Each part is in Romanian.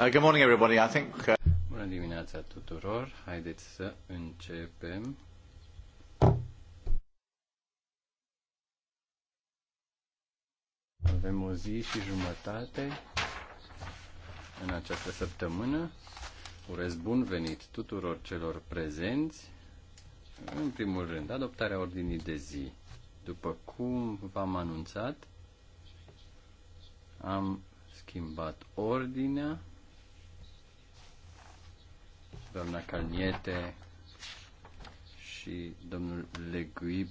Uh, good morning, everybody. I think... Uh, Bună dimineața tuturor. Haideți să începem. Avem o zi și jumătate în această săptămână. Urez bun venit tuturor celor prezenți. În primul rând, adoptarea ordinii de zi. După cum v-am anunțat, am schimbat ordinea doamna Calniete și domnul Leguib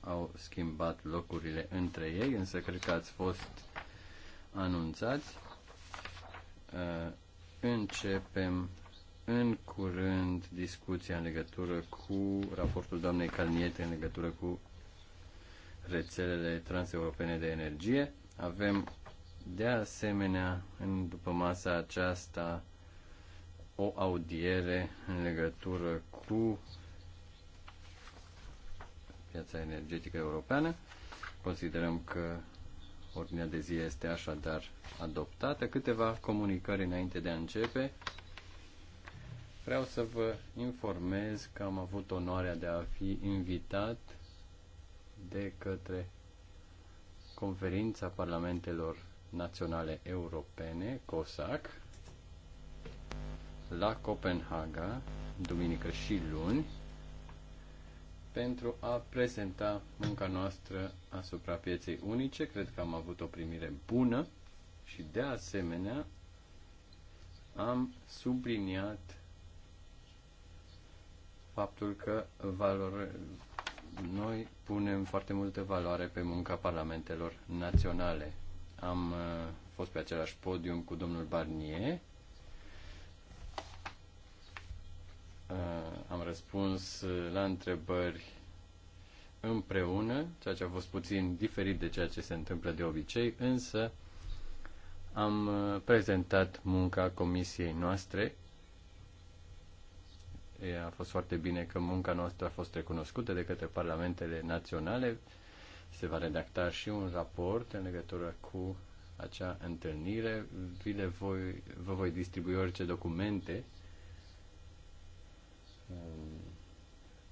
au schimbat locurile între ei, însă cred că ați fost anunțați. Uh, începem în curând discuția în legătură cu raportul doamnei Calniete în legătură cu rețelele transeuropene de energie. Avem de asemenea, în după masa aceasta, o audiere în legătură cu piața energetică europeană. Considerăm că ordinea de zi este așadar adoptată. Câteva comunicări înainte de a începe. Vreau să vă informez că am avut onoarea de a fi invitat de către Conferința Parlamentelor Naționale Europene, COSAC, la Copenhaga, duminică și luni, pentru a prezenta munca noastră asupra pieței unice. Cred că am avut o primire bună și, de asemenea, am subliniat faptul că valor... noi punem foarte multă valoare pe munca parlamentelor naționale. Am uh, fost pe același podium cu domnul Barnier Eh, am răspuns eh, la întrebări împreună, ceea ce a fost puțin diferit de ceea ce se întâmplă de obicei, însă am eh, prezentat munca comisiei noastre. A fost foarte bine că munca noastră a fost recunoscută de către parlamentele naționale. Se va redacta și un raport în legătură cu acea întâlnire. Vi le voi, vă voi distribui orice documente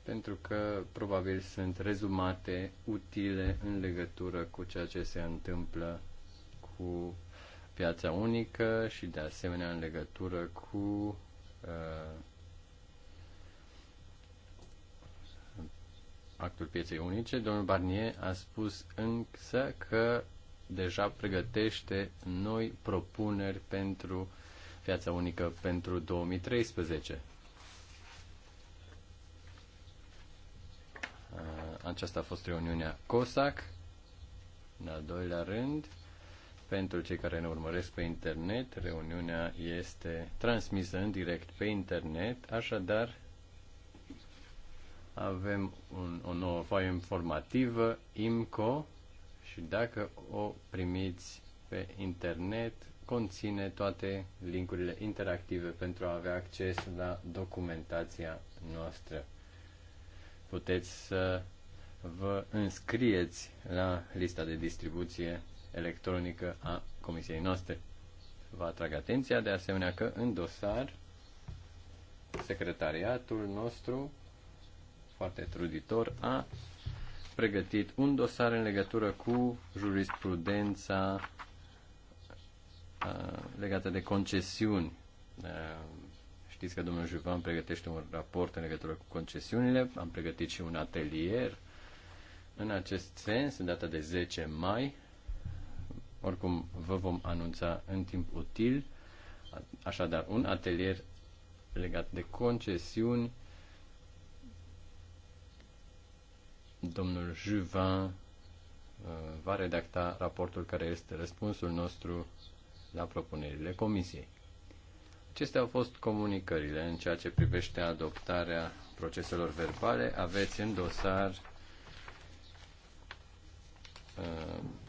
pentru că probabil sunt rezumate utile în legătură cu ceea ce se întâmplă cu piața unică și de asemenea în legătură cu uh, actul pieței unice. Domnul Barnier a spus însă că deja pregătește noi propuneri pentru piața unică pentru 2013 aceasta a fost reuniunea COSAC. În al doilea rând, pentru cei care ne urmăresc pe internet, reuniunea este transmisă în direct pe internet, așadar avem un, o nouă foaie informativă, IMCO, și dacă o primiți pe internet, conține toate linkurile interactive pentru a avea acces la documentația noastră. Puteți să vă înscrieți la lista de distribuție electronică a comisiei noastre. Vă atrag atenția de asemenea că în dosar secretariatul nostru foarte truditor a pregătit un dosar în legătură cu jurisprudența legată de concesiuni. Știți că domnul Juvan pregătește un raport în legătură cu concesiunile, am pregătit și un atelier în acest sens, în data de 10 mai, oricum vă vom anunța în timp util, așadar un atelier legat de concesiuni. Domnul Juvin uh, va redacta raportul care este răspunsul nostru la propunerile comisiei. Acestea au fost comunicările în ceea ce privește adoptarea proceselor verbale. Aveți în dosar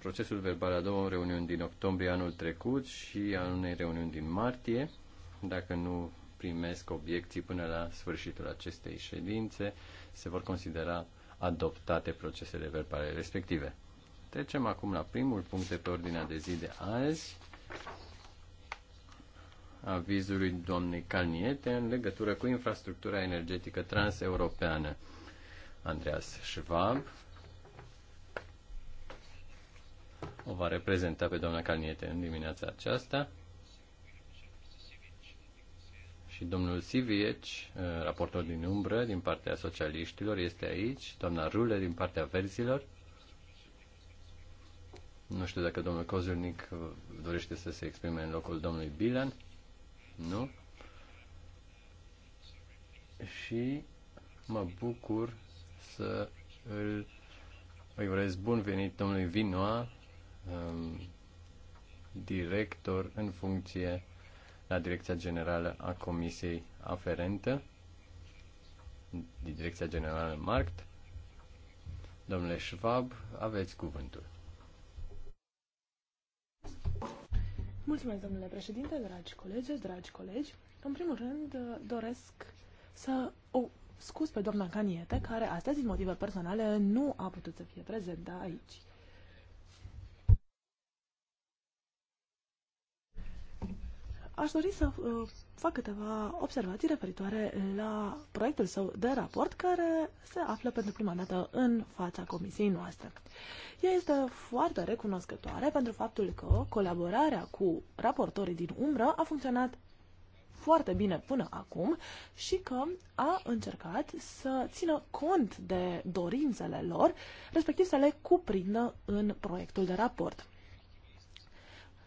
procesul verbal a două reuniuni din octombrie anul trecut și a unei reuniuni din martie. Dacă nu primesc obiecții până la sfârșitul acestei ședințe, se vor considera adoptate procesele verbale respective. Trecem acum la primul punct de pe ordinea de zi de azi, avizului doamnei Calniete în legătură cu infrastructura energetică transeuropeană. Andreas Schwab, o va reprezenta pe doamna Calniete în dimineața aceasta. Și domnul Sivieci, eh, raportor din umbră, din partea socialiștilor, este aici. Doamna Rule, din partea verzilor. Nu știu dacă domnul Kozulnic eh, dorește să se exprime în locul domnului Bilan. Nu? Și mă bucur să îl îi urez bun venit domnului Vinoa, um, director în funcție la Direcția Generală a Comisiei Aferentă, Direcția Generală Markt. Domnule Schwab, aveți cuvântul. Mulțumesc, domnule președinte, dragi colegi, dragi colegi. În primul rând, doresc să o scuz pe doamna Caniete, care astăzi, din motive personale, nu a putut să fie prezentă aici. Aș dori să uh, fac câteva observații referitoare la proiectul său de raport care se află pentru prima dată în fața comisiei noastre. Ea este foarte recunoscătoare pentru faptul că colaborarea cu raportorii din umbră a funcționat foarte bine până acum și că a încercat să țină cont de dorințele lor, respectiv să le cuprindă în proiectul de raport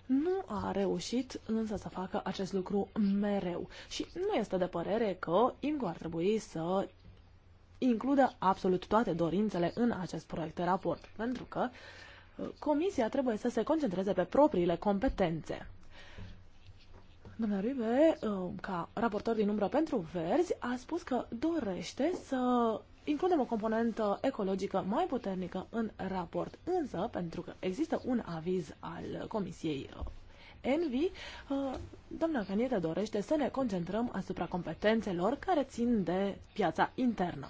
nu a reușit însă să facă acest lucru mereu și nu este de părere că Ingo ar trebui să includă absolut toate dorințele în acest proiect de raport, pentru că uh, Comisia trebuie să se concentreze pe propriile competențe. Doamna Ribe, uh, ca raportor din umbră pentru Verzi, a spus că dorește să includem o componentă ecologică mai puternică în raport. Însă, pentru că există un aviz al Comisiei uh, Envi, uh, doamna Canieta dorește să ne concentrăm asupra competențelor care țin de piața internă.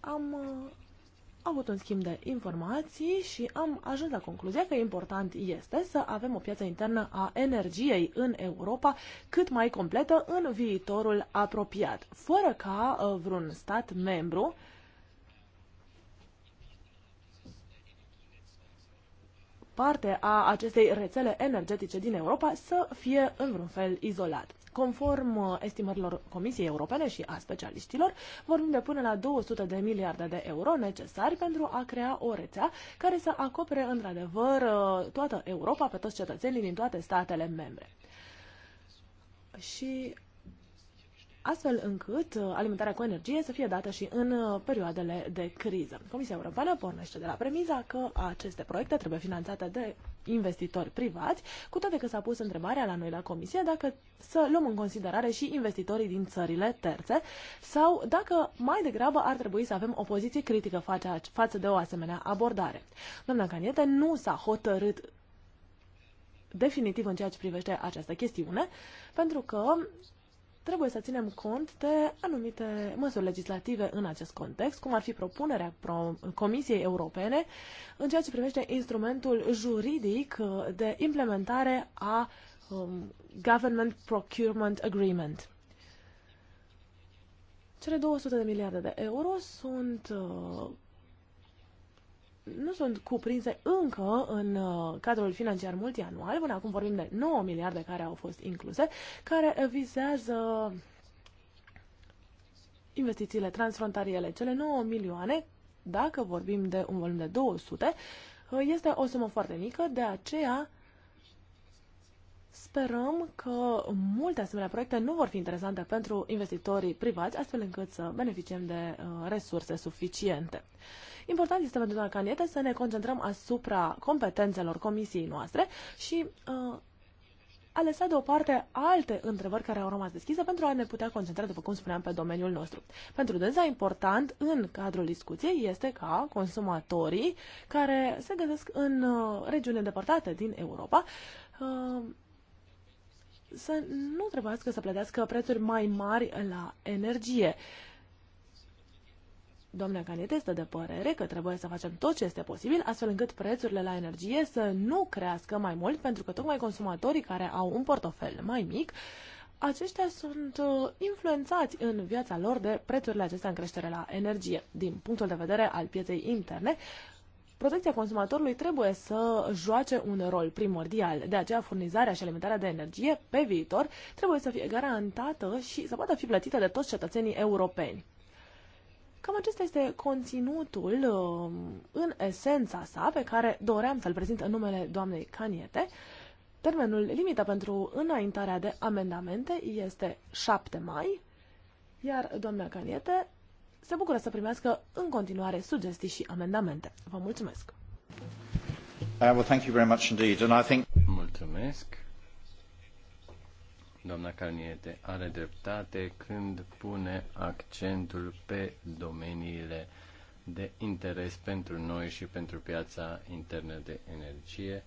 Am uh, am avut un schimb de informații și am ajuns la concluzia că important este să avem o piață internă a energiei în Europa cât mai completă în viitorul apropiat, fără ca uh, vreun stat membru parte a acestei rețele energetice din Europa să fie în vreun fel izolat. Conform uh, estimărilor Comisiei Europene și a specialiștilor, vorbim de până la 200 de miliarde de euro necesari pentru a crea o rețea care să acopere într-adevăr uh, toată Europa pe toți cetățenii din toate statele membre. Și astfel încât uh, alimentarea cu energie să fie dată și în uh, perioadele de criză. Comisia Europeană pornește de la premiza că aceste proiecte trebuie finanțate de investitori privați, cu toate că s-a pus întrebarea la noi la Comisie dacă să luăm în considerare și investitorii din țările terțe sau dacă mai degrabă ar trebui să avem o poziție critică față de o asemenea abordare. Doamna Caniete nu s-a hotărât definitiv în ceea ce privește această chestiune, pentru că trebuie să ținem cont de anumite măsuri legislative în acest context, cum ar fi propunerea Comisiei Europene în ceea ce privește instrumentul juridic uh, de implementare a um, Government Procurement Agreement. Cele 200 de miliarde de euro sunt uh, nu sunt cuprinse încă în uh, cadrul financiar multianual, până acum vorbim de 9 miliarde care au fost incluse, care vizează investițiile transfrontaliere, cele 9 milioane, dacă vorbim de un volum de 200, uh, este o sumă foarte mică, de aceea sperăm că multe asemenea proiecte nu vor fi interesante pentru investitorii privați, astfel încât să beneficiem de uh, resurse suficiente. Important este pentru doamna Caniete să ne concentrăm asupra competențelor comisiei noastre și uh, a lăsat deoparte alte întrebări care au rămas deschise pentru a ne putea concentra, după cum spuneam, pe domeniul nostru. Pentru dânsa, important în cadrul discuției este ca consumatorii care se găsesc în uh, regiuni îndepărtate din Europa uh, să nu trebuiască să plătească prețuri mai mari la energie. Uh, Doamna Canete este de părere că trebuie să facem tot ce este posibil, astfel încât prețurile la energie să nu crească mai mult, pentru că tocmai consumatorii care au un portofel mai mic, aceștia sunt uh, influențați în viața lor de prețurile acestea în creștere la energie. Din punctul de vedere al pieței interne, protecția consumatorului trebuie să joace un rol primordial. De aceea, furnizarea și alimentarea de energie pe viitor trebuie să fie garantată și să poată fi plătită de toți cetățenii europeni. Cam acesta este conținutul um, în esența sa pe care doream să-l prezint în numele doamnei Caniete. Termenul limită pentru înaintarea de amendamente este 7 mai, iar doamna Caniete se bucură să primească în continuare sugestii și amendamente. Vă mulțumesc! Uh, well, thank you very much indeed. And I think... Mulțumesc! Doamna Carniete, are dreptate când pune accentul pe domeniile de interes pentru noi și pentru piața internă de energie.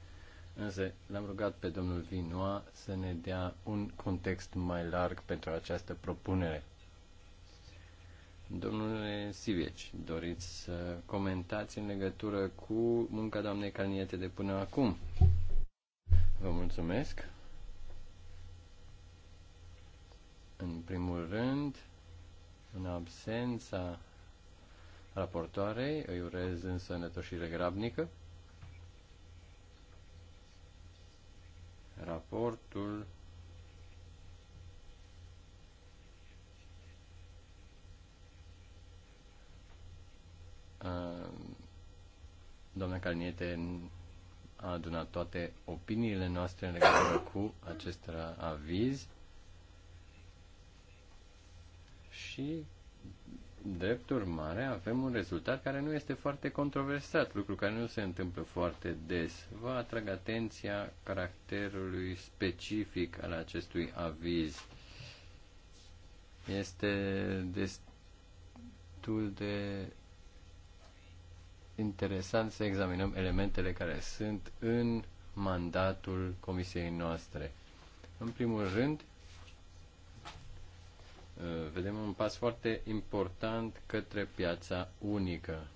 Însă l-am rugat pe domnul Vinoa să ne dea un context mai larg pentru această propunere. Domnule Sivieci, doriți să comentați în legătură cu munca doamnei Carniete de până acum? Vă mulțumesc. În primul rând, în absența raportoarei, îi urez însănătoșire grabnică. Raportul uh, doamna Calniete a adunat toate opiniile noastre în legătură cu acest aviz și drept urmare avem un rezultat care nu este foarte controversat, lucru care nu se întâmplă foarte des. Vă atrag atenția caracterului specific al acestui aviz. Este destul de interesant să examinăm elementele care sunt în mandatul comisiei noastre. În primul rând, Eh, vedem un pas foarte important către piața unică.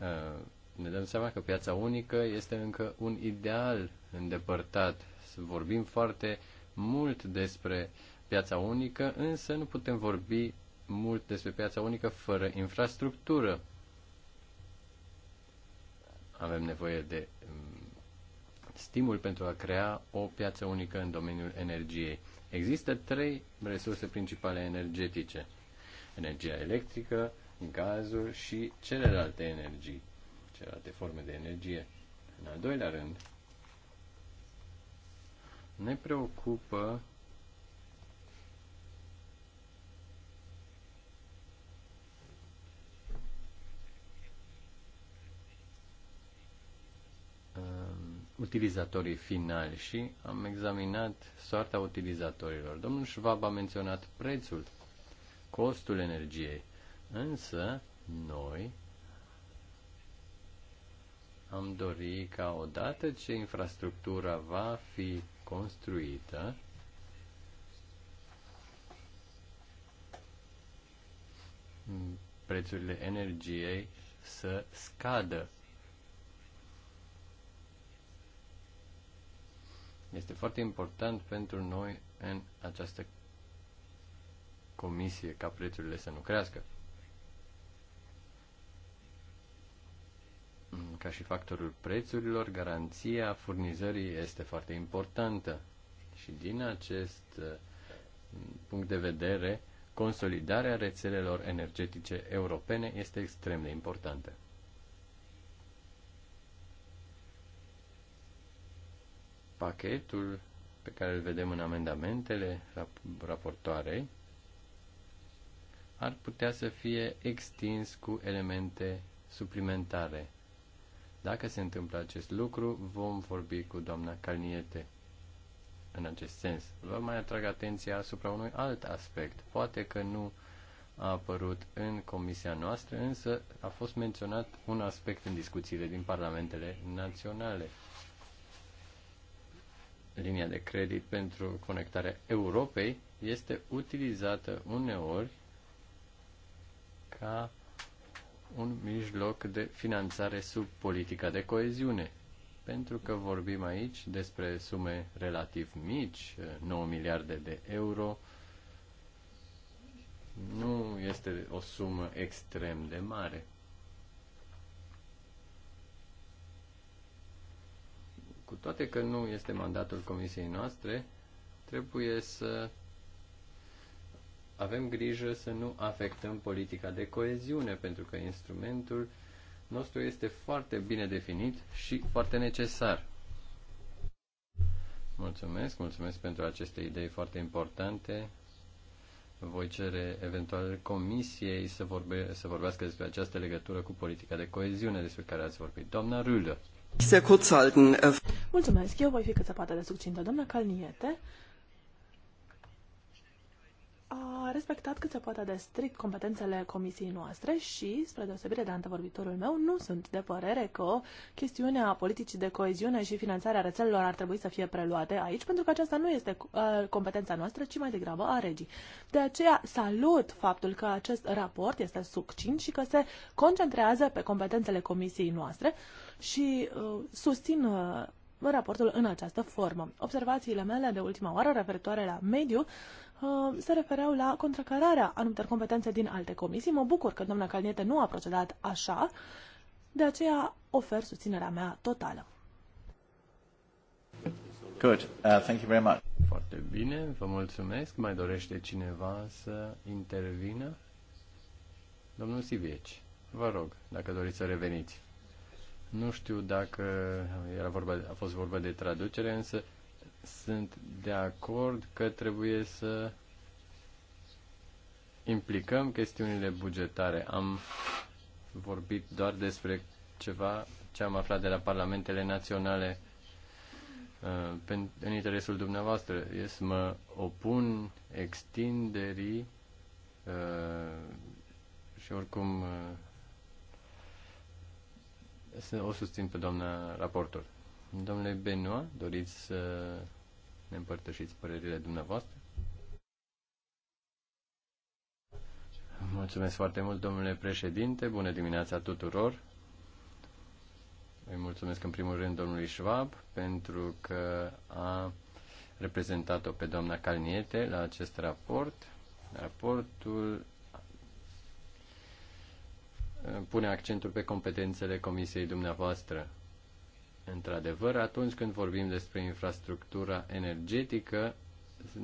Eh, ne dăm seama că piața unică este încă un ideal îndepărtat. Vorbim foarte mult despre piața unică, însă nu putem vorbi mult despre piața unică fără infrastructură. Avem nevoie de mm, stimul pentru a crea o piață unică în domeniul energiei. Există trei resurse principale energetice. Energia electrică, gazul și celelalte energii, celelalte forme de energie. În al doilea rând, ne preocupă utilizatorii finali și am examinat soarta utilizatorilor. Domnul Schwab a menționat prețul, costul energiei, însă noi am dori ca odată ce infrastructura va fi construită, prețurile energiei să scadă Este foarte important pentru noi în această comisie ca prețurile să nu crească. Ca și factorul prețurilor, garanția furnizării este foarte importantă și din acest uh, punct de vedere, consolidarea rețelelor energetice europene este extrem de importantă. pachetul pe care îl vedem în amendamentele raportoarei ar putea să fie extins cu elemente suplimentare. Dacă se întâmplă acest lucru, vom vorbi cu doamna Calniete în acest sens. Vă mai atrag atenția asupra unui alt aspect. Poate că nu a apărut în comisia noastră, însă a fost menționat un aspect în discuțiile din parlamentele naționale linia de credit pentru conectarea Europei este utilizată uneori ca un mijloc de finanțare sub politica de coeziune. Pentru că vorbim aici despre sume relativ mici, 9 miliarde de euro, nu este o sumă extrem de mare. Cu toate că nu este mandatul comisiei noastre, trebuie să avem grijă să nu afectăm politica de coeziune, pentru că instrumentul nostru este foarte bine definit și foarte necesar. Mulțumesc, mulțumesc pentru aceste idei foarte importante. Voi cere eventual comisiei să, vorbe, să vorbească despre această legătură cu politica de coeziune despre care ați vorbit. Doamna Rulă. Äh, Mulțumesc, eu voi fi cât se poate de succintă, doamna Calniete. respectat cât se poate de strict competențele comisiei noastre și, spre deosebire de antevorbitorul meu, nu sunt de părere că chestiunea politicii de coeziune și finanțarea rețelelor ar trebui să fie preluate aici, pentru că aceasta nu este uh, competența noastră, ci mai degrabă a regii. De aceea salut faptul că acest raport este succint și că se concentrează pe competențele comisiei noastre și uh, susțin uh, raportul în această formă. Observațiile mele de ultima oară referitoare la mediu uh, Uh, se refereau la contracararea anumitor competențe din alte comisii. Mă bucur că doamna Calniete nu a procedat așa, de aceea ofer susținerea mea totală. Good. Uh, thank you very much. Foarte bine, vă mulțumesc. Mai dorește cineva să intervină? Domnul Sivieci, vă rog, dacă doriți să reveniți. Nu știu dacă era vorba, a fost vorba de traducere, însă sunt de acord că trebuie să implicăm chestiunile bugetare. Am vorbit doar despre ceva ce am aflat de la parlamentele naționale uh, în interesul dumneavoastră. Eu mă opun extinderii uh, și oricum uh, o susțin pe doamna raportor. Domnule Benoit, doriți să ne împărtășiți părerile dumneavoastră. Mulțumesc foarte mult, domnule președinte. Bună dimineața tuturor. Îi mulțumesc în primul rând domnului Schwab pentru că a reprezentat-o pe doamna Calniete la acest raport. Raportul pune accentul pe competențele comisiei dumneavoastră. Într-adevăr, atunci când vorbim despre infrastructura energetică,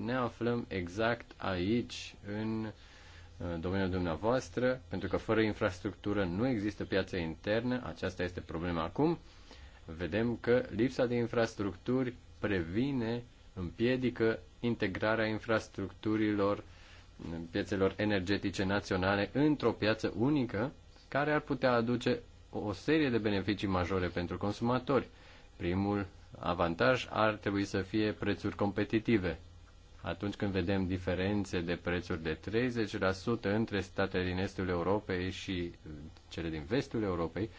ne aflăm exact aici, în uh, domeniul dumneavoastră, pentru că fără infrastructură nu există piață internă, aceasta este problema acum. Vedem că lipsa de infrastructuri previne, împiedică integrarea infrastructurilor uh, piețelor energetice naționale într-o piață unică care ar putea aduce o serie de beneficii majore pentru consumatori. Primul avantaj ar trebui să fie prețuri competitive. Atunci când vedem diferențe de prețuri de 30% între statele din estul Europei și cele din vestul Europei,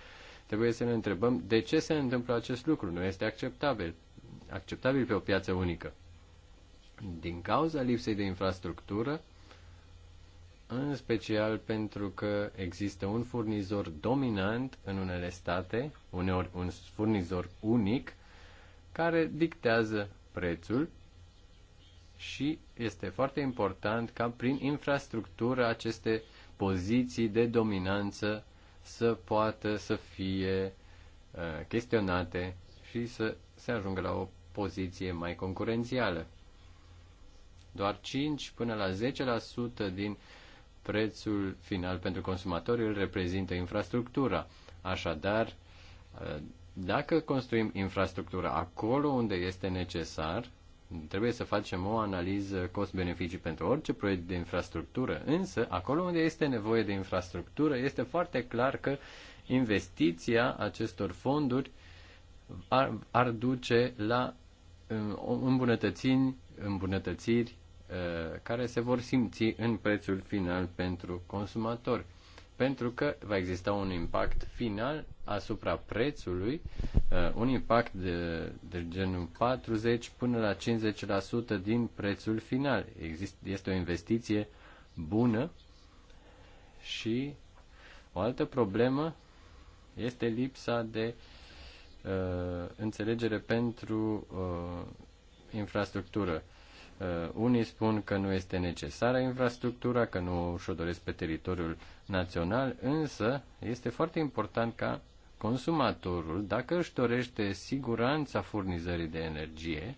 trebuie să ne întrebăm de ce se întâmplă acest lucru. Nu este acceptabil, acceptabil pe o piață unică. Din cauza lipsei de infrastructură, în special pentru că există un furnizor dominant în unele state, uneori un furnizor unic, care dictează prețul și este foarte important ca prin infrastructură aceste poziții de dominanță să poată să fie uh, chestionate și să se ajungă la o poziție mai concurențială. Doar 5 până la 10% din uh, prețul final pentru consumator îl reprezintă infrastructura. Așadar, eh, dacă construim infrastructura acolo unde este necesar, trebuie să facem o analiză cost-beneficii pentru orice proiect de infrastructură, însă acolo unde este nevoie de infrastructură, este foarte clar că investiția acestor fonduri ar, ar duce la eh, îmbunătățiri, îmbunătățiri Uh, care se vor simți în prețul final pentru consumatori. Pentru că va exista un impact final asupra prețului, uh, un impact de, de genul 40 până la 50% din prețul final. Exist, este o investiție bună și o altă problemă este lipsa de uh, înțelegere pentru uh, infrastructură. Uh, Uh, unii spun că nu este necesară infrastructura, că nu și-o doresc pe teritoriul național, însă este foarte important ca consumatorul, dacă își dorește siguranța furnizării de energie,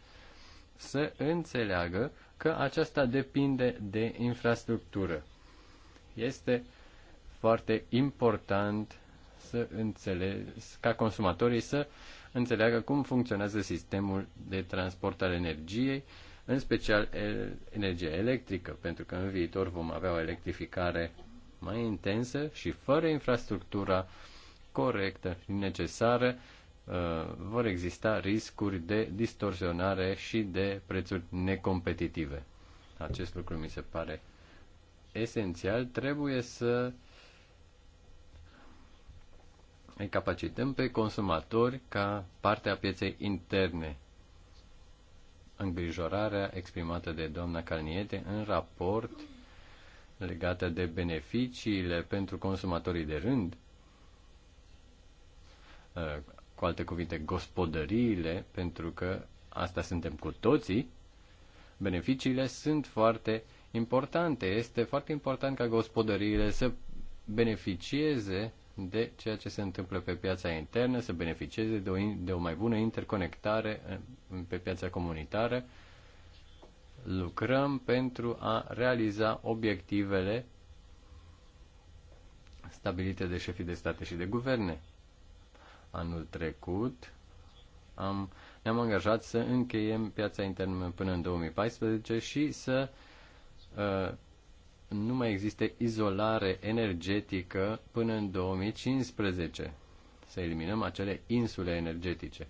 să înțeleagă că aceasta depinde de infrastructură. Este foarte important să înțeles, ca consumatorii să înțeleagă cum funcționează sistemul de transport al energiei, în special energia electrică, pentru că în viitor vom avea o electrificare mai intensă și fără infrastructura corectă și necesară, uh, vor exista riscuri de distorsionare și de prețuri necompetitive. Acest lucru mi se pare esențial. Trebuie să îi capacităm pe consumatori ca parte a pieței interne îngrijorarea exprimată de doamna Calniete în raport legată de beneficiile pentru consumatorii de rând, uh, cu alte cuvinte, gospodăriile, pentru că asta suntem cu toții, beneficiile sunt foarte importante. Este foarte important ca gospodăriile să beneficieze de ceea ce se întâmplă pe piața internă, să beneficieze de o, de o mai bună interconectare pe piața comunitară. Lucrăm pentru a realiza obiectivele stabilite de șefii de state și de guverne. Anul trecut am, ne-am angajat să încheiem piața internă până în 2014 și să uh, nu mai există izolare energetică până în 2015. Să eliminăm acele insule energetice.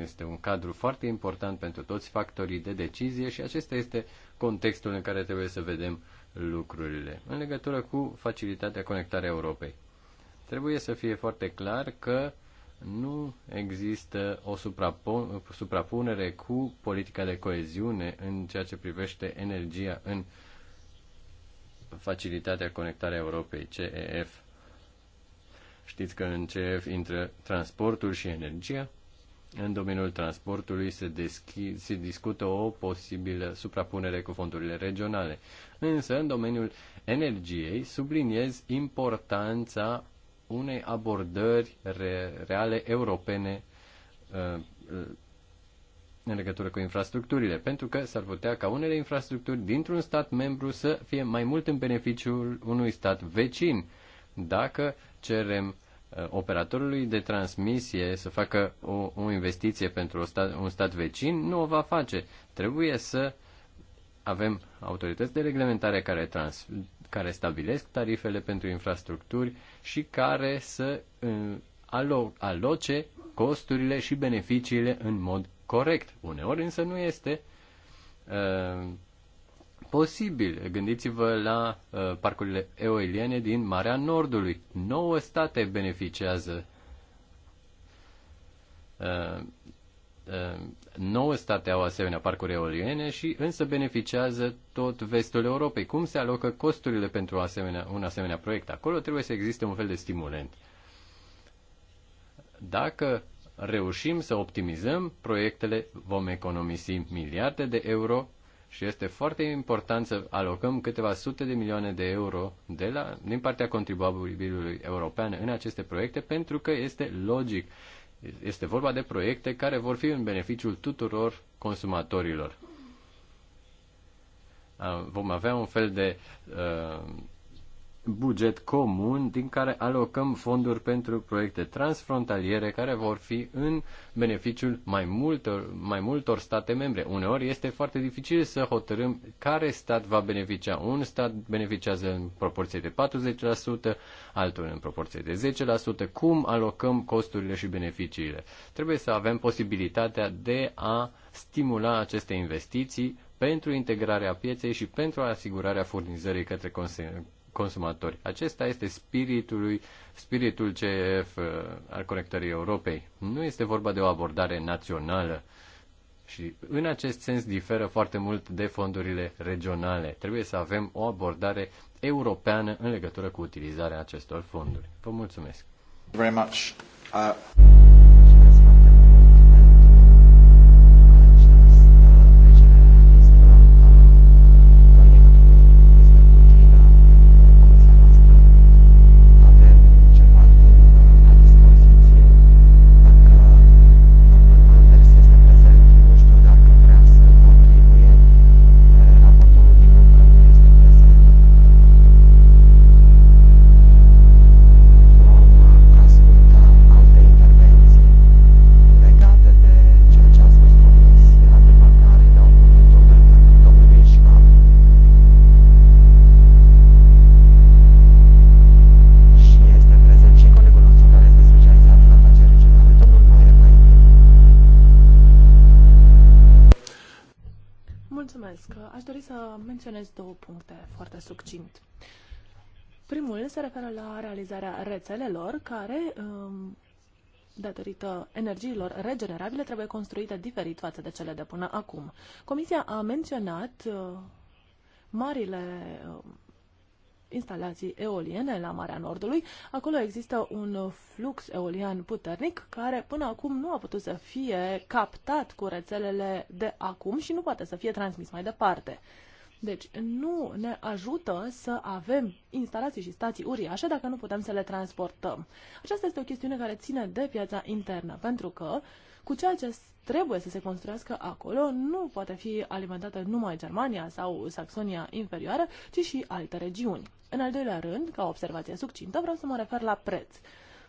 Este un cadru foarte important pentru toți factorii de decizie și acesta este contextul în care trebuie să vedem lucrurile în legătură cu facilitatea conectarea Europei. Trebuie să fie foarte clar că nu există o suprapunere cu politica de coeziune în ceea ce privește energia în Facilitatea Conectarea Europei, CEF. Știți că în CEF intră transportul și energia. În domeniul transportului se, deschid, se discută o posibilă suprapunere cu fondurile regionale. Însă, în domeniul energiei, subliniez importanța unei abordări re, reale europene uh, în legătură cu infrastructurile, pentru că s-ar putea ca unele infrastructuri dintr-un stat membru să fie mai mult în beneficiul unui stat vecin. Dacă cerem uh, operatorului de transmisie să facă o, o investiție pentru o stat, un stat vecin, nu o va face. Trebuie să avem autorități de reglementare care, trans, care stabilesc tarifele pentru infrastructuri și care să uh, aloce costurile și beneficiile în mod corect. Uneori însă nu este uh, posibil. Gândiți-vă la uh, parcurile eoliene din Marea Nordului. Nouă state beneficiază. Uh, uh, state au asemenea parcuri eoliene și însă beneficiază tot vestul Europei. Cum se alocă costurile pentru asemenea, un asemenea proiect? Acolo trebuie să existe un fel de stimulent. Dacă reușim să optimizăm proiectele, vom economisi miliarde de euro și este foarte important să alocăm câteva sute de milioane de euro de la, din partea contribuabilului european în aceste proiecte pentru că este logic. Este vorba de proiecte care vor fi în beneficiul tuturor consumatorilor. Vom avea un fel de uh, buget comun din care alocăm fonduri pentru proiecte transfrontaliere care vor fi în beneficiul mai multor, mai multor state membre. Uneori este foarte dificil să hotărâm care stat va beneficia. Un stat beneficiază în proporție de 40%, altul în proporție de 10%. Cum alocăm costurile și beneficiile? Trebuie să avem posibilitatea de a stimula aceste investiții pentru integrarea pieței și pentru asigurarea furnizării către consumatori. Acesta este spiritul, spiritul CEF uh, al conectării Europei. Nu este vorba de o abordare națională și în acest sens diferă foarte mult de fondurile regionale. Trebuie să avem o abordare europeană în legătură cu utilizarea acestor fonduri. Vă mulțumesc! Very much. Uh... Aș dori să menționez două puncte foarte succint. Primul se referă la realizarea rețelelor care, um, datorită energiilor regenerabile, trebuie construite diferit față de cele de până acum. Comisia a menționat uh, marile um, instalații eoliene la Marea Nordului. Acolo există un flux eolian puternic care până acum nu a putut să fie captat cu rețelele de acum și nu poate să fie transmis mai departe. Deci nu ne ajută să avem instalații și stații uriașe dacă nu putem să le transportăm. Aceasta este o chestiune care ține de piața internă, pentru că uh, cu ceea ce trebuie să se construiască acolo nu poate fi alimentată numai Germania sau Saxonia inferioară, ci și alte regiuni. În al doilea rând, ca observație succintă, vreau să mă refer la preț.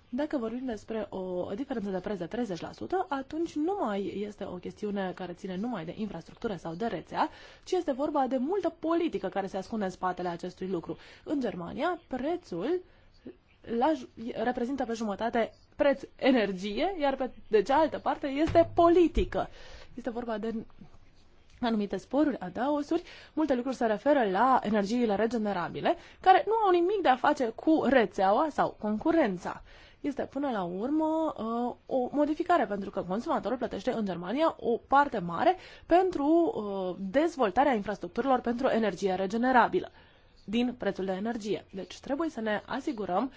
Dacă vorbim despre o diferență de preț de 30%, atunci nu mai este o chestiune care ține numai de infrastructură sau de rețea, ci este vorba de multă politică care se ascunde în spatele acestui lucru. În Germania, prețul la, reprezintă pe jumătate preț energie, iar pe de cealaltă parte este politică. Este vorba de anumite sporuri, adaosuri, multe lucruri se referă la energiile regenerabile, care nu au nimic de a face cu rețeaua sau concurența. Este până la urmă uh, o modificare, pentru că consumatorul plătește în Germania o parte mare pentru uh, dezvoltarea infrastructurilor pentru energie regenerabilă din prețul de energie. Deci trebuie să ne asigurăm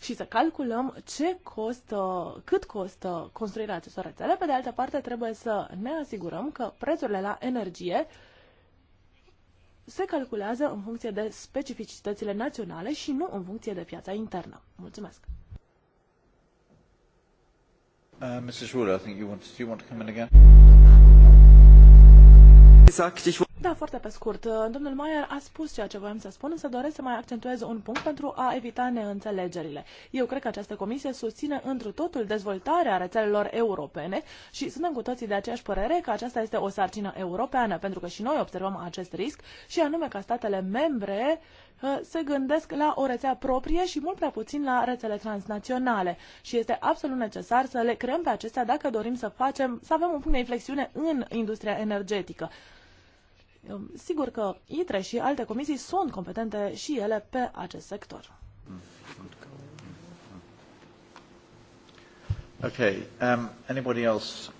și să calculăm ce costă, cât costă construirea acestor rețele. Pe de altă parte, trebuie să ne asigurăm că prețurile la energie se calculează în funcție de specificitățile naționale și nu în funcție de piața internă. Mulțumesc! Uh, Mrs. Ruler, I think you want, do you want to come in again? Deci da, foarte pe scurt. Domnul Maier a spus ceea ce voiam să spun, însă doresc să mai accentuez un punct pentru a evita neînțelegerile. Eu cred că această comisie susține întru totul dezvoltarea rețelelor europene și suntem cu toții de aceeași părere că aceasta este o sarcină europeană, pentru că și noi observăm acest risc și anume ca statele membre uh, se gândesc la o rețea proprie și mult prea puțin la rețele transnaționale. Și este absolut necesar să le creăm pe acestea dacă dorim să facem, să avem un punct de inflexiune în industria energetică. Sigur că ITRE și alte comisii sunt competente și ele pe acest sector. Okay. Um, anybody else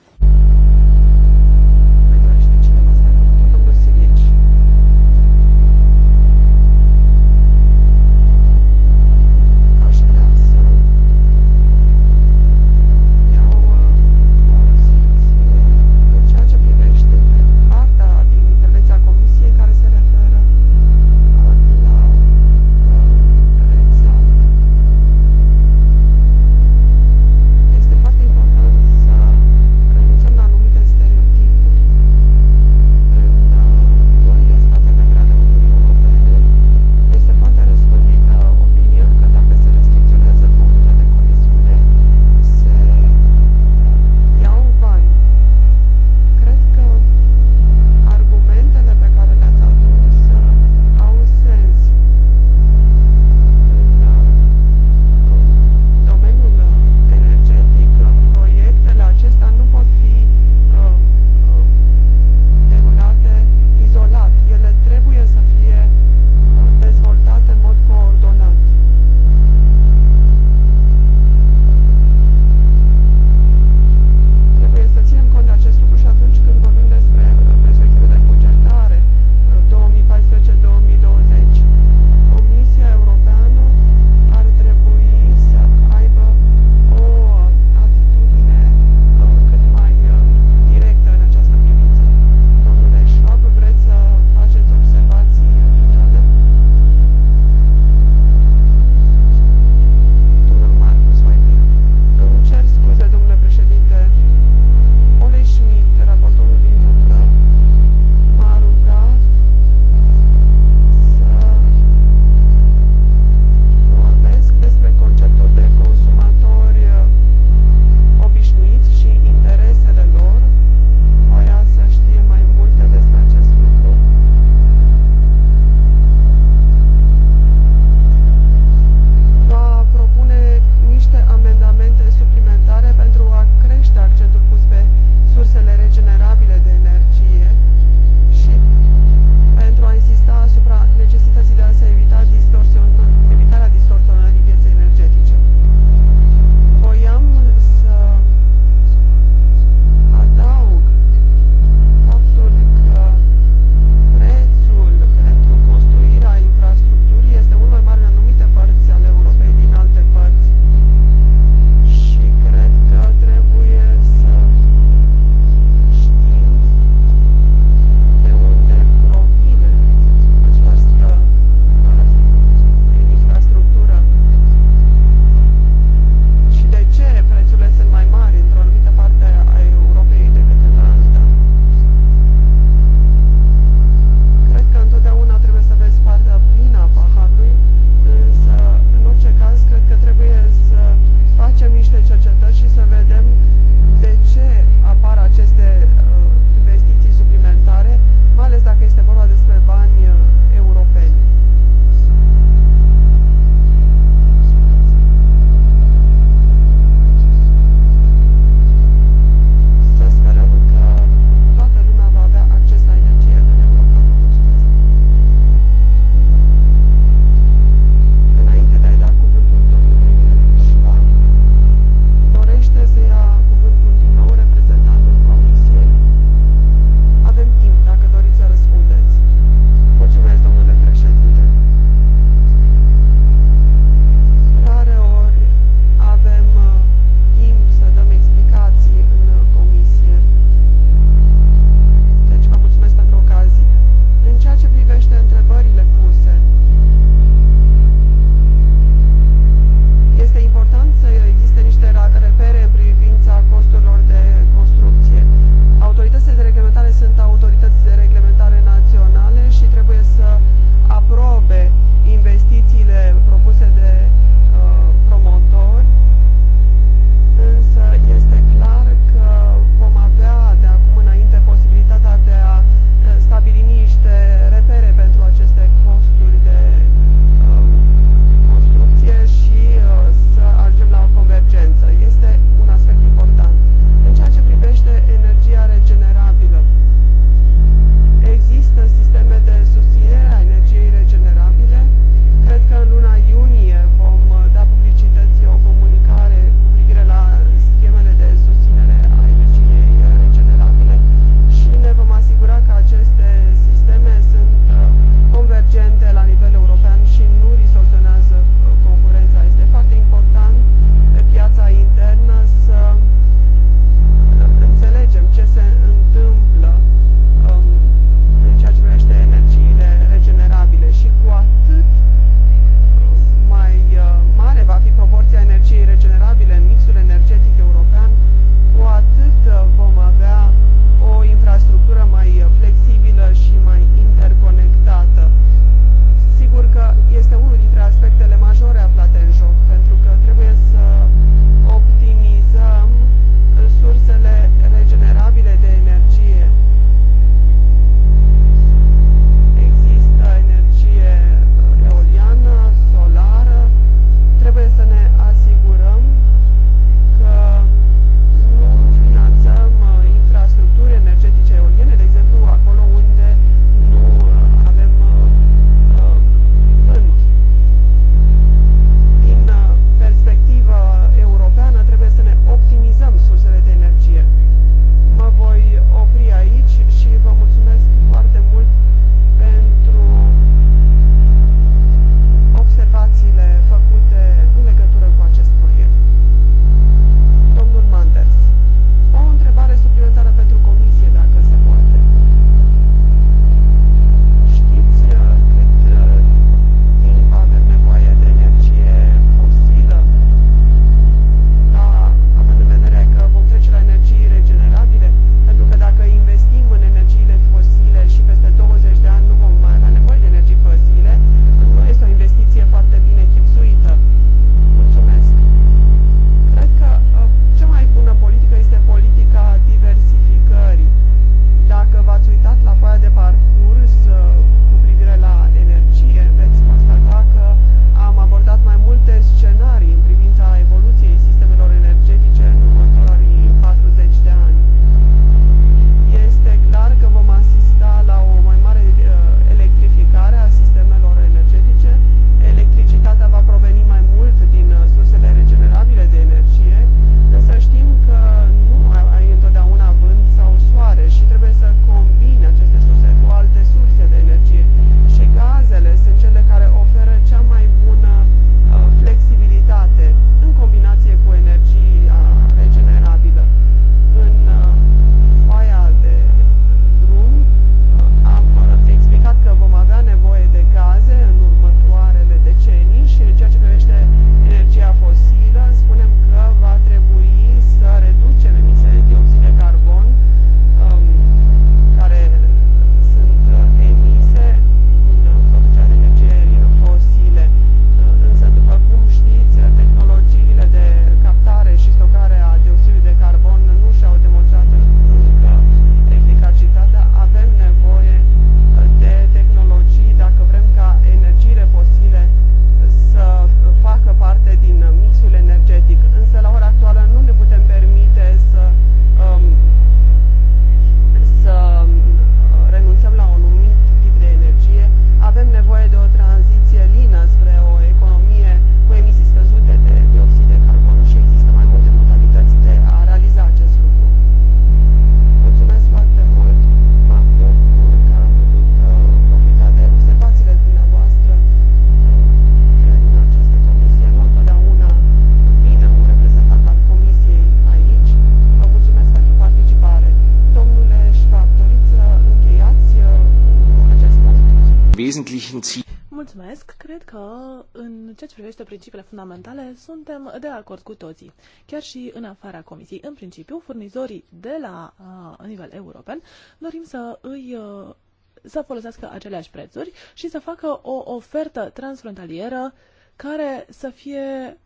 Mulțumesc. Cred că în ceea ce privește principiile fundamentale suntem de acord cu toții. Chiar și în afara comisiei, în principiu, furnizorii de la uh, nivel european dorim să îi uh, să folosească aceleași prețuri și să facă o ofertă transfrontalieră care să fie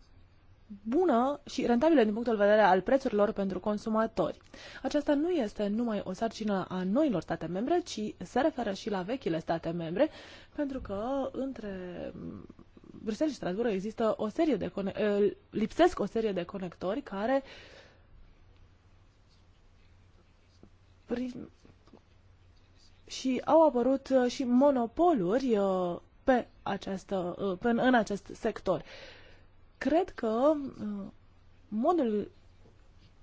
bună și rentabilă din punctul de vedere al prețurilor pentru consumatori. Aceasta nu este numai o sarcină a noilor state membre, ci se referă și la vechile state membre, pentru că între Bruxelles și Strasbourg există o serie de eh, lipsesc o serie de conectori care și au apărut eh, și monopoluri eh, pe această, în acest sector. Cred că uh, modul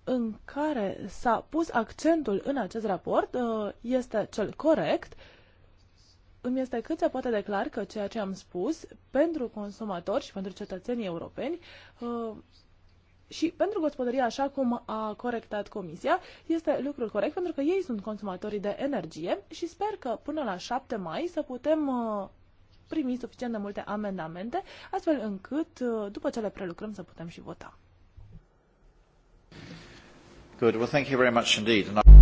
în care s-a pus accentul în acest raport uh, este cel corect. Îmi este cât se poate declar că ceea ce am spus pentru consumatori și pentru cetățenii europeni uh, și pentru gospodăria, așa cum a corectat Comisia, este lucrul corect pentru că ei sunt consumatorii de energie și sper că până la 7 mai să putem primi suficient de multe amendamente, astfel încât, uh, după ce le prelucrăm, să putem și vota. Good. Well, thank you very much indeed. And I...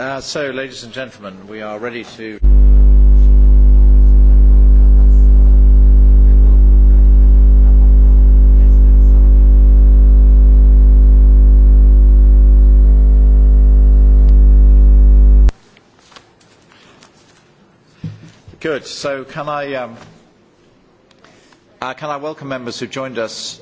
Uh, so, ladies and gentlemen, we are ready to... Good. So can I, um, uh, can I welcome members who joined us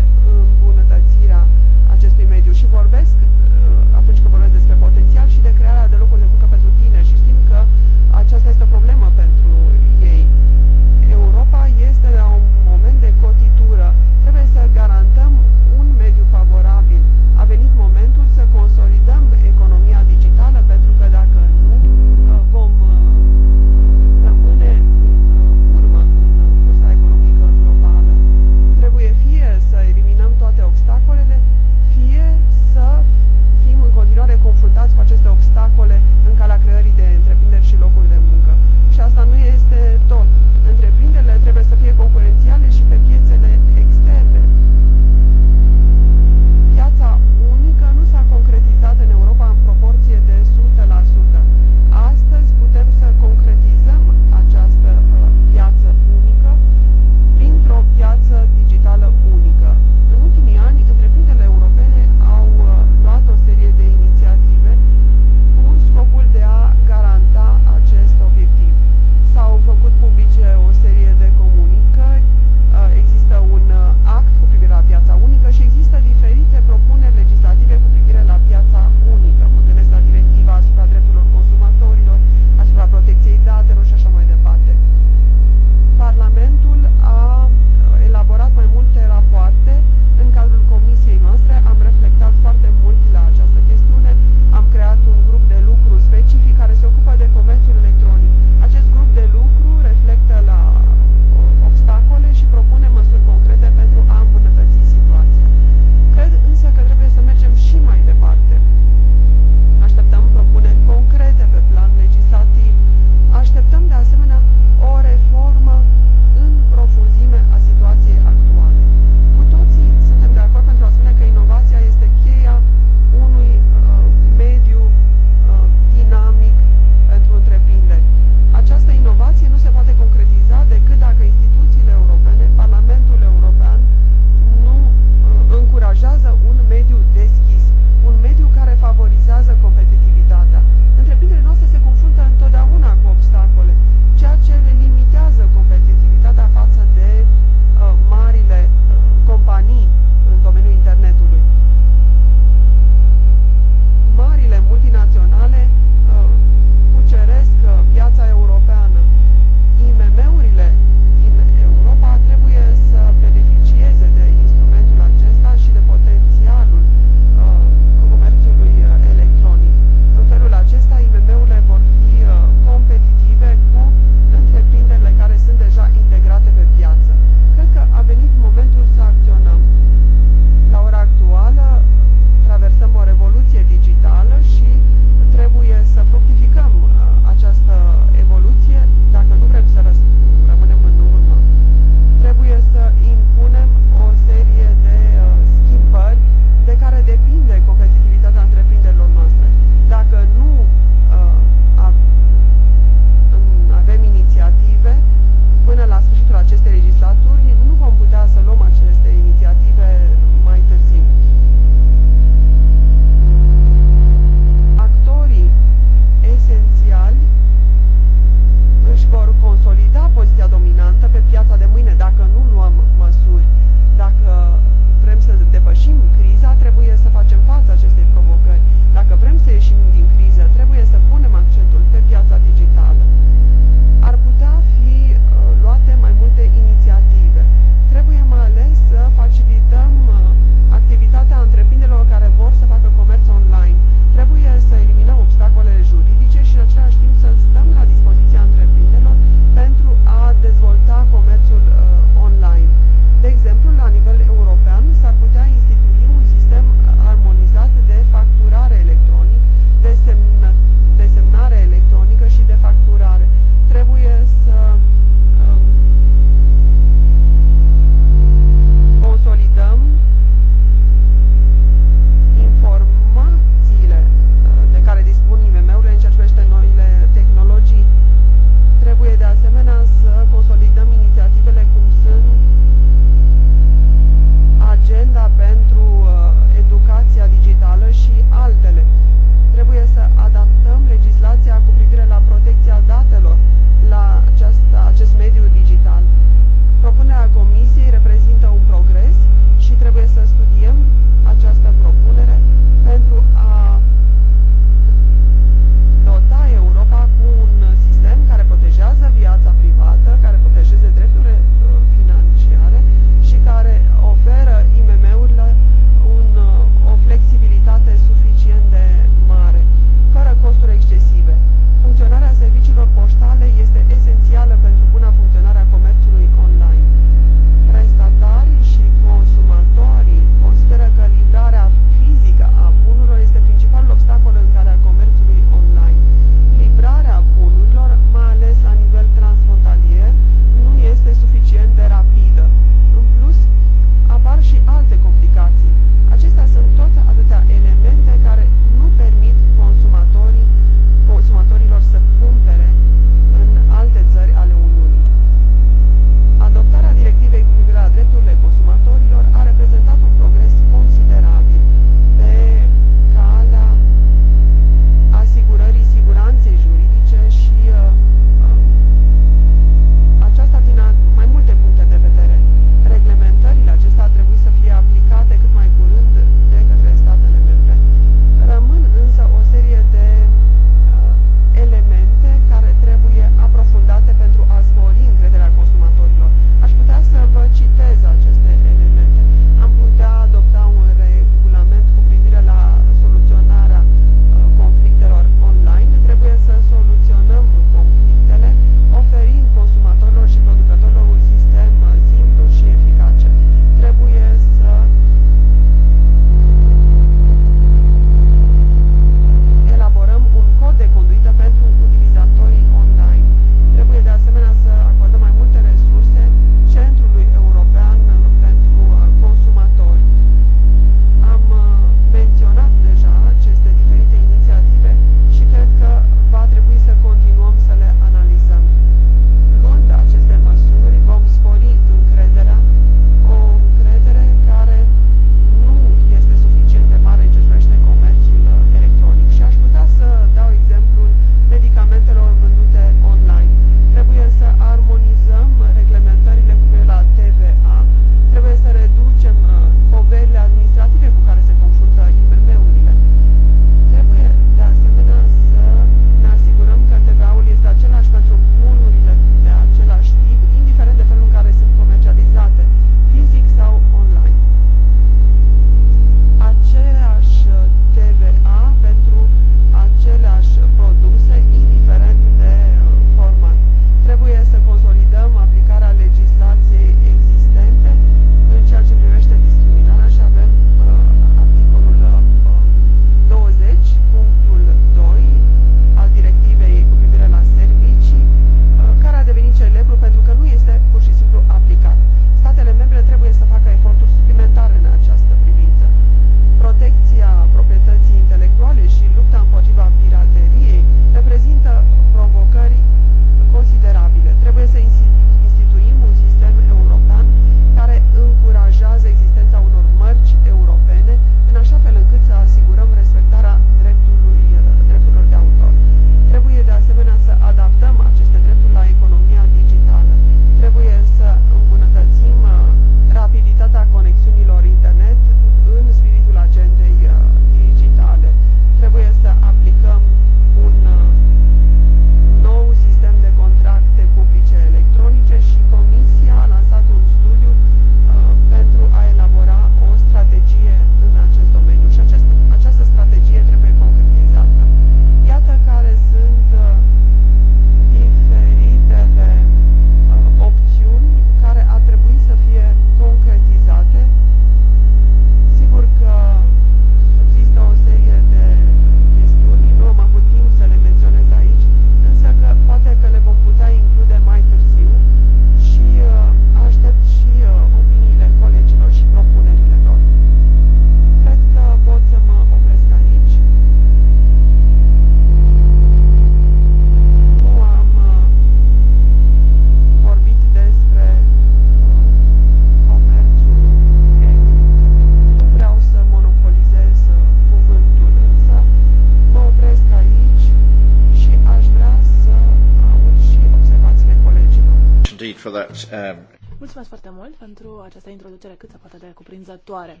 much. Um, Mulțumesc foarte mult pentru această introducere cât se poate de cuprinzătoare.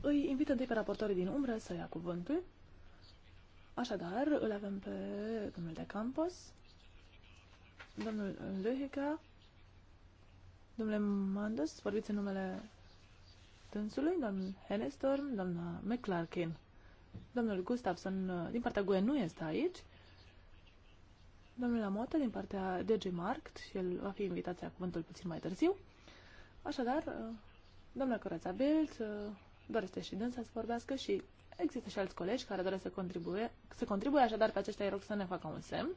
Îi invit întâi pe raportorii din umbră să ia cuvântul. Așadar, îl avem pe domnul de Campos, domnul Lehica, domnule Mandus, vorbiți în numele dânsului, domnul Henestorm, doamna McClarkin. Domnul Gustafson, uh, din partea GUE, nu este aici domnul Lamotă din partea DG Markt și el va fi invitat la cuvântul puțin mai târziu. Așadar, uh, domnul Corața Bild uh, dorește și dânsa să vorbească și există și alți colegi care doresc să contribuie, să contribuie așadar pe aceștia îi rog să ne facă un semn.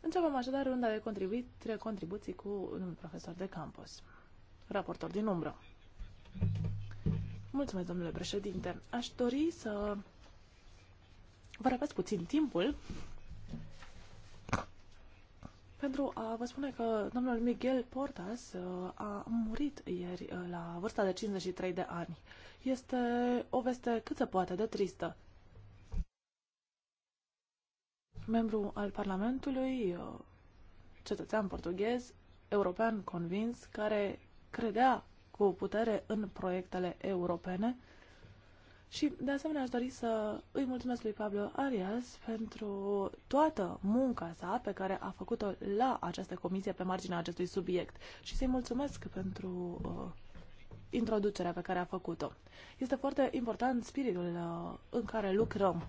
Începem așadar runda de contribuit, trei contribuții cu domnul profesor de campus, raportor din umbră. Mulțumesc, domnule președinte. Aș dori să vă răpesc puțin timpul pentru a vă spune că domnul Miguel Portas uh, a murit ieri uh, la vârsta de 53 de ani. Este o veste cât se poate de tristă. Membru al Parlamentului, uh, cetățean portughez, european convins, care credea cu putere în proiectele europene, și, de asemenea, aș dori să îi mulțumesc lui Pablo Arias pentru toată munca sa pe care a făcut-o la această comisie pe marginea acestui subiect și să-i mulțumesc pentru uh, introducerea pe care a făcut-o. Este foarte important spiritul uh, în care lucrăm.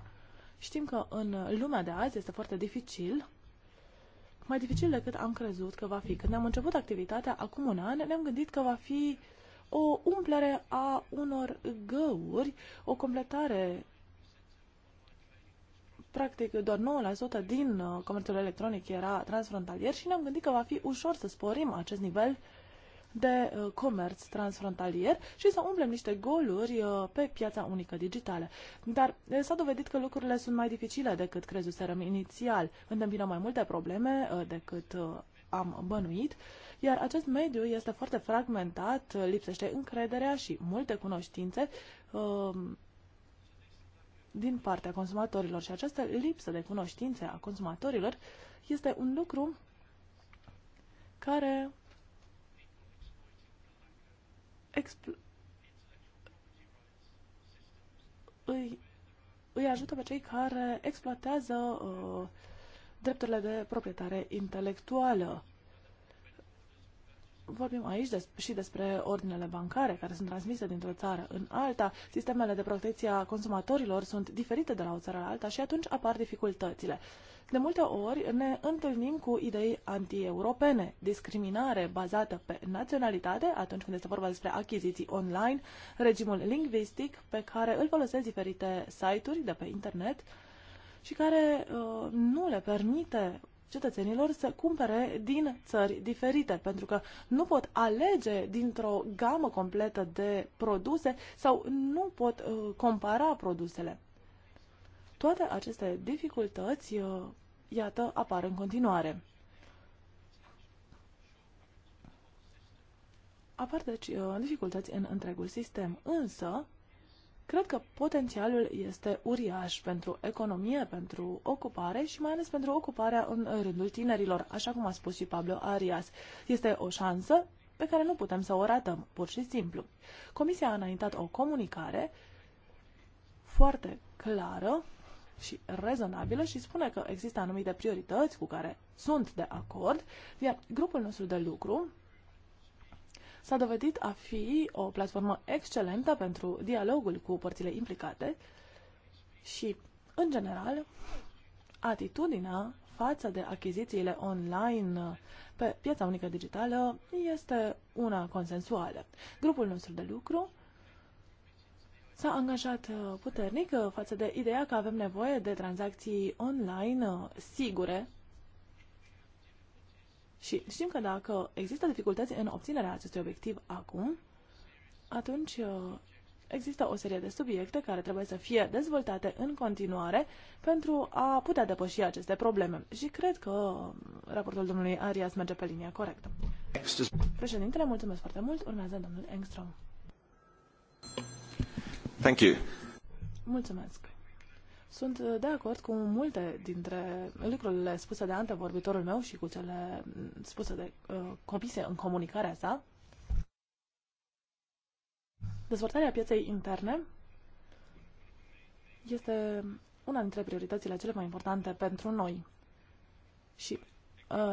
Știm că în lumea de azi este foarte dificil, mai dificil decât am crezut că va fi. Când am început activitatea acum un an, ne-am gândit că va fi uh, o umplere a unor găuri, o completare practic doar 9% din uh, comerțul electronic era transfrontalier și ne-am gândit că va fi ușor să sporim acest nivel de uh, comerț transfrontalier și să umplem niște goluri uh, pe piața unică digitală. Dar s-a dovedit că lucrurile sunt mai dificile decât crezuserăm inițial. Întâmpină mai multe probleme decât am bănuit iar acest mediu este foarte fragmentat, lipsește încrederea și multe cunoștințe uh, din partea consumatorilor. Și această lipsă de cunoștințe a consumatorilor este un lucru care expl- îi, îi ajută pe cei care exploatează uh, drepturile de proprietare intelectuală vorbim aici des- și despre ordinele bancare care sunt transmise dintr-o țară în alta. Sistemele de protecție a consumatorilor sunt diferite de la o țară la alta și atunci apar dificultățile. De multe ori ne întâlnim cu idei anti-europene, discriminare bazată pe naționalitate atunci când este vorba despre achiziții online, regimul lingvistic pe care îl folosesc diferite site-uri de pe internet și care uh, nu le permite cetățenilor să cumpere din țări diferite, pentru că nu pot alege dintr-o gamă completă de produse sau nu pot uh, compara produsele. Toate aceste dificultăți, uh, iată, apar în continuare. Apar deci uh, dificultăți în întregul sistem, însă Cred că potențialul este uriaș pentru economie, pentru ocupare și mai ales pentru ocuparea în rândul tinerilor, așa cum a spus și Pablo Arias. Este o șansă pe care nu putem să o ratăm, pur și simplu. Comisia a înaintat o comunicare foarte clară și rezonabilă și spune că există anumite priorități cu care sunt de acord, iar grupul nostru de lucru s-a dovedit a fi o platformă excelentă pentru dialogul cu părțile implicate și, în general, atitudinea față de achizițiile online pe piața unică digitală este una consensuală. Grupul nostru de lucru s-a angajat puternic față de ideea că avem nevoie de tranzacții online sigure și știm că dacă există dificultăți în obținerea acestui obiectiv acum, atunci uh, există o serie de subiecte care trebuie să fie dezvoltate în continuare pentru a putea depăși aceste probleme. Și cred că uh, raportul domnului Arias merge pe linia corectă. Președintele, mulțumesc foarte mult. Urmează domnul Engstrom. Thank you. Mulțumesc. Sunt uh, de acord cu multe dintre lucrurile spuse de antevorbitorul meu și cu cele mm, spuse de uh, comise în comunicarea sa. Dezvoltarea pieței interne este una dintre prioritățile cele mai importante pentru noi. Și uh,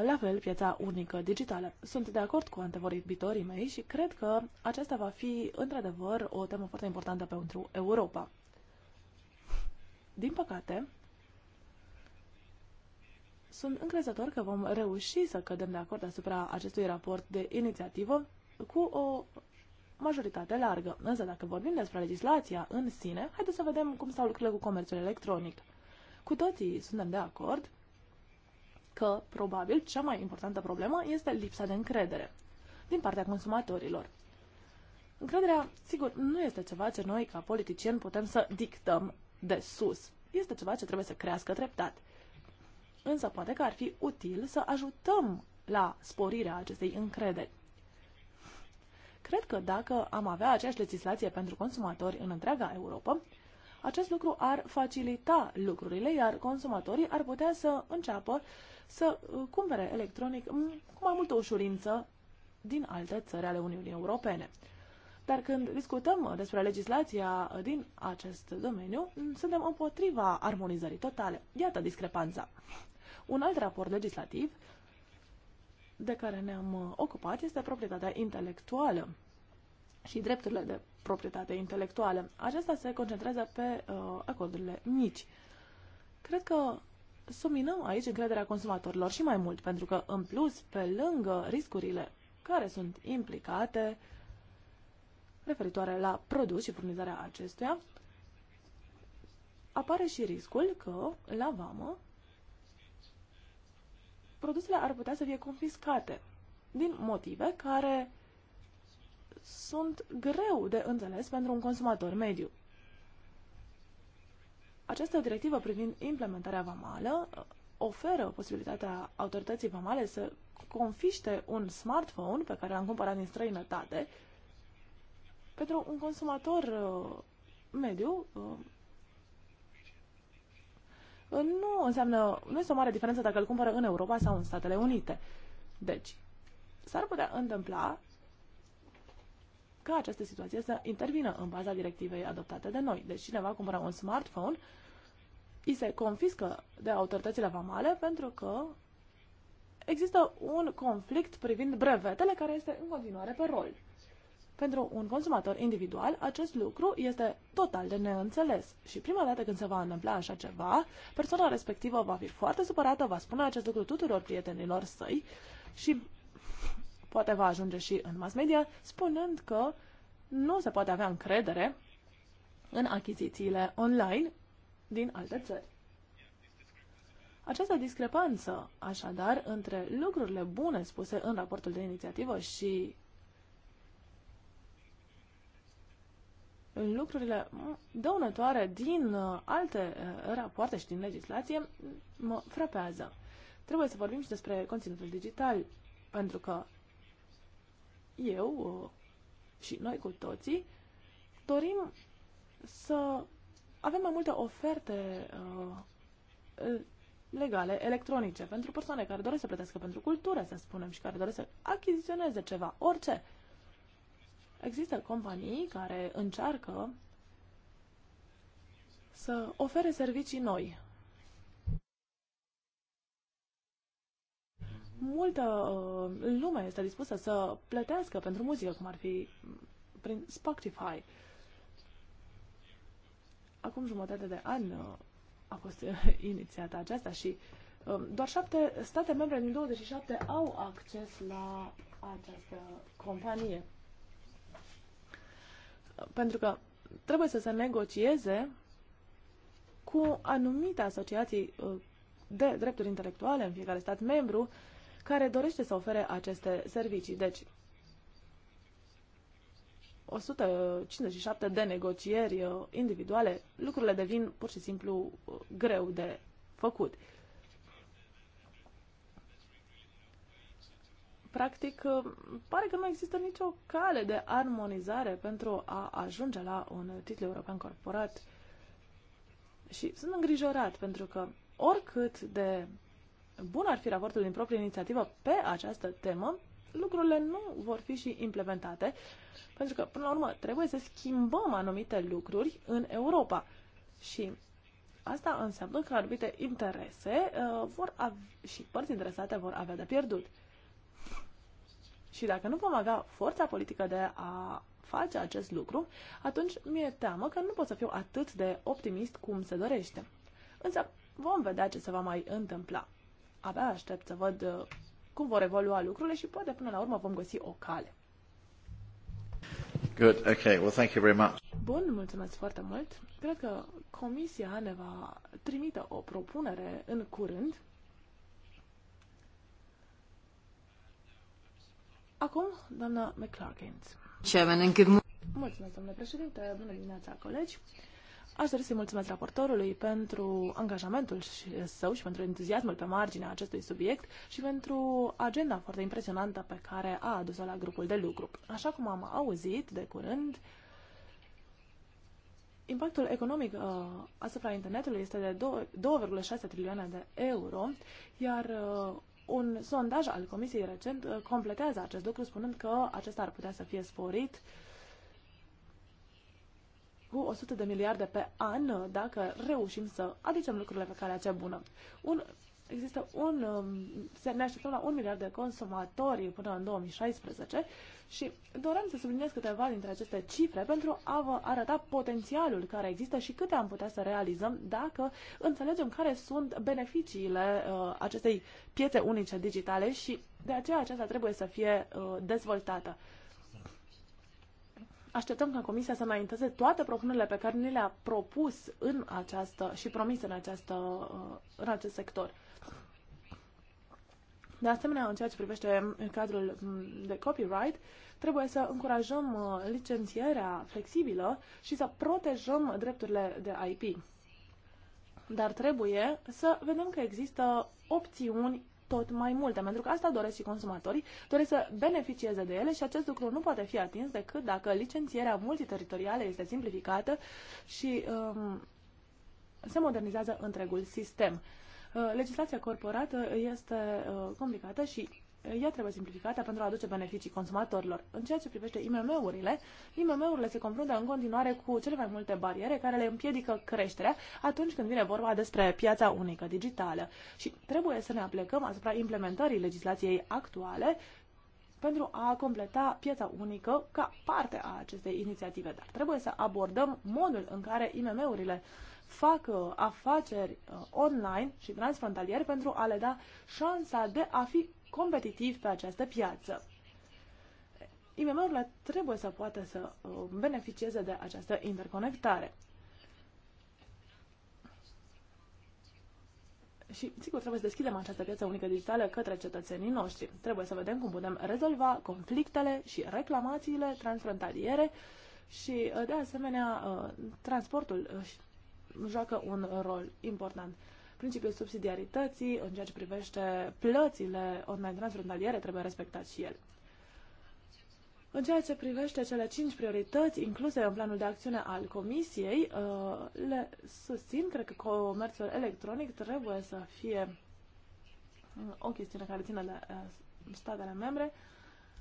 la fel piața unică digitală. Sunt de acord cu antevorbitorii mei și cred că aceasta va fi într-adevăr o temă foarte importantă pentru Europa. Din păcate, sunt încrezător că vom reuși să cădem de acord asupra acestui raport de inițiativă cu o majoritate largă. Însă, dacă vorbim despre legislația în sine, haideți să vedem cum stau lucrurile cu comerțul electronic. Cu toții suntem de acord că, probabil, cea mai importantă problemă este lipsa de încredere din partea consumatorilor. Încrederea, sigur, nu este ceva ce noi, ca politicieni, putem să dictăm de sus. Este ceva ce trebuie să crească treptat. Însă poate că ar fi util să ajutăm la sporirea acestei încrederi. Cred că dacă am avea aceeași legislație pentru consumatori în întreaga Europa, acest lucru ar facilita lucrurile, iar consumatorii ar putea să înceapă să uh, cumpere electronic mm, cu mai multă ușurință din alte țări ale Uniunii Europene. Dar când discutăm despre legislația din acest domeniu, suntem împotriva armonizării totale. Iată discrepanța. Un alt raport legislativ de care ne-am ocupat este proprietatea intelectuală și drepturile de proprietate intelectuală. Acesta se concentrează pe uh, acordurile mici. Cred că suminăm aici încrederea consumatorilor și mai mult, pentru că, în plus, pe lângă riscurile care sunt implicate, uh, referitoare la produs și furnizarea acestuia, apare și riscul că la vamă produsele ar putea să fie confiscate din motive care sunt greu de înțeles pentru un consumator mediu. Această directivă privind implementarea vamală oferă posibilitatea autorității vamale să confiște un smartphone pe care l-am cumpărat din străinătate pentru un consumator uh, mediu, uh, uh, nu înseamnă, nu este o mare diferență dacă îl cumpără în Europa sau în Statele Unite. Deci, s-ar putea întâmpla ca această situație să intervină în baza directivei adoptate de noi. Deci cineva cumpără un smartphone, îi se confiscă de autoritățile vamale pentru că există un conflict privind brevetele care este în continuare pe rol. Pentru un consumator individual, acest lucru este total de neînțeles și prima dată când se va întâmpla așa ceva, persoana respectivă va fi foarte supărată, va spune acest lucru tuturor prietenilor săi și poate va ajunge și în mass media spunând că nu se poate avea încredere în achizițiile online din alte țări. Această discrepanță, așadar, între lucrurile bune spuse în raportul de inițiativă și lucrurile dăunătoare din uh, alte uh, rapoarte și din legislație mm, mă frapează. Trebuie să vorbim și despre conținutul digital, pentru că eu uh, și noi cu toții dorim să avem mai multe oferte legale electronice pentru persoane care doresc să plătească pentru cultură, să spunem, și care doresc să achiziționeze ceva, orice. Există companii care încearcă să ofere servicii noi. Multă uh, lume este dispusă să plătească pentru muzică, cum ar fi prin Spotify. Acum jumătate de an uh, a fost uh, inițiată aceasta și um, doar șapte state membre din 27 au acces la această companie pentru că trebuie să se negocieze cu anumite asociații uh, de drepturi intelectuale în fiecare stat membru care dorește să ofere aceste servicii. Deci, 157 de negocieri uh, individuale, lucrurile devin pur și simplu uh, greu de făcut. practic, uh, pare că nu există nicio cale de armonizare pentru a ajunge la un titlu european corporat. Și sunt îngrijorat pentru că oricât de bun ar fi raportul din proprie inițiativă pe această temă, lucrurile nu vor fi și implementate, pentru că, până la urmă, trebuie să schimbăm anumite lucruri în Europa. Și asta înseamnă că anumite interese uh, vor și părți interesate vor avea de pierdut. Și dacă nu vom avea forța politică de a face acest lucru, atunci mi-e teamă că nu pot să fiu atât de optimist cum se dorește. Însă vom vedea ce se va mai întâmpla. Abia aștept să văd uh, cum vor evolua lucrurile și poate până la urmă vom găsi o cale. Good. Okay. Well, thank you very much. Bun, mulțumesc foarte mult. Cred că comisia ne va trimite o propunere în curând Acum, doamna McClarkins. Mulțumesc, domnule președinte. Bună dimineața, colegi. Aș dori să-i mulțumesc raportorului pentru angajamentul său și pentru entuziasmul pe marginea acestui subiect și pentru agenda foarte impresionantă pe care a adus-o la grupul de lucru. Așa cum am auzit de curând, impactul economic uh, asupra internetului este de 2,6 trilioane de euro, iar uh, un sondaj al Comisiei recent uh, completează acest lucru spunând că acesta ar putea să fie sporit cu 100 de miliarde pe an uh, dacă reușim să aducem lucrurile pe calea cea bună. Un există un, um, se ne așteptăm la un miliard de consumatori până în 2016 și doream să subliniez câteva dintre aceste cifre pentru a vă arăta potențialul care există și câte am putea să realizăm dacă înțelegem care sunt beneficiile uh, acestei piețe unice digitale și de aceea aceasta trebuie să fie uh, dezvoltată. Așteptăm ca Comisia să înainteze toate propunerile pe care ni le-a propus în această și promis în, această, uh, în acest sector. De asemenea, în ceea ce privește cadrul de copyright, trebuie să încurajăm uh, licențierea flexibilă și să protejăm drepturile de IP. Dar trebuie să vedem că există opțiuni tot mai multe, pentru că asta doresc și consumatorii, doresc să beneficieze de ele și acest lucru nu poate fi atins decât dacă licențierea multiteritorială este simplificată și um, se modernizează întregul sistem. Uh, legislația corporată este uh, complicată și ea trebuie simplificată pentru a aduce beneficii consumatorilor. În ceea ce privește IMM-urile, IMM-urile se confruntă în continuare cu cele mai multe bariere care le împiedică creșterea atunci când vine vorba despre piața unică digitală. Și trebuie să ne aplecăm asupra implementării legislației actuale pentru a completa piața unică ca parte a acestei inițiative. Dar trebuie să abordăm modul în care IMM-urile fac afaceri uh, online și transfrontalier pentru a le da șansa de a fi competitiv pe această piață. IMM-urile trebuie să poată să uh, beneficieze de această interconectare. Și, sigur, trebuie să deschidem această piață unică digitală către cetățenii noștri. Trebuie să vedem cum putem rezolva conflictele și reclamațiile transfrontaliere și, uh, de asemenea, transportul joacă un rol important. Principiul subsidiarității în ceea ce privește plățile online transfrontaliere trebuie respectat și el. În ceea ce privește cele cinci priorități incluse în planul de acțiune al Comisiei, uh, le susțin. Cred că comerțul electronic trebuie să fie uh, o chestiune care ține de uh, statele membre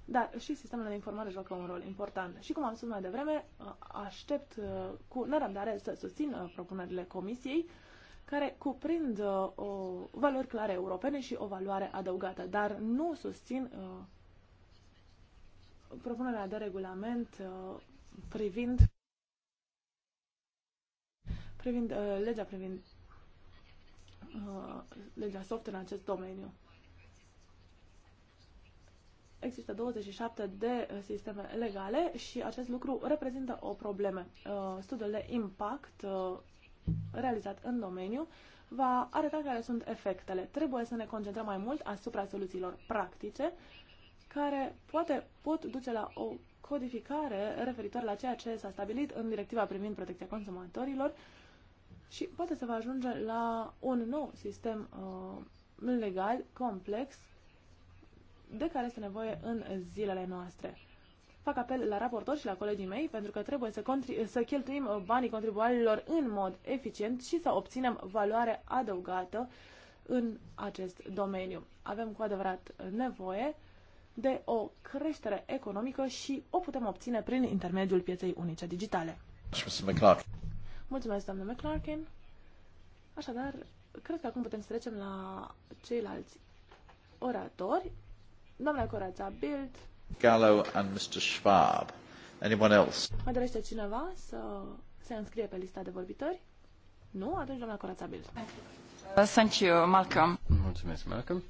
dar și sistemele de informare joacă un rol important. Și cum am spus mai devreme, aștept uh, cu nerăbdare să susțin uh, propunerile Comisiei, care cuprind uh, o valori clare europene și o valoare adăugată, dar nu susțin propunerea de regulament privind privind legea privind legea soft în acest domeniu există 27 de uh, sisteme legale și acest lucru reprezintă o problemă. Uh, studiul de impact uh, realizat în domeniu va arăta care sunt efectele. Trebuie să ne concentrăm mai mult asupra soluțiilor practice care poate pot duce la o codificare referitor la ceea ce s-a stabilit în directiva privind protecția consumatorilor și poate să va ajunge la un nou sistem uh, legal complex de care este nevoie în zilele noastre. Fac apel la raportori și la colegii mei pentru că trebuie să, să cheltuim uh, banii contribuabililor în mod eficient și să obținem valoare adăugată în acest domeniu. Avem cu adevărat nevoie de o creștere economică și o putem obține prin intermediul pieței unice digitale. Mulțumesc, doamnă McClarkin. Așadar, cred că acum putem să trecem la ceilalți oratori. Doamna Corața Bild. Gallo and Mr. Schwab. Anyone else? Mai dorește cineva să se înscrie pe lista de vorbitori? Nu? Atunci doamna Corața Bild. Uh, thank you, Malcolm. Mulțumesc, Malcolm.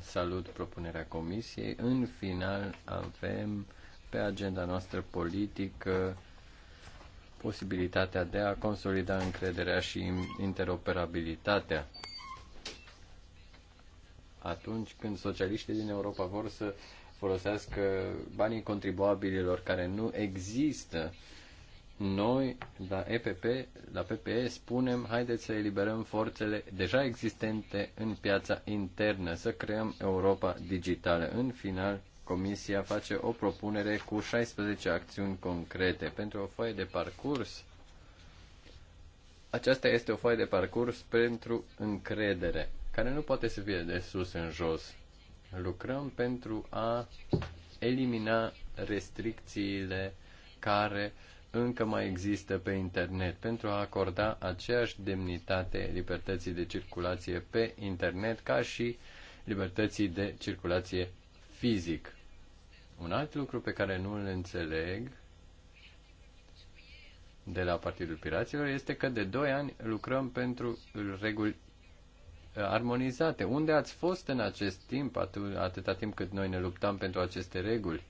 Salut propunerea comisiei. În final avem pe agenda noastră politică posibilitatea de a consolida încrederea și interoperabilitatea atunci când socialiștii din Europa vor să folosească banii contribuabililor care nu există. Noi, la EPP, la PPE, spunem, haideți să eliberăm forțele deja existente în piața internă, să creăm Europa digitală. În final, Comisia face o propunere cu 16 acțiuni concrete pentru o foaie de parcurs. Aceasta este o foaie de parcurs pentru încredere care nu poate să fie de sus în jos. Lucrăm pentru a elimina restricțiile care încă mai există pe internet pentru a acorda aceeași demnitate libertății de circulație pe internet ca și libertății de circulație fizic. Un alt lucru pe care nu îl înțeleg de la Partidul Piraților este că de 2 ani lucrăm pentru reguli armonizate. Unde ați fost în acest timp, atâta timp cât noi ne luptam pentru aceste reguli?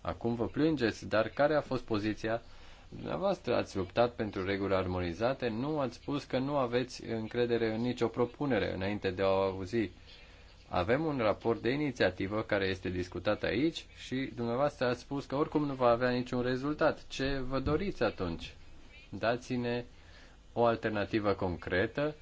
Acum vă plângeți, dar care a fost poziția dumneavoastră? Ați luptat pentru reguli armonizate, nu ați spus că nu aveți încredere în nicio propunere înainte de a o auzi. Avem un raport de inițiativă care este discutat aici și dumneavoastră ați spus că oricum nu va avea niciun rezultat. Ce vă doriți atunci? Dați-ne o alternativă concretă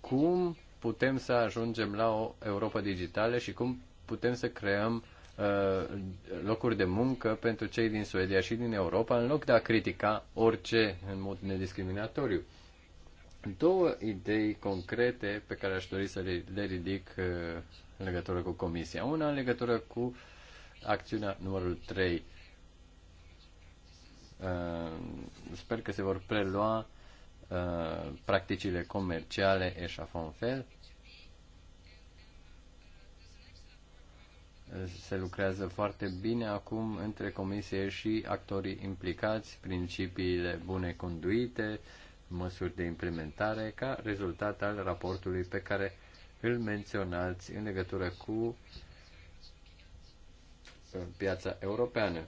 cum putem să ajungem la o Europa digitală și cum putem să creăm uh, locuri de muncă pentru cei din Suedia și din Europa, în loc de a critica orice în mod nediscriminatoriu. Două idei concrete pe care aș dori să le, le ridic uh, în legătură cu Comisia. Una în legătură cu acțiunea numărul 3. Uh, sper că se vor prelua Uh, practicile comerciale fel. Se lucrează foarte bine acum între comisie și actorii implicați, principiile bune conduite, măsuri de implementare, ca rezultat al raportului pe care îl menționați în legătură cu uh, piața europeană.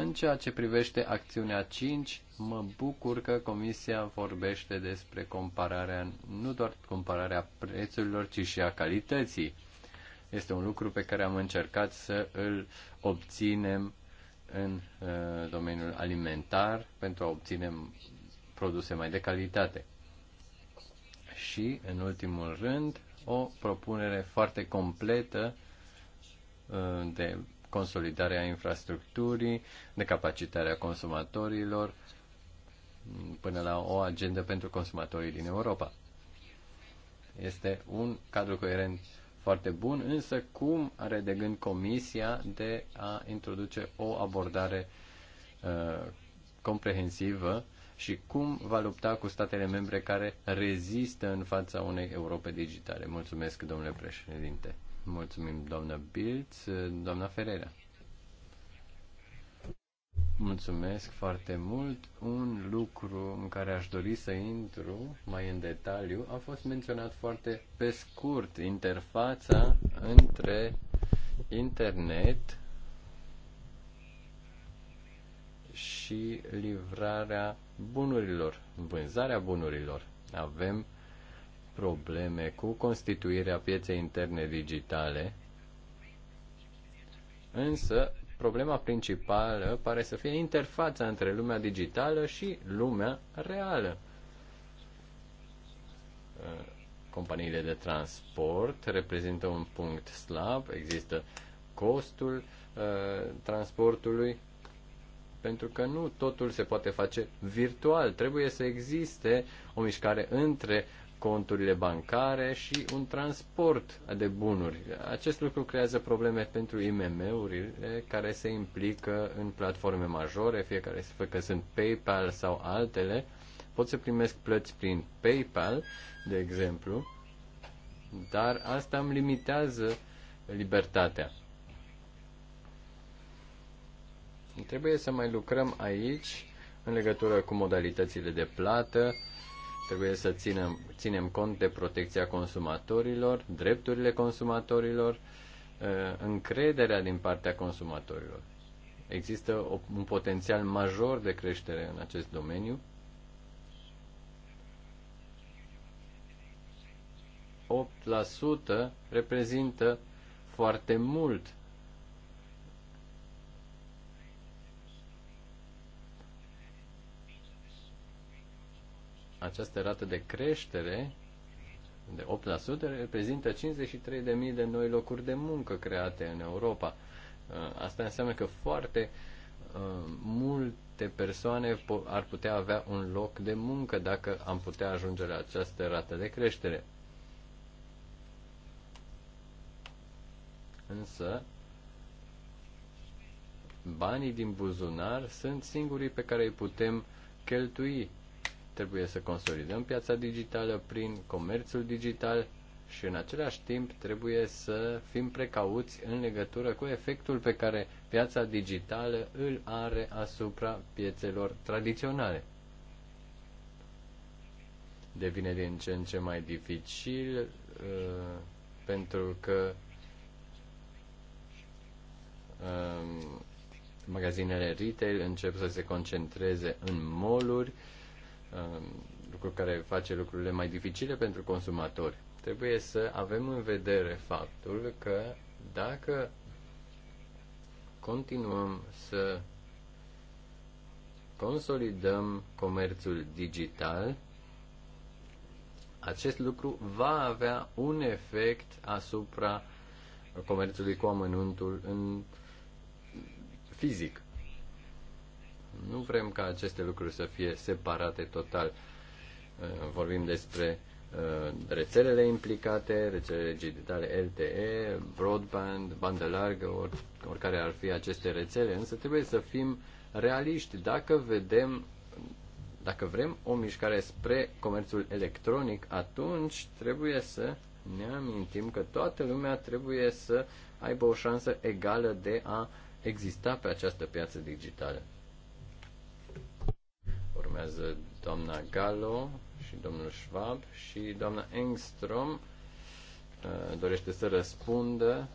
În ceea ce privește acțiunea 5, mă bucur că Comisia vorbește despre compararea, nu doar compararea prețurilor, ci și a calității. Este un lucru pe care am încercat să îl obținem în uh, domeniul alimentar pentru a obține produse mai de calitate. Și, în ultimul rând, o propunere foarte completă uh, de consolidarea infrastructurii, de capacitarea consumatorilor, până la o agendă pentru consumatorii din Europa. Este un cadru coerent foarte bun, însă cum are de gând Comisia de a introduce o abordare uh, comprehensivă și cum va lupta cu statele membre care rezistă în fața unei Europe digitale? Mulțumesc, domnule președinte. Mulțumim, doamna Bilț, doamna Ferreira. Mulțumesc foarte mult. Un lucru în care aș dori să intru mai în detaliu a fost menționat foarte pe scurt, interfața între internet și livrarea bunurilor, vânzarea bunurilor. Avem probleme cu constituirea pieței interne digitale, însă problema principală pare să fie interfața între lumea digitală și lumea reală. Companiile de transport reprezintă un punct slab, există costul uh, transportului, pentru că nu totul se poate face virtual. Trebuie să existe o mișcare între conturile bancare și un transport de bunuri. Acest lucru creează probleme pentru IMM-urile care se implică în platforme majore, fiecare fie că sunt PayPal sau altele, pot să primesc plăți prin PayPal, de exemplu, dar asta îmi limitează libertatea. Trebuie să mai lucrăm aici în legătură cu modalitățile de plată, Trebuie să ținem, ținem cont de protecția consumatorilor, drepturile consumatorilor, uh, încrederea din partea consumatorilor. Există un potențial major de creștere în acest domeniu. la reprezintă foarte mult această rată de creștere de 8% reprezintă 53.000 de noi locuri de muncă create în Europa. Uh, asta înseamnă că foarte uh, multe persoane ar putea avea un loc de muncă dacă am putea ajunge la această rată de creștere. Însă, banii din buzunar sunt singurii pe care îi putem cheltui Trebuie să consolidăm piața digitală prin comerțul digital și în același timp trebuie să fim precauți în legătură cu efectul pe care piața digitală îl are asupra piețelor tradiționale. Devine din ce în ce mai dificil uh, pentru că um, magazinele retail încep să se concentreze în mall Um, lucru care face lucrurile mai dificile pentru consumatori. Trebuie să avem în vedere faptul că dacă continuăm să consolidăm comerțul digital, acest lucru va avea un efect asupra comerțului cu amănuntul în fizic. Nu vrem ca aceste lucruri să fie separate total. Uh, vorbim despre uh, rețelele implicate, rețelele digitale LTE, broadband, bandă largă, oricare ar fi aceste rețele, însă trebuie să fim realiști. Dacă vedem, dacă vrem o mișcare spre comerțul electronic, atunci trebuie să ne amintim că toată lumea trebuie să aibă o șansă egală de a exista pe această piață digitală. Urmează doamna Gallo și domnul Schwab și doamna Engstrom uh, dorește să răspundă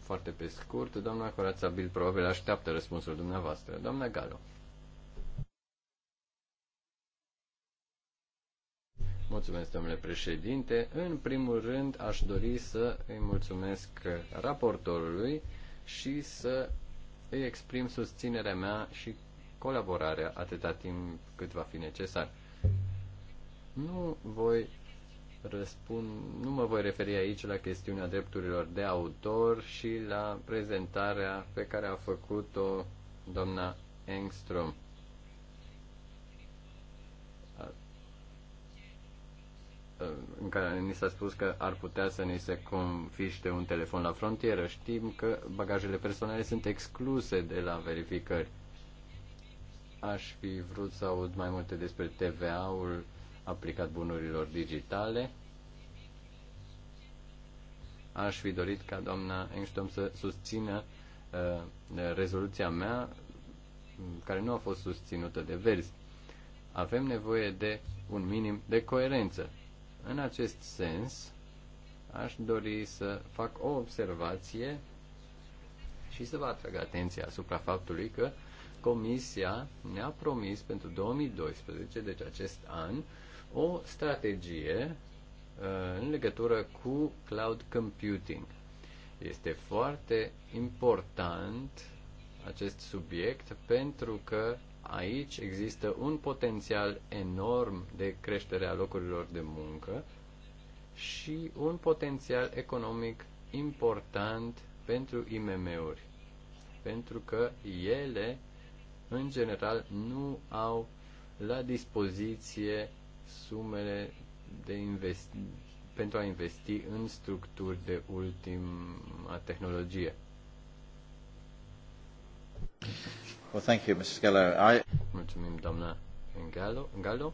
foarte pe scurt. Doamna Corața Bil probabil așteaptă răspunsul dumneavoastră. Doamna Galo. Mulțumesc, domnule președinte. În primul rând, aș dori să îi mulțumesc raportorului și să îi exprim susținerea mea și colaborarea atâta timp cât va fi necesar. Nu voi răspund, nu mă voi referi aici la chestiunea drepturilor de autor și la prezentarea pe care a făcut-o doamna Engstrom. în care ni s-a spus că ar putea să ni se confiște un telefon la frontieră. Știm că bagajele personale sunt excluse de la verificări aș fi vrut să aud mai multe despre TVA-ul aplicat bunurilor digitale. Aș fi dorit ca doamna Engstrom să susțină uh, rezoluția mea, care nu a fost susținută de verzi. Avem nevoie de un minim de coerență. În acest sens, aș dori să fac o observație și să vă atrag atenția asupra faptului că uh, Comisia ne-a promis pentru 2012, deci acest an, o strategie uh, în legătură cu cloud computing. Este foarte important acest subiect pentru că aici există un potențial enorm de creștere a locurilor de muncă și un potențial economic important pentru IMM-uri, pentru că ele în general, nu au la dispoziție sumele de investi- pentru a investi în structuri de ultima tehnologie. Well, thank you, Mr. Gallo. I... Mulțumim, doamna Galo. Gallo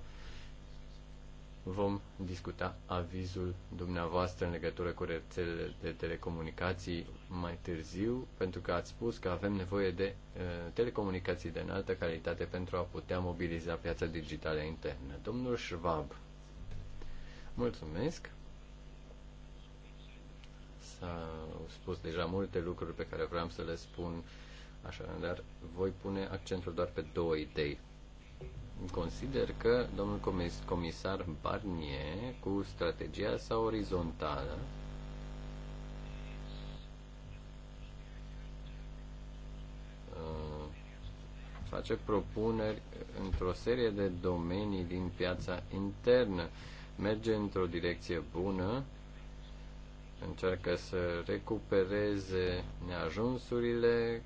vom discuta avizul dumneavoastră în legătură cu rețelele de telecomunicații mai târziu, pentru că ați spus că avem nevoie de uh, telecomunicații de înaltă calitate pentru a putea mobiliza piața digitală internă. Domnul Schwab, mulțumesc. S-au spus deja multe lucruri pe care vreau să le spun, așa, dar voi pune accentul doar pe două idei. Consider că domnul comisar Barnier, cu strategia sa orizontală, uh, face propuneri într-o serie de domenii din piața internă. Merge într-o direcție bună, încearcă să recupereze neajunsurile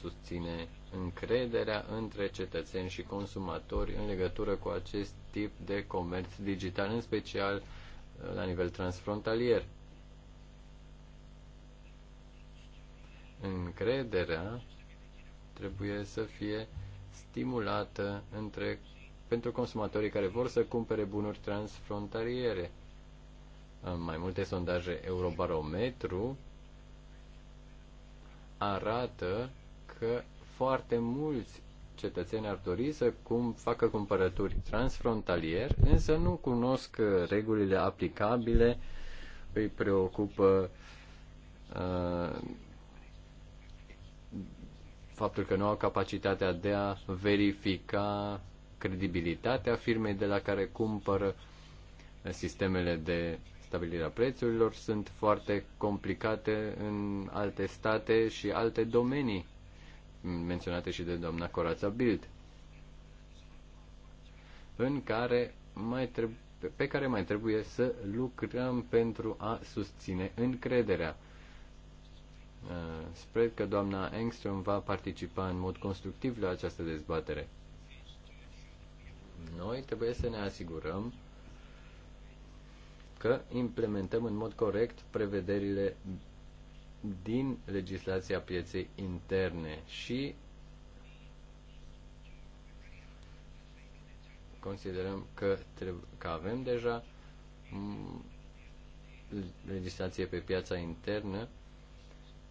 susține încrederea între cetățeni și consumatori în legătură cu acest tip de comerț digital, în special uh, la nivel transfrontalier. Încrederea trebuie să fie stimulată între, pentru consumatorii care vor să cumpere bunuri transfrontaliere. În mai multe sondaje Eurobarometru arată că foarte mulți cetățeni ar dori să cum facă cumpărături transfrontalier, însă nu cunosc regulile aplicabile, îi preocupă uh, faptul că nu au capacitatea de a verifica credibilitatea firmei de la care cumpără sistemele de stabilirea prețurilor sunt foarte complicate în alte state și alte domenii menționate și de doamna Corața Bild, în care mai trebuie, pe care mai trebuie să lucrăm pentru a susține încrederea. Uh, sper că doamna Engström va participa în mod constructiv la această dezbatere. Noi trebuie să ne asigurăm că implementăm în mod corect prevederile din legislația pieței interne și considerăm că, că avem deja mm, legislație pe piața internă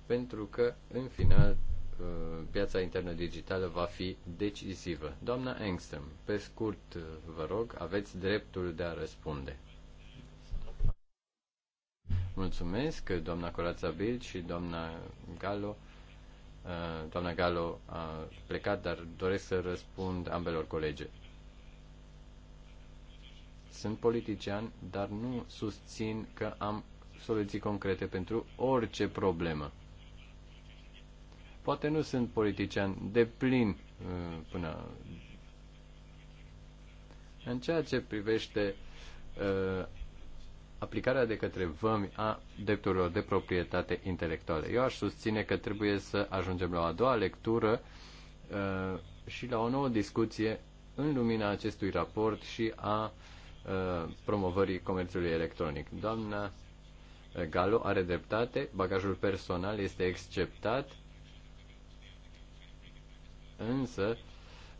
pentru că, în final, uh, piața internă digitală va fi decisivă. Doamna Engstrom, pe scurt, uh, vă rog, aveți dreptul de a răspunde. Mulțumesc, doamna Corața Bild și doamna Galo. Uh, doamna Galo a plecat, dar doresc să răspund ambelor colege. Sunt politician, dar nu susțin că am soluții concrete pentru orice problemă. Poate nu sunt politician de plin uh, până în ceea ce privește uh, aplicarea de către vămi a drepturilor de proprietate intelectuală. Eu aș susține că trebuie să ajungem la o a doua lectură uh, și la o nouă discuție în lumina acestui raport și a uh, promovării comerțului electronic. Doamna uh, Galo are dreptate, bagajul personal este exceptat, însă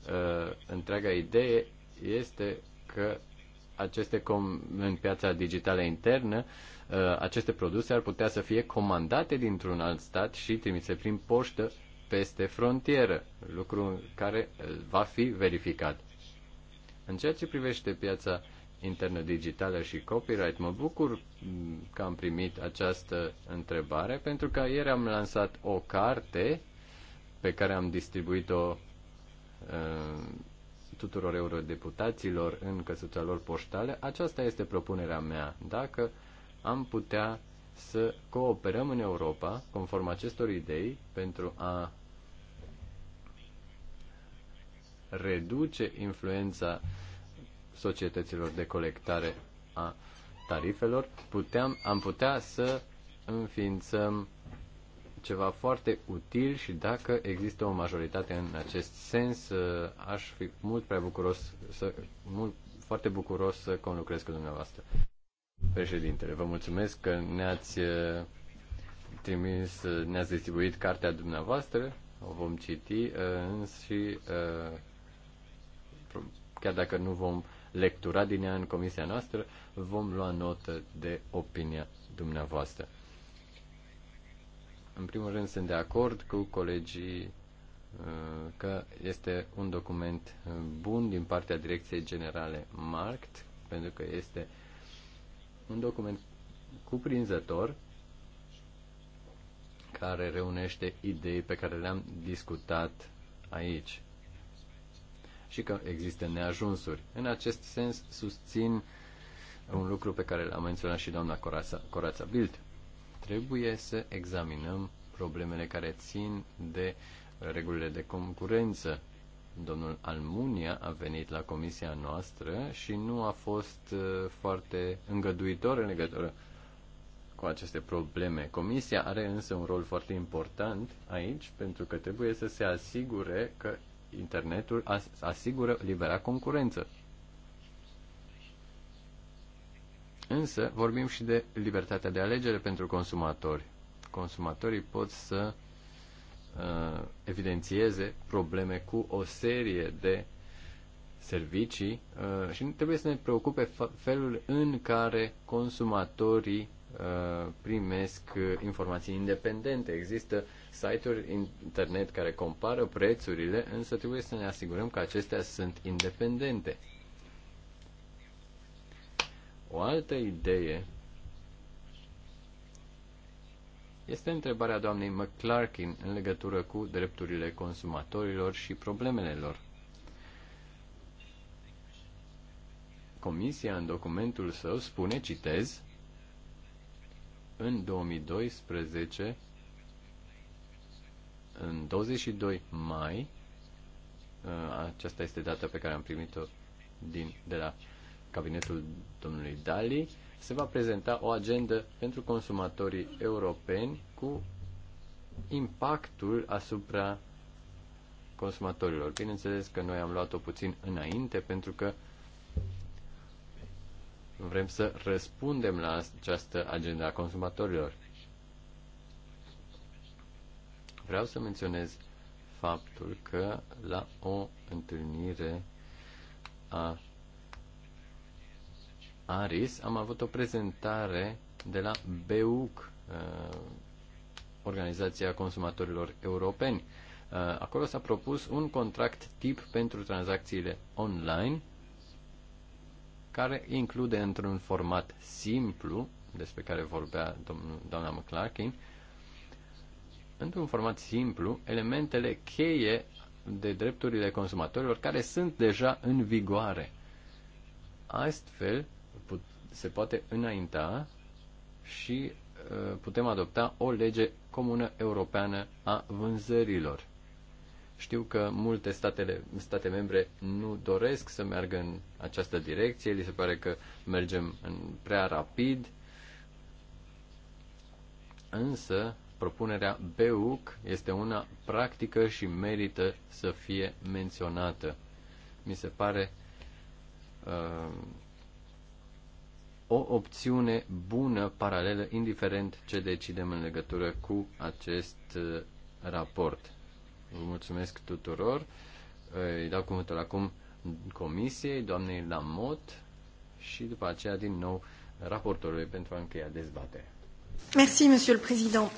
uh, întreaga idee este că aceste com- în piața digitală internă, uh, aceste produse ar putea să fie comandate dintr-un alt stat și trimise prin poștă peste frontieră, lucru care uh, va fi verificat. În ceea ce privește piața internă digitală și copyright, mă bucur mm, că am primit această întrebare, pentru că ieri am lansat o carte pe care am distribuit-o uh, tuturor eurodeputaților în căsuța lor poștale, aceasta este propunerea mea. Dacă am putea să cooperăm în Europa, conform acestor idei, pentru a reduce influența societăților de colectare a tarifelor, puteam, am putea să înființăm ceva foarte util și dacă există o majoritate în acest sens, uh, aș fi mult prea bucuros să, mult, foarte bucuros să conlucrez cu dumneavoastră. Președintele, vă mulțumesc că ne-ați uh, trimis, uh, ne-ați distribuit cartea dumneavoastră, o vom citi și chiar dacă nu vom lectura din ea în comisia noastră, vom lua notă de opinia dumneavoastră. În primul rând, sunt de acord cu colegii uh, că este un document uh, bun din partea Direcției Generale Markt, pentru că este un document cuprinzător care reunește idei pe care le-am discutat aici și că există neajunsuri. În acest sens susțin un lucru pe care l-a menționat și doamna Corața, Corața Bild trebuie să examinăm problemele care țin de uh, regulile de concurență. Domnul Almunia a venit la comisia noastră și nu a fost uh, foarte îngăduitor în legătură cu aceste probleme. Comisia are însă un rol foarte important aici pentru că trebuie să se asigure că internetul asigură libera concurență. Însă vorbim și de libertatea de alegere pentru consumatori. Consumatorii pot să uh, evidențieze probleme cu o serie de servicii uh, și trebuie să ne preocupe felul în care consumatorii uh, primesc uh, informații independente. Există site-uri internet care compară prețurile, însă trebuie să ne asigurăm că acestea sunt independente. O altă idee este întrebarea doamnei McClarkin în legătură cu drepturile consumatorilor și problemele lor. Comisia în documentul său spune, citez, în 2012, în 22 mai, ă, aceasta este data pe care am primit-o din, de la cabinetul domnului Dali, se va prezenta o agendă pentru consumatorii europeni cu impactul asupra consumatorilor. Bineînțeles că noi am luat-o puțin înainte pentru că vrem să răspundem la această agenda a consumatorilor. Vreau să menționez faptul că la o întâlnire a Aris, am avut o prezentare de la BEUC, uh, Organizația Consumatorilor Europeni. Uh, acolo s-a propus un contract tip pentru tranzacțiile online, care include într-un format simplu, despre care vorbea domnul, doamna McClarkin, într-un format simplu, elementele cheie de drepturile consumatorilor care sunt deja în vigoare. Astfel, se poate înainta și uh, putem adopta o lege comună europeană a vânzărilor. Știu că multe statele, state membre nu doresc să meargă în această direcție, li se pare că mergem în prea rapid, însă propunerea BEUC este una practică și merită să fie menționată. Mi se pare uh, o opțiune bună, paralelă, indiferent ce decidem în legătură cu acest uh, raport. Vă mulțumesc tuturor. Îi dau cuvântul acum comisiei, doamnei Lamot și după aceea din nou raportorului pentru a încheia dezbaterea. Merci, Monsieur le Président.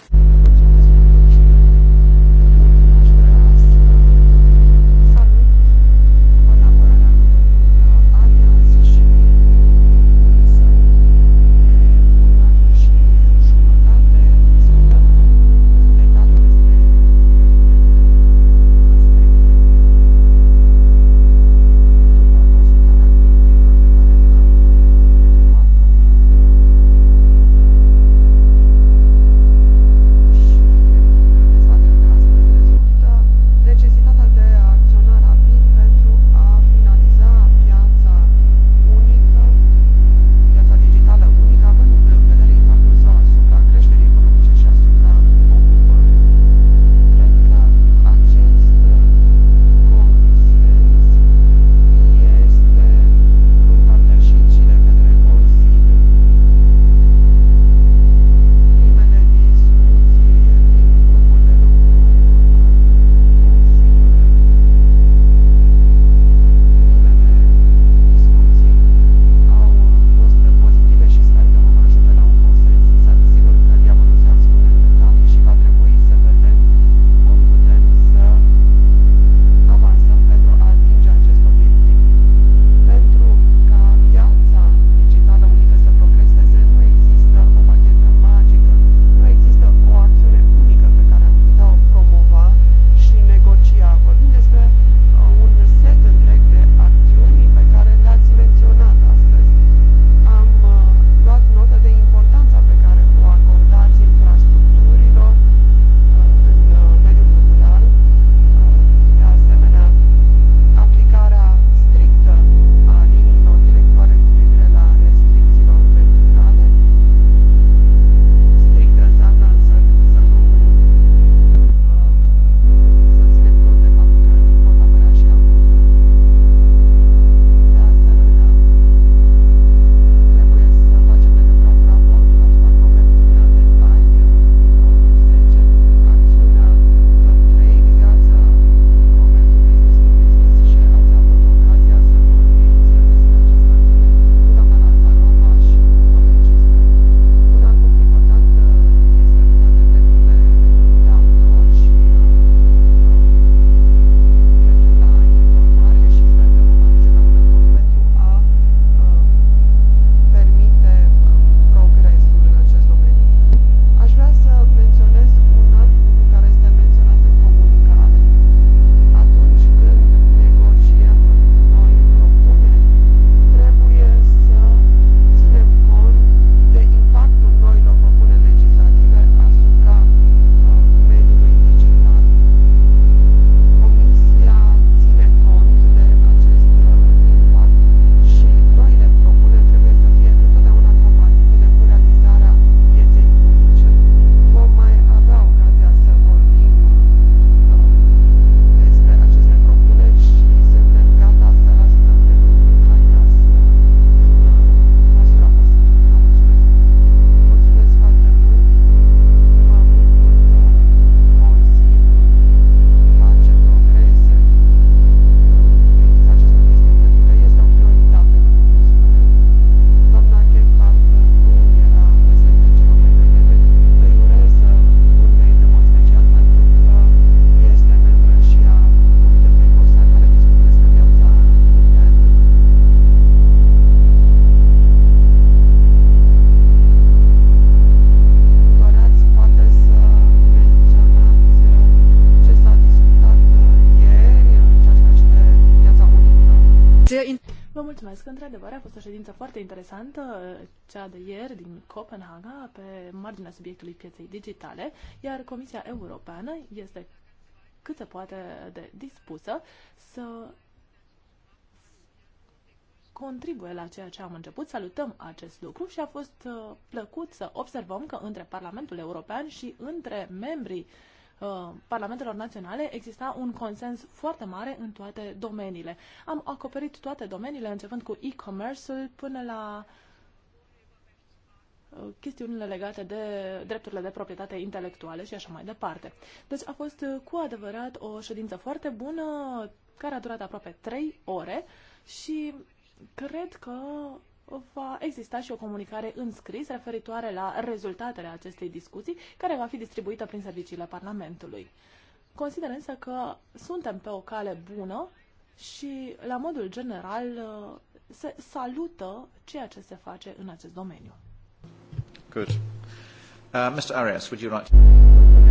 cea de ieri din Copenhaga, pe marginea subiectului pieței digitale, iar Comisia Europeană este cât se poate de dispusă să contribuie la ceea ce am început. Salutăm acest lucru și a fost uh, plăcut să observăm că între Parlamentul European și între membrii uh, parlamentelor naționale exista un consens foarte mare în toate domeniile. Am acoperit toate domeniile, începând cu e-commerce-ul până la uh, Uh, chestiunile legate de drepturile de proprietate intelectuale și așa mai departe. Deci a fost uh, cu adevărat o ședință foarte bună, care a durat aproape 3 ore și cred că va exista și o comunicare în scris referitoare la rezultatele acestei discuții, care va fi distribuită prin serviciile Parlamentului. Consider însă că suntem pe o cale bună și, la modul general, uh, se salută ceea ce se face în acest domeniu. Good. Uh, Mr. Arias, would you like to...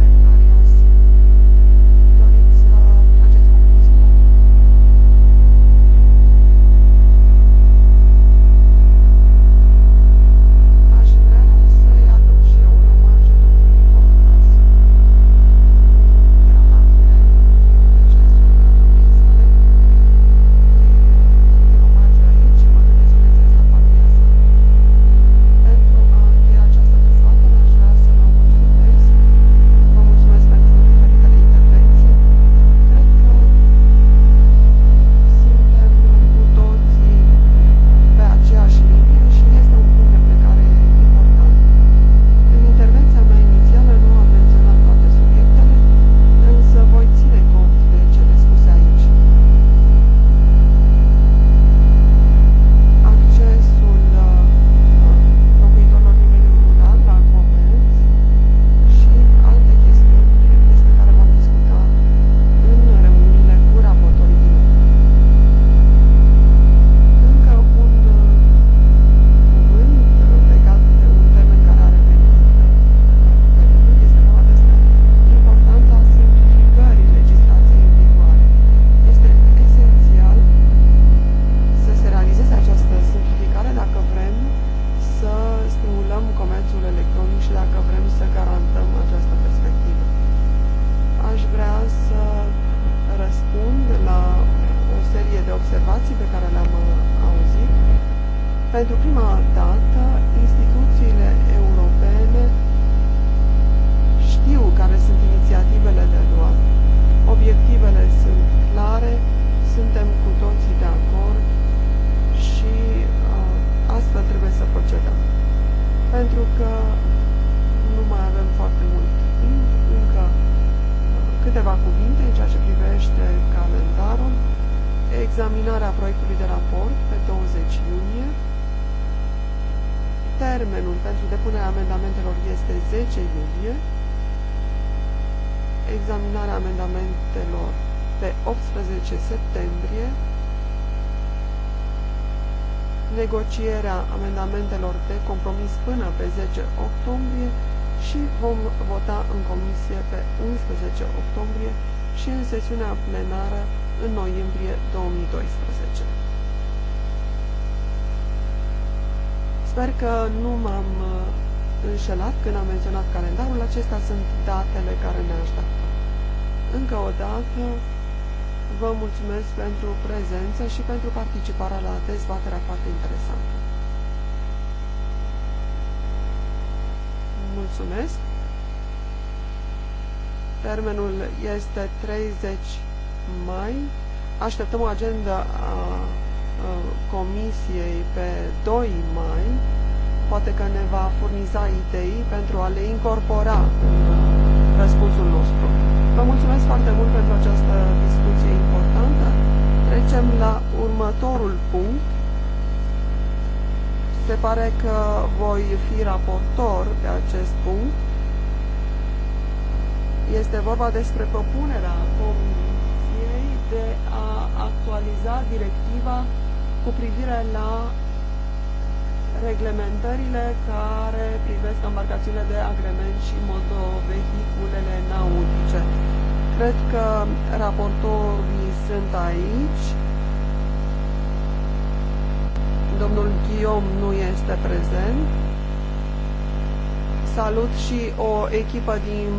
acestea sunt datele care ne așteaptă. Încă o dată, vă mulțumesc pentru prezență și pentru participarea la dezbaterea foarte interesantă. Mulțumesc! Termenul este 30 mai. Așteptăm agenda a, a Comisiei pe 2 mai poate că ne va furniza idei pentru a le incorpora în răspunsul nostru. Vă mulțumesc foarte mult pentru această discuție importantă. Trecem la următorul punct. Se pare că voi fi raportor pe acest punct. Este vorba despre propunerea Comisiei de a actualiza directiva cu privire la reglementările care privesc embarcațiunile de agrement și motovehiculele nautice. Cred că raportorii sunt aici. Domnul Ghiom nu este prezent. Salut și o echipă din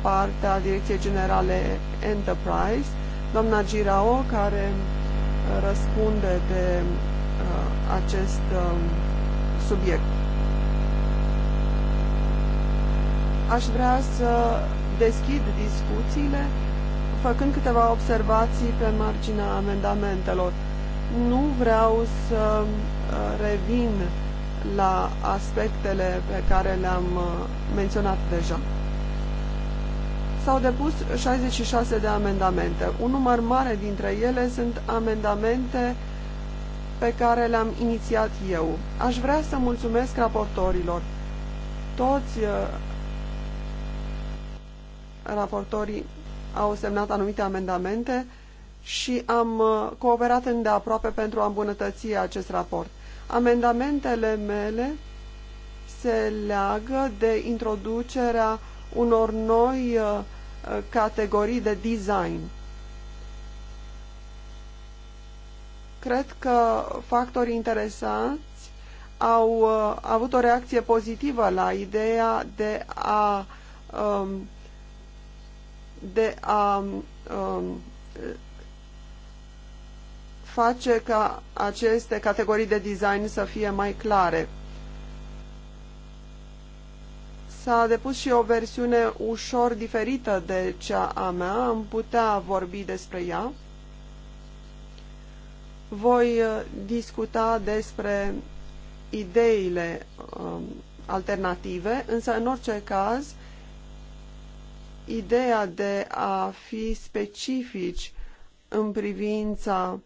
partea Direcției Generale Enterprise, doamna Girao, care răspunde de uh, acest uh, subiect. Aș vrea să deschid discuțiile făcând câteva observații pe marginea amendamentelor. Nu vreau să uh, revin la aspectele pe care le-am uh, menționat deja. S-au depus 66 de amendamente. Un număr mare dintre ele sunt amendamente pe care le-am inițiat eu. Aș vrea să mulțumesc raportorilor. Toți uh, raportorii au semnat anumite amendamente și am uh, cooperat îndeaproape pentru a îmbunătăți acest raport. Amendamentele mele se leagă de introducerea unor noi uh, categorii de design. Cred că factorii interesanți au uh, avut o reacție pozitivă la ideea de a um, de a um, face ca aceste categorii de design să fie mai clare. S-a depus și o versiune ușor diferită de cea a mea, am putea vorbi despre ea voi uh, discuta despre ideile um, alternative, însă în orice caz ideea de a fi specifici în privința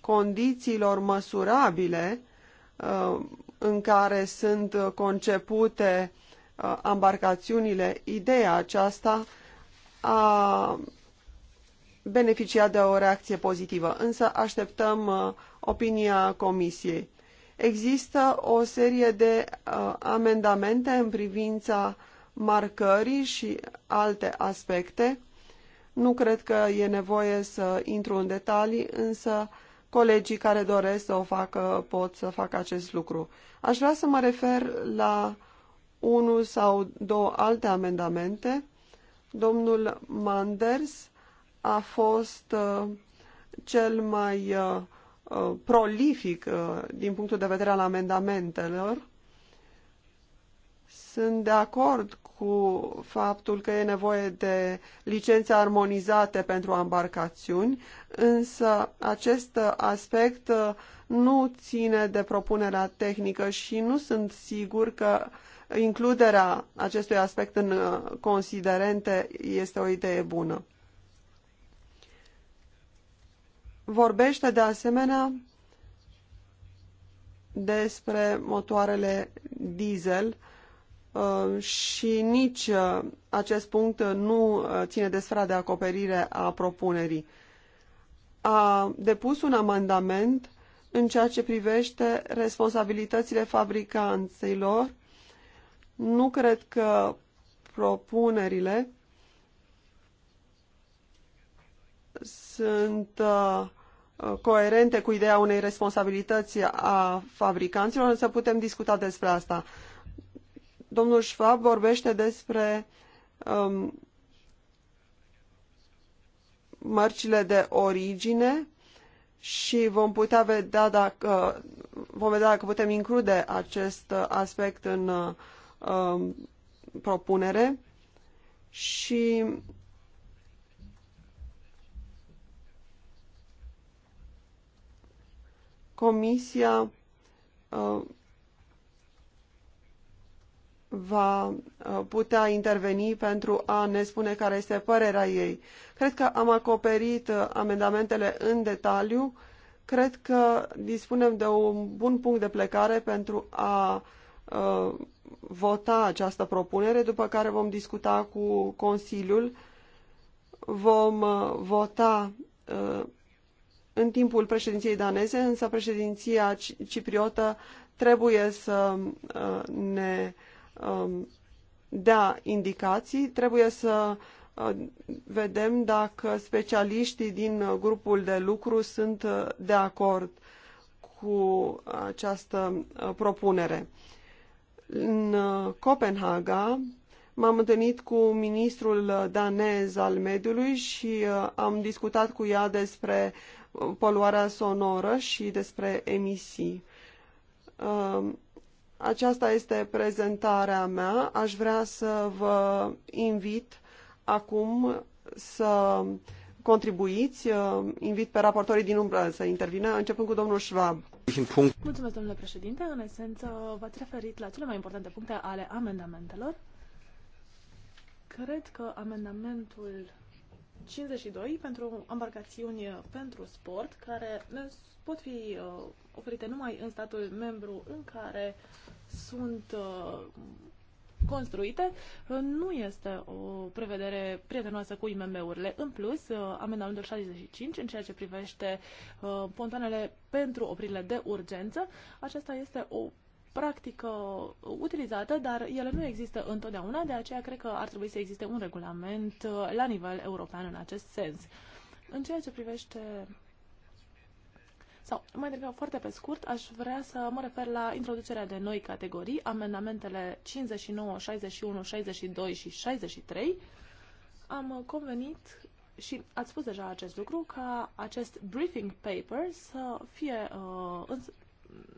condițiilor măsurabile uh, în care sunt concepute embarcațiunile, uh, ideea aceasta a beneficia de o reacție pozitivă, însă așteptăm uh, opinia Comisiei. Există o serie de uh, amendamente în privința marcării și alte aspecte. Nu cred că e nevoie să intru în detalii, însă colegii care doresc să o facă pot să facă acest lucru. Aș vrea să mă refer la unul sau două alte amendamente. Domnul Manders a fost uh, cel mai uh, uh, prolific din punctul de vedere al amendamentelor. Sunt de acord cu faptul că e nevoie de licențe armonizate pentru embarcațiuni, însă acest aspect nu ține de propunerea tehnică și nu sunt sigur că includerea acestui aspect în considerente este o idee bună. vorbește de asemenea despre motoarele diesel uh, și nici uh, acest punct nu uh, ține de sfera de acoperire a propunerii. A depus un amendament în ceea ce privește responsabilitățile fabricanților. Nu cred că propunerile sunt uh, Uh, coerente cu ideea unei responsabilități a fabricanților, însă putem discuta despre asta. Domnul Schwab vorbește despre um, mărcile de origine și vom putea vedea dacă, vom vedea dacă putem include acest aspect în uh, um, propunere și Comisia uh, va uh, putea interveni pentru a ne spune care este părerea ei. Cred că am acoperit uh, amendamentele în detaliu. Cred că dispunem de un bun punct de plecare pentru a vota această propunere, după care vom discuta cu Consiliul, vom vota în timpul președinției daneze, însă președinția cipriotă trebuie să uh, ne um, dea indicații, trebuie să uh, vedem dacă specialiștii din grupul de lucru sunt uh, de acord cu această propunere. În Copenhaga m-am întâlnit cu ministrul danez al mediului și am discutat cu ea despre uh, poluarea sonoră și despre emisii. Um, aceasta este prezentarea mea. Aș vrea să vă invit acum să contribuiți. Uh, invit pe raportorii din umbră să intervină, începând cu domnul Schwab. Mulțumesc, domnule președinte. În esență, v-ați referit la cele mai importante puncte ale amendamentelor. Cred că amendamentul 52 pentru embarcațiuni pentru sport, care uh, pot fi uh, oferite numai în statul membru în care sunt uh, construite, uh, nu este o prevedere prietenoasă cu IMM-urile. În plus, uh, amendamentul 65, în ceea ce privește pontoanele pentru opririle de urgență, aceasta este o practică utilizată, dar ele nu există întotdeauna, de aceea cred că ar trebui să existe un regulament uh, la nivel european în acest sens. În ceea ce privește sau mai degrabă foarte pe scurt, aș vrea să mă refer la introducerea de noi categorii, amendamentele 59, 61, 62 și 63. Am convenit și ați spus deja acest lucru, ca acest briefing paper să fie uh,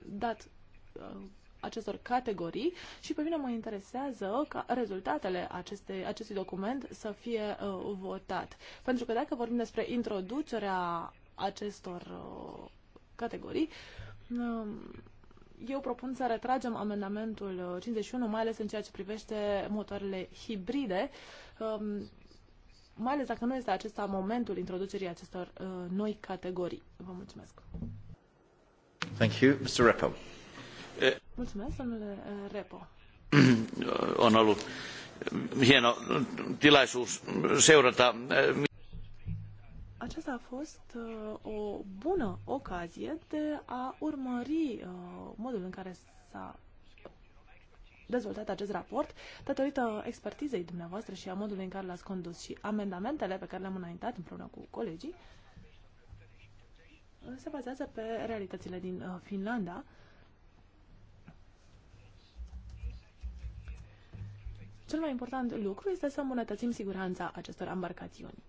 dat uh, acestor categorii și pe mine mă interesează ca rezultatele aceste, acestui document să fie uh, votat. Pentru că dacă vorbim despre introducerea acestor uh, categorii, um, eu propun să retragem amendamentul 51, uh, mai ales în ceea ce privește motoarele hibride, um, mai ales dacă nu este acesta momentul introducerii acestor uh, noi categorii. Vă mulțumesc. Thank you, Mr. Eh, On ollut hieno tilaisuus seurata. Eh, Aceasta a fost eh, o bună ocazie de a urmări modul în care s-a dezvoltat acest raport datorită expertizei dumneavoastră și a modului în care l-ați condus și amendamentele pe care le-am înaintat împreună cu colegii se bazează pe realitățile din Finlanda Cel mai important lucru este să îmbunătățim siguranța acestor embarcațiuni.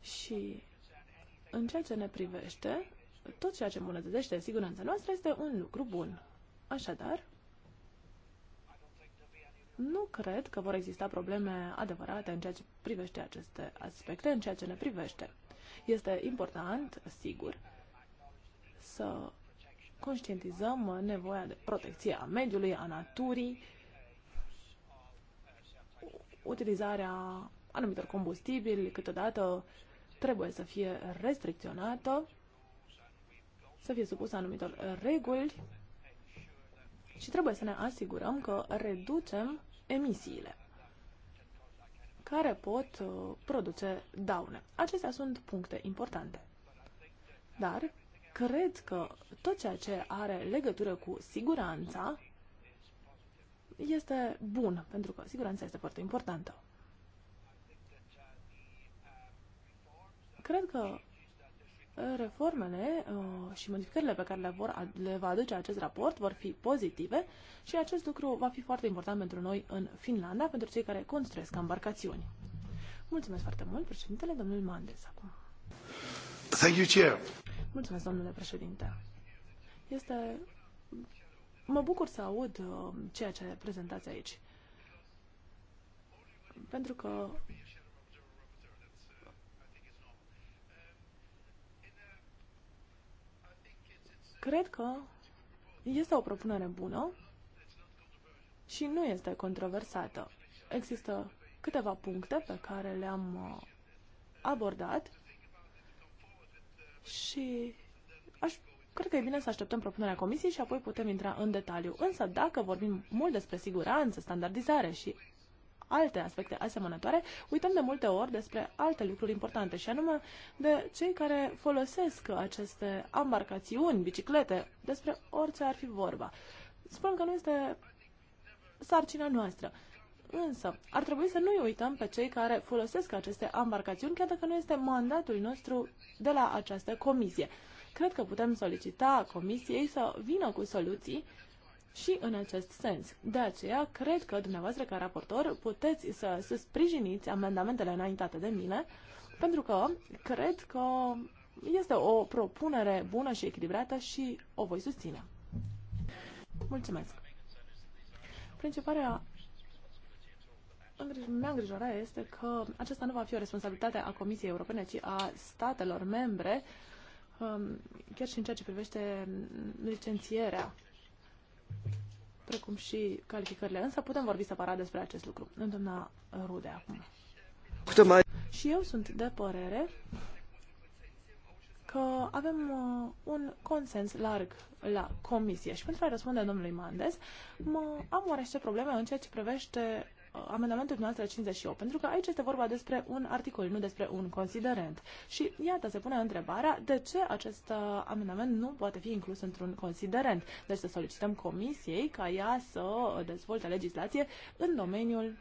Și în ceea ce ne privește, tot ceea ce îmbunătățește siguranța noastră este un lucru bun. Așadar, nu cred că vor exista probleme adevărate în ceea ce privește aceste aspecte, în ceea ce ne privește. Este important, sigur, să conștientizăm nevoia de protecție a mediului, a naturii, utilizarea anumitor combustibili câteodată trebuie să fie restricționată, să fie supusă anumitor reguli și trebuie să ne asigurăm că reducem emisiile care pot uh, produce daune. Acestea sunt puncte importante. Dar cred că tot ceea ce are legătură cu siguranța este bun, pentru că siguranța este foarte importantă. Cred că reformele uh, și modificările pe care le, vor, le va aduce acest raport vor fi pozitive și acest lucru va fi foarte important pentru noi în Finlanda, pentru cei care construiesc embarcațiuni. Mulțumesc foarte mult, președintele, domnul Mandes, acum. Thank you, Chair. Mulțumesc, domnule președinte. Este... Mă bucur să aud uh, ceea ce prezentați aici. Pentru că cred că este o propunere bună și nu este controversată. Există câteva puncte pe care le-am uh, abordat și aș, cred că e bine să așteptăm propunerea comisiei și apoi putem intra în detaliu. Însă dacă vorbim mult despre siguranță, standardizare și alte aspecte asemănătoare, uităm de multe ori despre alte lucruri importante și anume de cei care folosesc aceste ambarcațiuni, biciclete, despre orice ar fi vorba. Spun că nu este sarcina noastră. Însă, ar trebui să nu uităm pe cei care folosesc aceste embarcațiuni, chiar dacă nu este mandatul nostru de la această comisie. Cred că putem solicita comisiei să vină cu soluții și în acest sens. De aceea, cred că dumneavoastră, ca raportor, puteți să, să sprijiniți amendamentele înaintate de mine, pentru că cred că este o propunere bună și echilibrată și o voi susține. Mulțumesc! Principarea mea îngrijorare este că acesta nu va fi o responsabilitate a Comisiei Europene, ci a statelor membre, um, chiar și în ceea ce privește licențierea, precum și calificările. Însă putem vorbi separat despre acest lucru. Doamna Rude, acum. Și eu sunt de părere că avem uh, un consens larg la comisie și pentru a răspunde domnului Mandes, mă, am oarește probleme în ceea ce privește amendamentul dumneavoastră 58, pentru că aici este vorba despre un articol, nu despre un considerent. Și iată, se pune întrebarea de ce acest uh, amendament nu poate fi inclus într-un considerent. Deci să solicităm comisiei ca ea să dezvolte legislație în domeniul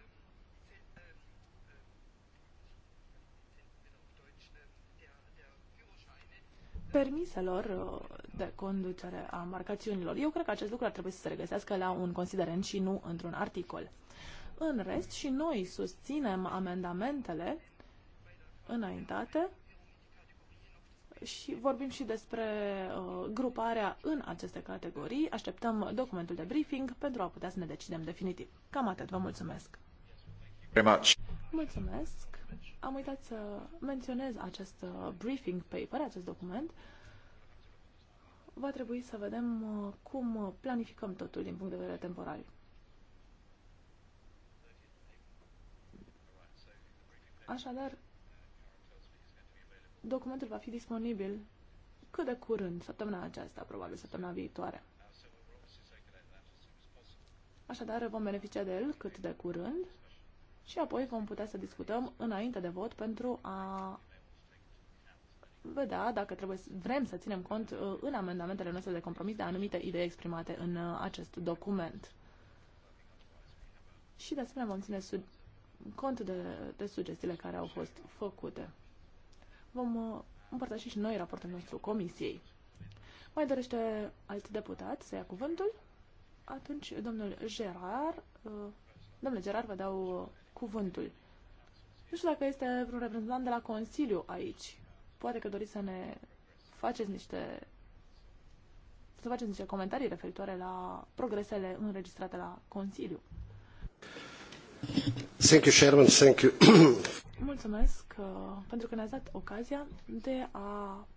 permiselor uh, de conducere a marcațiunilor. Eu cred că acest lucru ar trebui să se regăsească la un considerent și nu într-un articol. În rest, și noi susținem amendamentele înaintate și vorbim și despre uh, gruparea în aceste categorii. Așteptăm documentul de briefing pentru a putea să ne decidem definitiv. Cam atât. Vă mulțumesc! Mulțumesc! Am uitat să menționez acest uh, briefing paper, acest document. Va trebui să vedem uh, cum uh, planificăm totul din punct de vedere temporal. Așadar, documentul va fi disponibil cât de curând, săptămâna aceasta, probabil săptămâna viitoare. Așadar, vom beneficia de el cât de curând și apoi vom putea să discutăm înainte de vot pentru a vedea dacă trebuie, vrem să ținem cont uh, în amendamentele noastre de compromis de anumite idei exprimate în uh, acest document. Și de asemenea vom ține sub cont de, de sugestiile care au fost făcute. Vom uh, împărtăși și noi raportul nostru comisiei. Mai dorește alt deputat să ia cuvântul? Atunci, domnul Gerard, uh, domnule Gerard, vă dau uh, cuvântul. Nu știu dacă este vreun reprezentant de la Consiliu aici. Poate că doriți să ne faceți niște să faceți niște comentarii referitoare la progresele înregistrate la Consiliu. Mulțumesc uh, pentru că ne-ați dat ocazia de a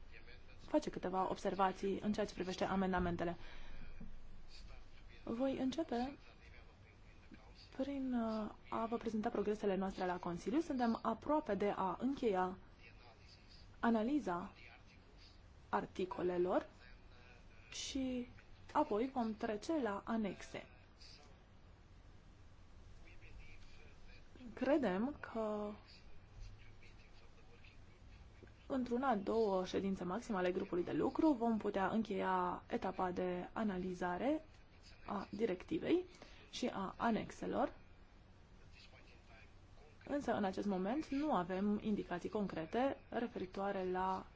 face câteva observații în ceea ce privește amendamentele. Voi începe prin uh, a vă prezenta progresele noastre la Consiliu. Suntem aproape de a încheia analiza articolelor și apoi vom trece la anexe. Credem că într-una, două ședințe maxim ale grupului de lucru vom putea încheia etapa de analizare a directivei și a anexelor. Însă, în acest moment, nu avem indicații concrete referitoare la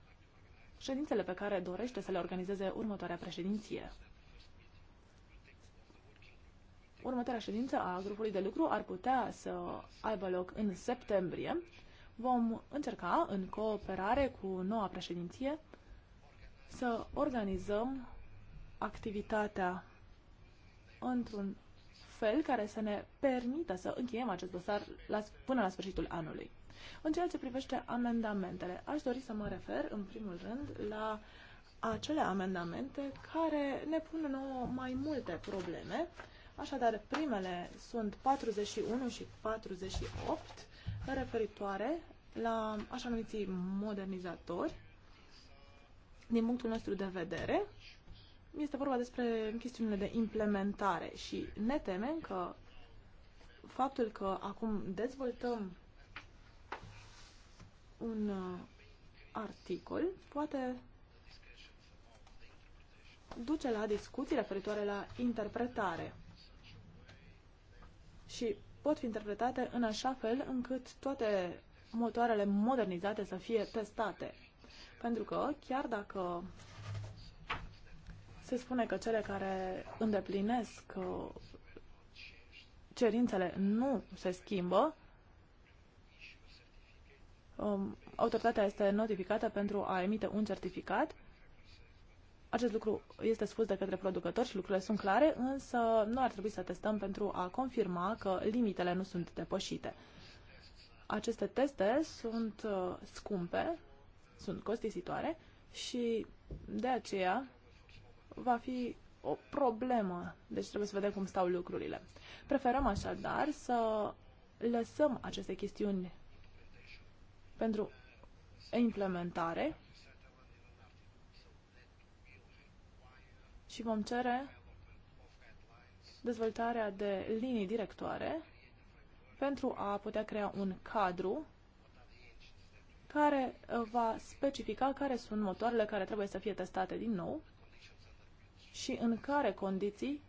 ședințele pe care dorește să le organizeze următoarea președinție. Următoarea ședință a grupului de lucru ar putea să aibă loc în septembrie. Vom încerca, în cooperare cu noua președinție, să organizăm activitatea într-un fel care să ne permită să încheiem acest dosar la, până la sfârșitul anului. În ceea ce privește amendamentele, aș dori să mă refer, în primul rând, la acele amendamente care ne pun nouă mai multe probleme Așadar, primele sunt 41 și 48 referitoare la așa numiții modernizatori. Din punctul nostru de vedere, este vorba despre chestiunile de implementare și ne temem că faptul că acum dezvoltăm un uh, articol poate duce la discuții referitoare la interpretare și pot fi interpretate în așa fel încât toate motoarele modernizate să fie testate. Pentru că chiar dacă se spune că cele care îndeplinesc uh, cerințele nu se schimbă, um, autoritatea este notificată pentru a emite un certificat acest lucru este spus de către producători și lucrurile sunt clare, însă noi ar trebui să testăm pentru a confirma că limitele nu sunt depășite. Aceste teste sunt uh, scumpe, sunt costisitoare și de aceea va fi o problemă. Deci trebuie să vedem cum stau lucrurile. Preferăm așadar să lăsăm aceste chestiuni pentru implementare și vom cere dezvoltarea de linii directoare pentru a putea crea un cadru care va specifica care sunt motoarele care trebuie să fie testate din nou și în care condiții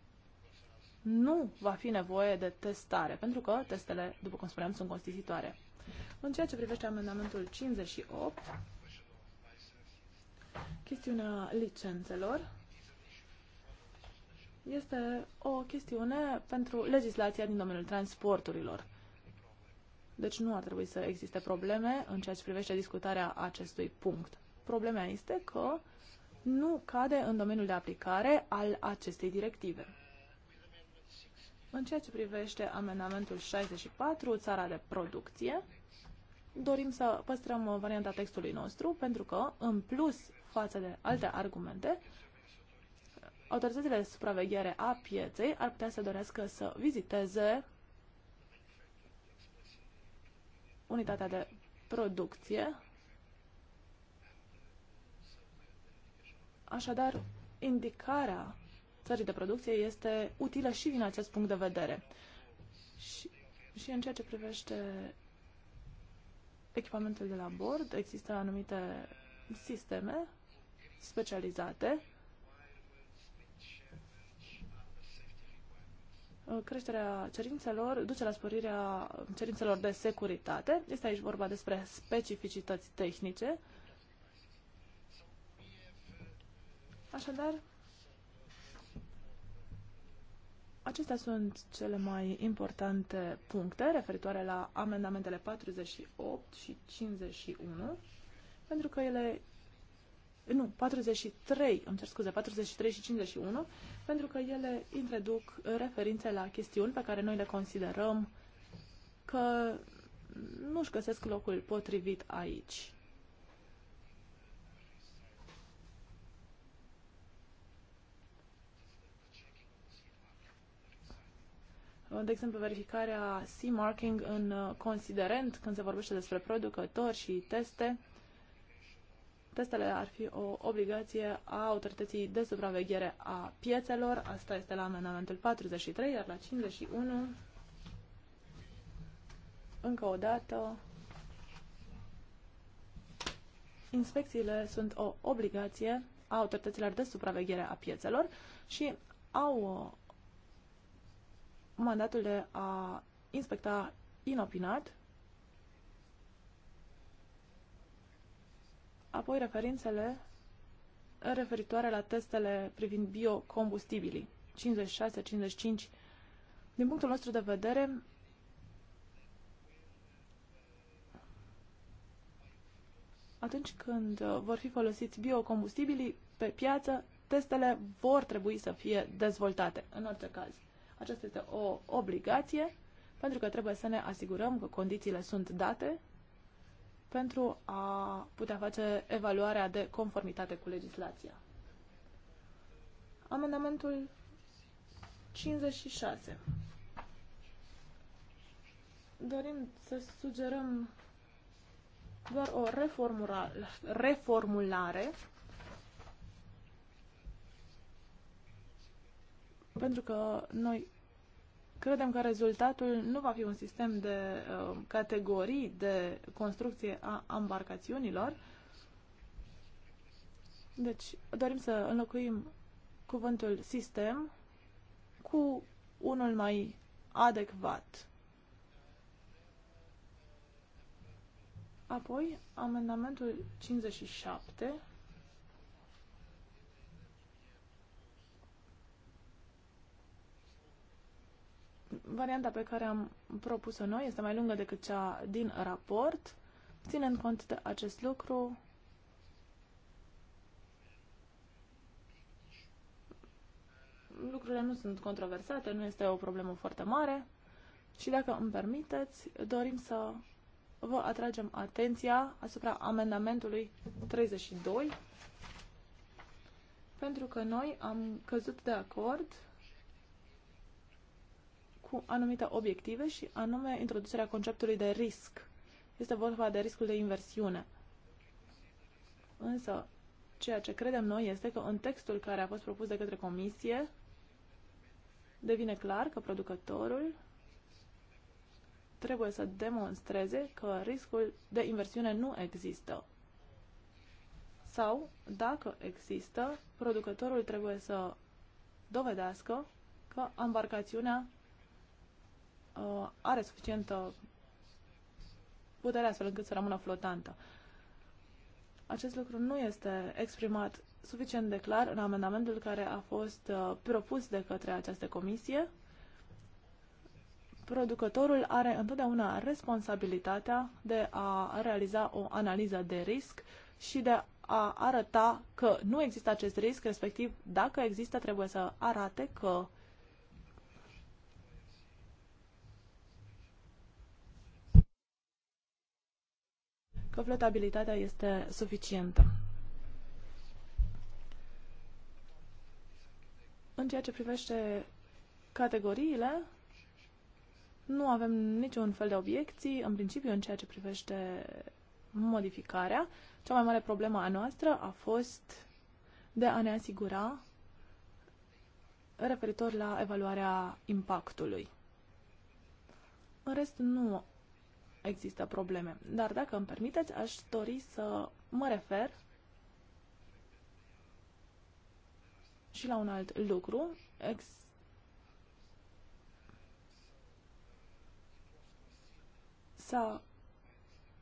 nu va fi nevoie de testare, pentru că testele, după cum spuneam, sunt costisitoare. În ceea ce privește amendamentul 58, chestiunea licențelor, este o chestiune pentru legislația din domeniul transporturilor. Deci nu ar trebui să existe probleme în ceea ce privește discutarea acestui punct. Problema este că nu cade în domeniul de aplicare al acestei directive. În ceea ce privește amendamentul 64, țara de producție, dorim să păstrăm varianta textului nostru pentru că, în plus față de alte argumente, autoritățile de supraveghere a pieței ar putea să dorească să viziteze unitatea de producție. Așadar, indicarea țării de producție este utilă și din acest punct de vedere. Și, și în ceea ce privește echipamentul de la bord, există anumite sisteme specializate Uh, creșterea cerințelor duce la sporirea cerințelor de securitate. Este aici vorba despre specificități tehnice. Așadar, acestea sunt cele mai importante puncte referitoare la amendamentele 48 și 51, pentru că ele nu, 43, îmi cer scuze, 43 și 51, pentru că ele introduc uh, referințe la chestiuni pe care noi le considerăm că nu-și găsesc locul potrivit aici. Uh, de exemplu, verificarea C-marking în uh, considerent când se vorbește despre producători și teste. Testele ar fi o obligație a autorității de supraveghere a piețelor. Asta este la amendamentul 43, iar la 51, încă o dată, inspecțiile sunt o obligație a autorităților de supraveghere a piețelor și au uh, mandatul de a inspecta inopinat apoi referințele referitoare la testele privind biocombustibilii 56-55. Din punctul nostru de vedere, atunci când vor fi folosiți biocombustibilii pe piață, testele vor trebui să fie dezvoltate, în orice caz. Aceasta este o obligație, pentru că trebuie să ne asigurăm că condițiile sunt date pentru a putea face evaluarea de conformitate cu legislația. Amendamentul 56. Dorim să sugerăm doar o reformulare, pentru că noi Credem că rezultatul nu va fi un sistem de uh, categorii de construcție a embarcațiunilor. Deci, dorim să înlocuim cuvântul sistem cu unul mai adecvat. Apoi, amendamentul 57 varianta pe care am propus-o noi este mai lungă decât cea din raport. Ținând cont de acest lucru, lucrurile nu sunt controversate, nu este o problemă foarte mare și dacă îmi permiteți, dorim să vă atragem atenția asupra amendamentului 32 pentru că noi am căzut de acord cu anumite obiective și anume introducerea conceptului de risc. Este vorba de riscul de inversiune. Însă, ceea ce credem noi este că în textul care a fost propus de către comisie devine clar că producătorul trebuie să demonstreze că riscul de inversiune nu există. Sau, dacă există, producătorul trebuie să dovedească că embarcațiunea uh, are suficientă putere astfel încât să rămână flotantă. Acest lucru nu este exprimat suficient de clar în amendamentul care a fost uh, propus de către această comisie. Producătorul are întotdeauna responsabilitatea de a realiza o analiză de risc și de a arăta că nu există acest risc, respectiv dacă există trebuie să arate că uh, că flotabilitatea este suficientă. În ceea ce privește categoriile, nu avem niciun fel de obiecții, în principiu, în ceea ce privește modificarea. Cea mai mare problemă a noastră a fost de a ne asigura referitor la evaluarea impactului. În rest, nu există probleme. Dar dacă îmi permiteți, aș dori să mă refer și la un alt lucru. Ex S-a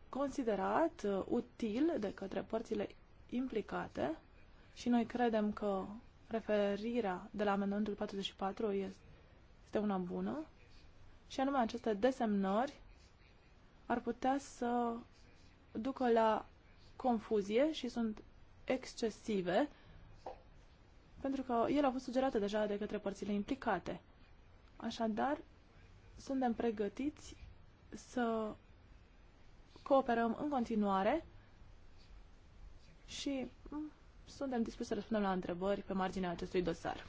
considerat uh, util de către părțile implicate și noi credem că referirea de la amendamentul 44 este una bună și anume aceste desemnări ar putea să ducă la confuzie și sunt excesive, pentru că ele au fost sugerate deja de către părțile implicate. Așadar, suntem pregătiți să cooperăm în continuare și mm, suntem dispuși să răspundem la întrebări pe marginea acestui dosar.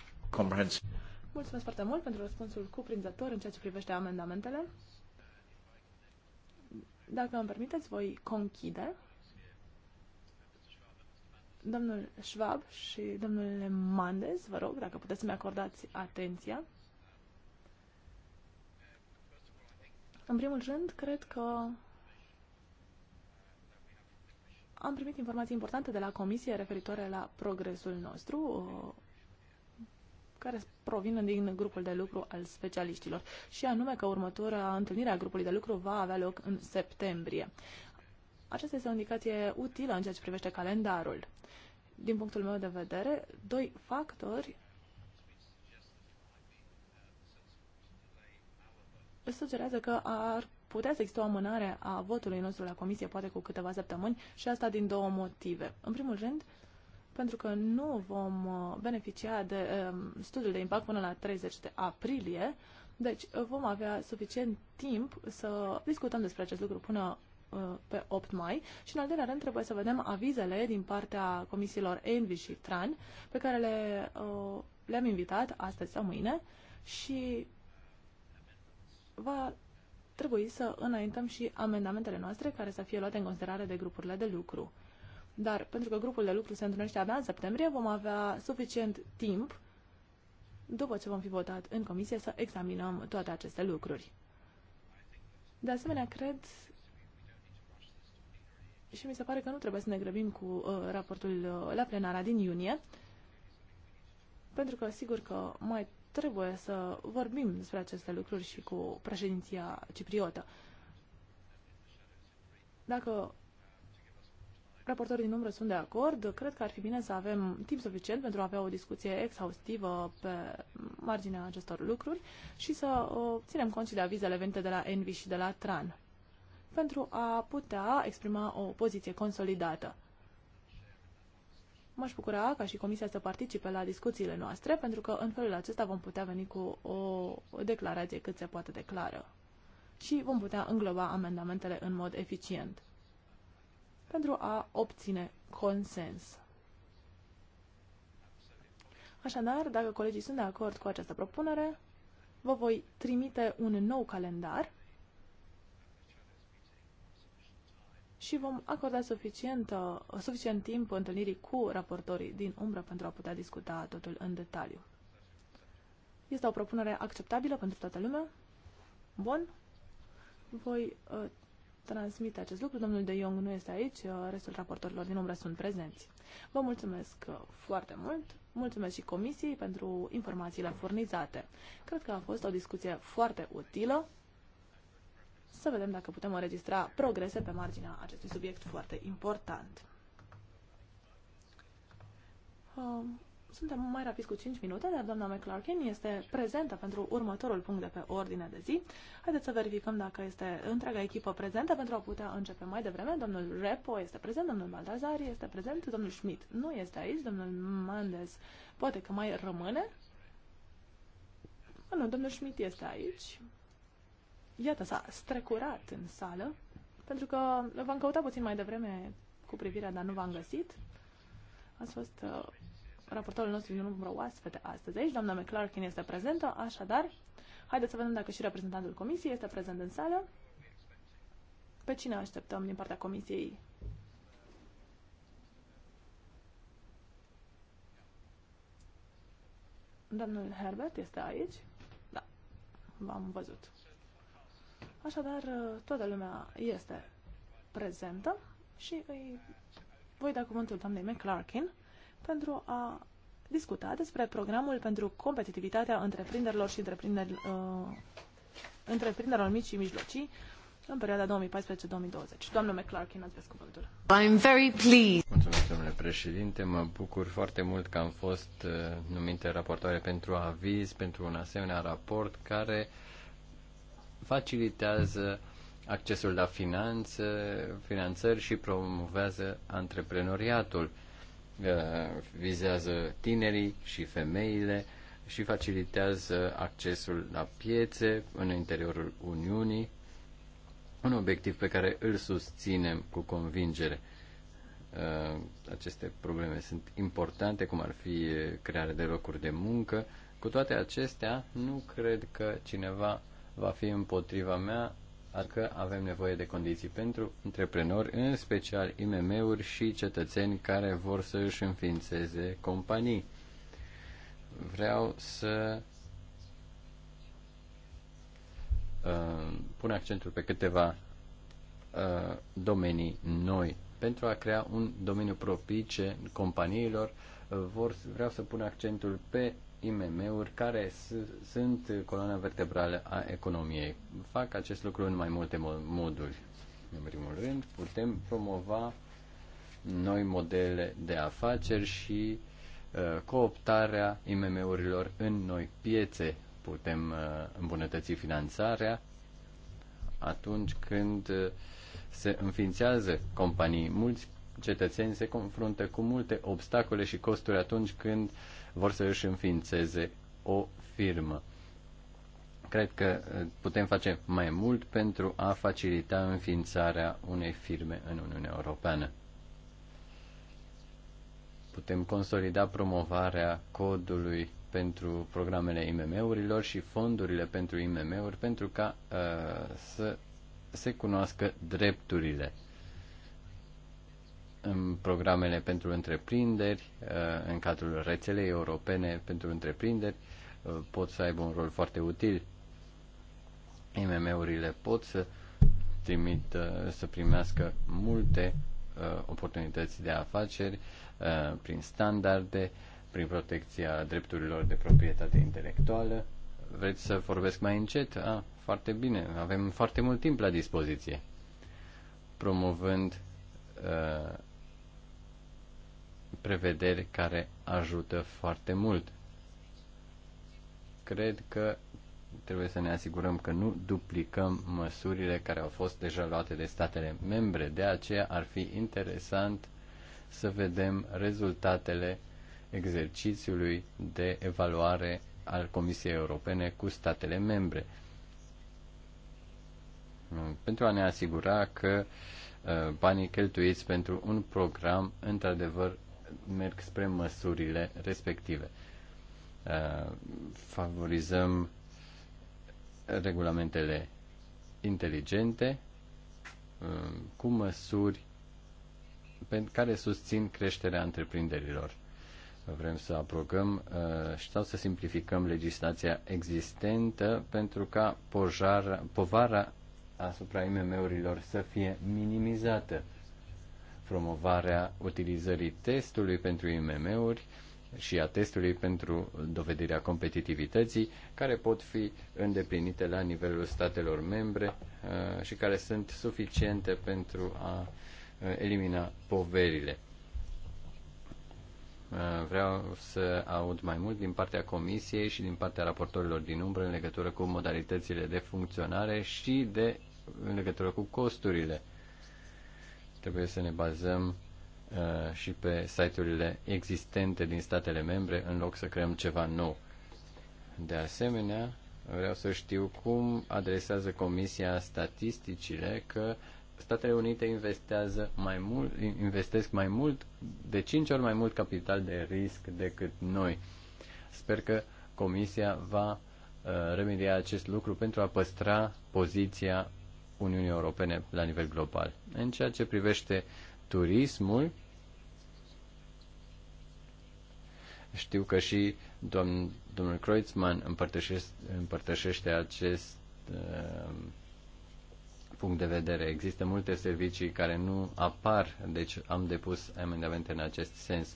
Mulțumesc foarte mult pentru răspunsul cuprinzător în ceea ce privește amendamentele. Dacă îmi permiteți, voi conchide. Domnul Schwab și domnule Mandez, vă rog, dacă puteți să-mi acordați atenția. În primul rând, cred că am primit informații importante de la Comisie referitoare la progresul nostru care provin din grupul de lucru al specialiștilor, și anume că următoarea întâlnire a grupului de lucru va avea loc în septembrie. Aceasta este o indicație utilă în ceea ce privește calendarul. Din punctul meu de vedere, doi factori sugerează că ar putea să există o amânare a votului nostru la comisie, poate cu câteva săptămâni, și asta din două motive. În primul rând, pentru că nu vom uh, beneficia de um, studiul de impact până la 30 de aprilie, deci uh, vom avea suficient timp să discutăm despre acest lucru până uh, pe 8 mai și în al doilea rând trebuie să vedem avizele din partea comisiilor Envi și Tran pe care le, le-am invitat astăzi sau mâine și va trebui să înaintăm și amendamentele noastre care să fie luate în considerare de grupurile de lucru. Dar pentru că grupul de lucru se întâlnește abia în septembrie, vom avea suficient timp după ce vom fi votat în comisie să examinăm toate aceste lucruri. De asemenea, cred și mi se pare că nu trebuie să ne grăbim cu uh, raportul uh, la plenara din iunie, pentru că sigur că mai trebuie să vorbim despre aceste lucruri și cu președinția cipriotă. Dacă Raportorii din umbră sunt de acord. Cred că ar fi bine să avem timp suficient pentru a avea o discuție exhaustivă pe marginea acestor lucruri și să uh, ținem cont și de avizele venite de la Envi și de la Tran pentru a putea exprima o poziție consolidată. M-aș bucura ca și Comisia să participe la discuțiile noastre, pentru că în felul acesta vom putea veni cu o declarație cât se poate declară și vom putea îngloba amendamentele în mod eficient pentru a obține consens. Așadar, dacă colegii sunt de acord cu această propunere, vă voi trimite un nou calendar și vom acorda suficient, uh, suficient timp întâlnirii cu raportorii din umbră pentru a putea discuta totul în detaliu. Este o propunere acceptabilă pentru toată lumea? Bun. Voi uh, transmite acest lucru. Domnul De Jong nu este aici, uh, restul raportorilor din umbră sunt prezenți. Vă mulțumesc uh, foarte mult, mulțumesc și comisiei pentru informațiile furnizate. Cred că a fost o discuție foarte utilă. Să vedem dacă putem înregistra progrese pe marginea acestui subiect foarte important. Um suntem mai rapizi cu 5 minute, dar doamna McClarkin este prezentă pentru următorul punct de pe ordine de zi. Haideți să verificăm dacă este întreaga echipă prezentă pentru a putea începe mai devreme. Domnul Repo este prezent, domnul Baldazari este prezent, domnul Schmidt nu este aici, domnul Mandez poate că mai rămâne. Ah, nu, domnul Schmidt este aici. Iată, s-a strecurat în sală, pentru că v-am căutat puțin mai devreme cu privirea, dar nu v-am găsit. Ați fost uh, raportorul nostru din umbră oaspete astăzi aici. Doamna McClarkin este prezentă, așadar, haideți să vedem dacă și reprezentantul comisiei este prezent în sală. Pe cine așteptăm din partea comisiei? Domnul Herbert este aici? Da, v-am văzut. Așadar, toată lumea este prezentă și îi voi da cuvântul doamnei McClarkin pentru a discuta despre programul pentru competitivitatea întreprinderilor și întreprinderi, uh, întreprinderilor mici și mijlocii în perioada 2014-2020. Doamna McClarkin, ați văzut cuvântul. I'm very pleased. Mulțumesc, domnule președinte. Mă bucur foarte mult că am fost uh, numită raportoare pentru aviz, pentru un asemenea raport care facilitează accesul la finanță, finanțări și promovează antreprenoriatul. Uh, Uh, vizează tinerii și femeile și facilitează accesul la piețe în interiorul Uniunii, un obiectiv pe care îl susținem cu convingere. Uh, aceste probleme sunt importante, cum ar fi crearea de locuri de muncă. Cu toate acestea, nu cred că cineva va fi împotriva mea că avem nevoie de condiții pentru antreprenori, în special IMM-uri și cetățeni care vor să își înființeze companii. Vreau să uh, pun accentul pe câteva uh, domenii noi pentru a crea un domeniu propice companiilor. Uh, vor, vreau să pun accentul pe IMM-uri care sunt coloana vertebrală a economiei. Fac acest lucru în mai multe moduri. În primul rând, putem promova noi modele de afaceri și uh, cooptarea IMM-urilor în noi piețe. Putem uh, îmbunătăți finanțarea atunci când uh, se înființează companii. Mulți cetățeni se confruntă cu multe obstacole și costuri atunci când uh, vor să își înființeze o firmă. Cred că uh, putem face mai mult pentru a facilita înființarea unei firme în Uniunea Europeană. Putem consolida promovarea codului pentru programele IMM-urilor și fondurile pentru IMM-uri pentru ca uh, să se cunoască drepturile în programele pentru întreprinderi, uh, în cadrul rețelei europene pentru întreprinderi, uh, pot să aibă un rol foarte util. IMM-urile pot să trimit, uh, să primească multe oportunități de afaceri prin standarde, prin protecția drepturilor de proprietate intelectuală. Vreți să vorbesc mai încet? Ah, foarte bine, avem foarte mult timp la dispoziție. Promovând uh, prevederi care ajută foarte mult. Cred că trebuie să ne asigurăm că nu duplicăm măsurile care au fost deja luate de statele membre. De aceea ar fi interesant să vedem rezultatele exercițiului de evaluare al Comisiei Europene cu statele membre. Pentru a ne asigura că uh, banii cheltuiți pentru un program într-adevăr merg spre măsurile respective. Uh, favorizăm regulamentele inteligente uh, cu măsuri care susțin creșterea întreprinderilor. Vrem să aprobăm și uh, sau să simplificăm legislația existentă pentru ca pojara, povara asupra IMM-urilor să fie minimizată promovarea utilizării testului pentru IMM-uri și a testului pentru dovedirea competitivității, care pot fi îndeplinite la nivelul statelor membre uh, și care sunt suficiente pentru a uh, elimina poverile. Uh, vreau să aud mai mult din partea Comisiei și din partea raportorilor din umbră în legătură cu modalitățile de funcționare și de, în legătură cu costurile Trebuie să ne bazăm uh, și pe site-urile existente din statele membre în loc să creăm ceva nou. De asemenea, vreau să știu cum adresează Comisia statisticile că Statele Unite investează mai mult, investesc mai mult, de 5 ori mai mult capital de risc decât noi. Sper că Comisia va uh, remedia acest lucru pentru a păstra poziția Uniunii Europene la nivel global. În ceea ce privește turismul, știu că și domn, domnul Kreutzmann împărtășește, împărtășește acest uh, punct de vedere. Există multe servicii care nu apar, deci am depus amendamente în acest sens.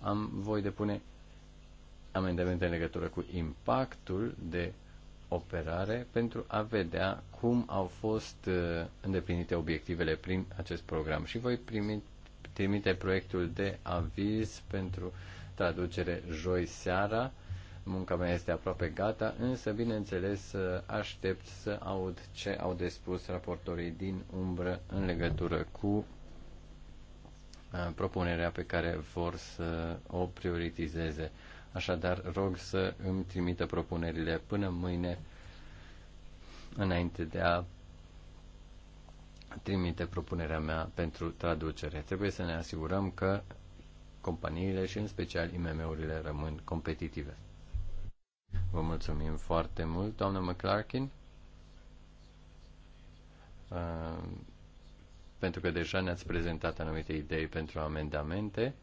Am, voi depune amendamente în legătură cu impactul de operare pentru a vedea cum au fost uh, îndeplinite obiectivele prin acest program și voi primi, trimite proiectul de aviz pentru traducere joi seara. Munca mea este aproape gata, însă, bineînțeles, uh, aștept să aud ce au de spus raportorii din umbră în legătură cu uh, propunerea pe care vor să o prioritizeze Așadar, rog să îmi trimită propunerile până mâine, înainte de a trimite propunerea mea pentru traducere. Trebuie să ne asigurăm că companiile și în special IMM-urile rămân competitive. Vă mulțumim foarte mult, doamnă McClarkin, uh, pentru că deja ne-ați prezentat anumite idei pentru amendamente.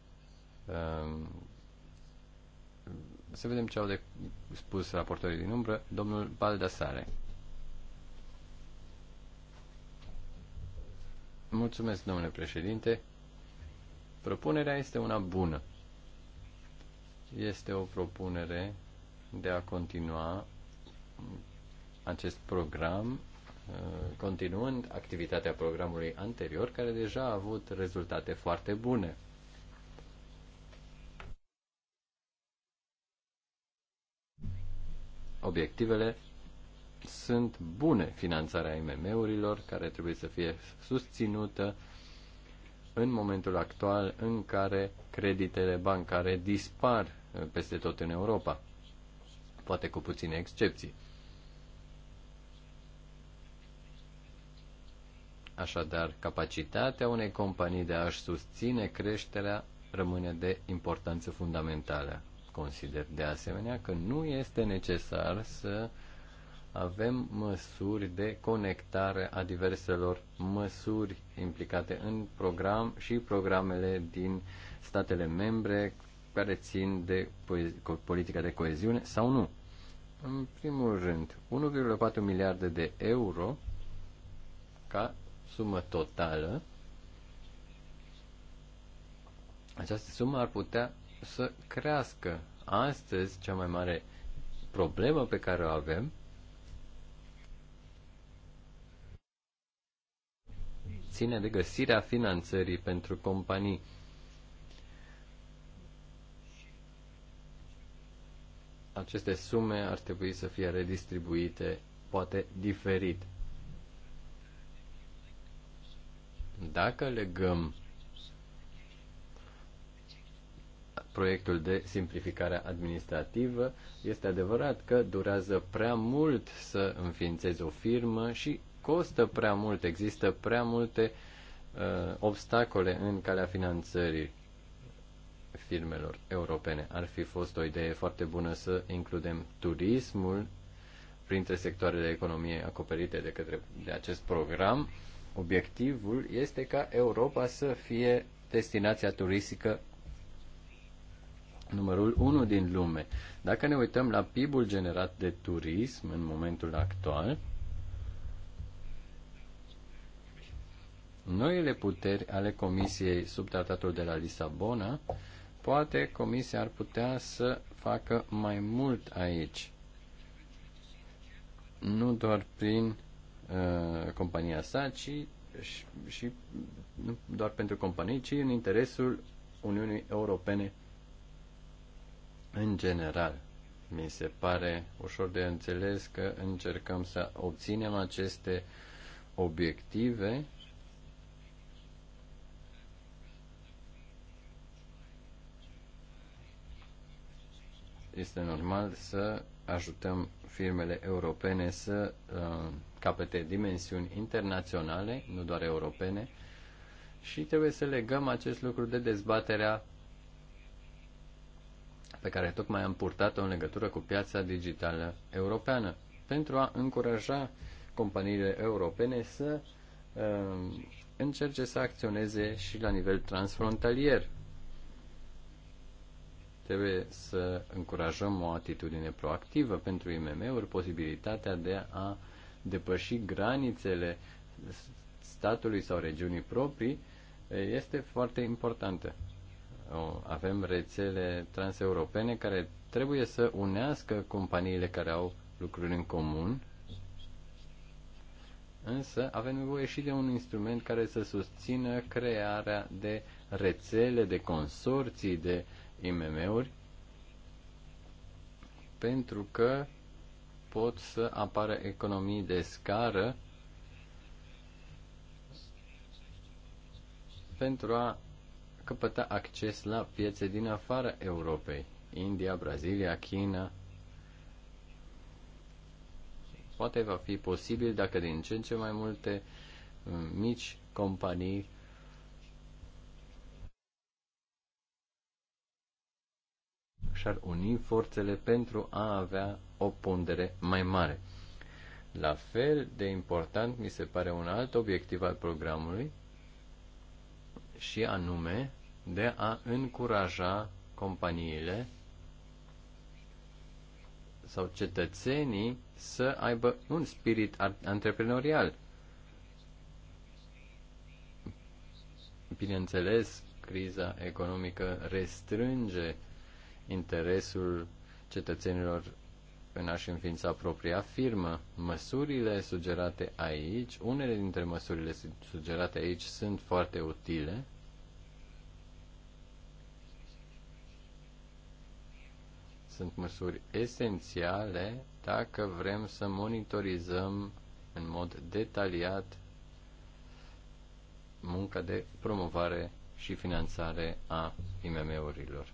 Uh, să vedem ce au de spus raportorii din umbră. Domnul Baldasare. Mulțumesc, domnule președinte. Propunerea este una bună. Este o propunere de a continua acest program, continuând activitatea programului anterior, care deja a avut rezultate foarte bune. obiectivele sunt bune. Finanțarea IMM-urilor, care trebuie să fie susținută în momentul actual în care creditele bancare dispar uh, peste tot în Europa, poate cu puține excepții. Așadar, capacitatea unei companii de a-și susține creșterea rămâne de importanță fundamentală. Consider de asemenea că nu este necesar să avem măsuri de conectare a diverselor măsuri implicate în program și programele din statele membre care țin de politica de coeziune sau nu. În primul rând, 1,4 miliarde de euro ca sumă totală. Această sumă ar putea să crească. Astăzi, cea mai mare problemă pe care o avem ține de găsirea finanțării pentru companii. Aceste sume ar trebui să fie redistribuite, poate diferit. Dacă legăm proiectul de simplificare administrativă. Este adevărat că durează prea mult să înființezi o firmă și costă prea mult, există prea multe uh, obstacole în calea finanțării firmelor europene. Ar fi fost o idee foarte bună să includem turismul printre sectoarele economiei acoperite de către de acest program. Obiectivul este ca Europa să fie destinația turistică numărul 1 din lume. Dacă ne uităm la PIB-ul generat de turism în momentul actual, noile puteri ale Comisiei sub tratatul de la Lisabona, poate Comisia ar putea să facă mai mult aici. Nu doar prin uh, compania sa, ci și, și nu doar pentru companii, ci în interesul Uniunii Europene în general, mi se pare ușor de înțeles că încercăm să obținem aceste obiective este normal să ajutăm firmele europene să uh, capete dimensiuni internaționale, nu doar europene, și trebuie să legăm acest lucru de dezbaterea pe care tocmai am purtat-o în legătură cu piața digitală europeană, pentru a încuraja companiile europene să uh, încerce să acționeze și la nivel transfrontalier. Trebuie să încurajăm o atitudine proactivă pentru IMM-uri, posibilitatea de a depăși granițele statului sau regiunii proprii este foarte importantă avem rețele transeuropene care trebuie să unească companiile care au lucruri în comun, însă avem nevoie și de un instrument care să susțină crearea de rețele, de consorții, de IMM-uri, pentru că pot să apară economii de scară pentru a căpăta acces la piețe din afara Europei, India, Brazilia, China. Poate va fi posibil dacă din ce în ce mai multe uh, mici companii și-ar uni forțele pentru a avea o pondere mai mare. La fel de important mi se pare un alt obiectiv al programului, și anume de a încuraja companiile sau cetățenii să aibă un spirit antreprenorial. Bineînțeles, criza economică restrânge interesul cetățenilor în a-și înființa propria firmă. Măsurile sugerate aici, unele dintre măsurile sugerate aici sunt foarte utile. Sunt măsuri esențiale dacă vrem să monitorizăm în mod detaliat munca de promovare și finanțare a IMM-urilor.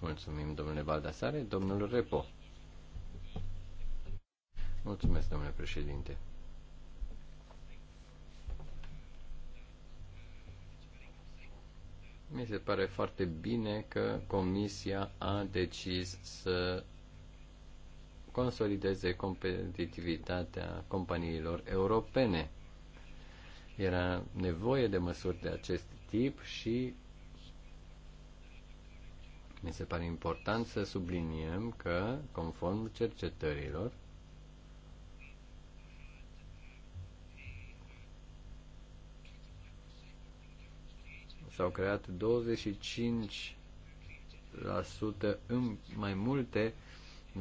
Mulțumim, domnule Baldasare. Domnul Repo. Mulțumesc, domnule președinte. Mi se pare foarte bine că Comisia a decis să consolideze competitivitatea companiilor europene. Era nevoie de măsuri de acest tip și mi se pare important să subliniem că, conform cercetărilor, s-au creat 25% în mai multe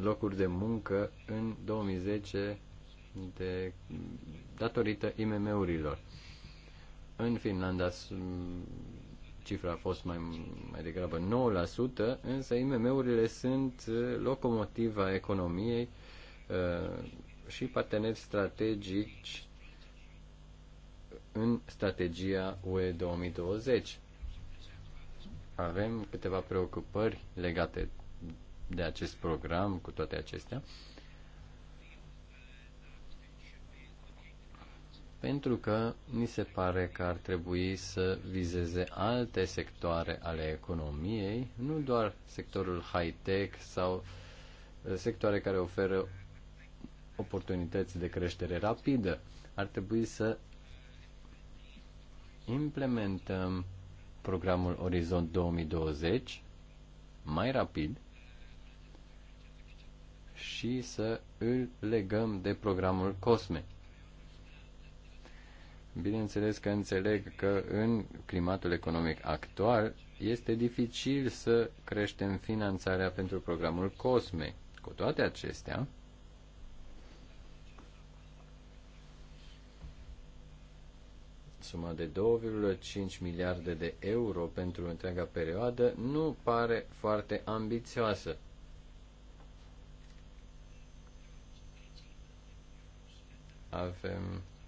locuri de muncă în 2010 de, datorită IMM-urilor. În Finlanda cifra a fost mai, mai degrabă 9%, însă IMM-urile sunt locomotiva economiei uh, și parteneri strategici în strategia UE 2020 avem câteva preocupări legate de acest program cu toate acestea. Pentru că ni se pare că ar trebui să vizeze alte sectoare ale economiei, nu doar sectorul high-tech sau uh, sectoare care oferă oportunități de creștere rapidă. Ar trebui să implementăm programul Orizont 2020 mai rapid și să îl legăm de programul COSME. Bineînțeles că înțeleg că în climatul economic actual este dificil să creștem finanțarea pentru programul COSME. Cu toate acestea, suma de 2,5 miliarde de euro pentru întreaga perioadă nu pare foarte ambițioasă. Avem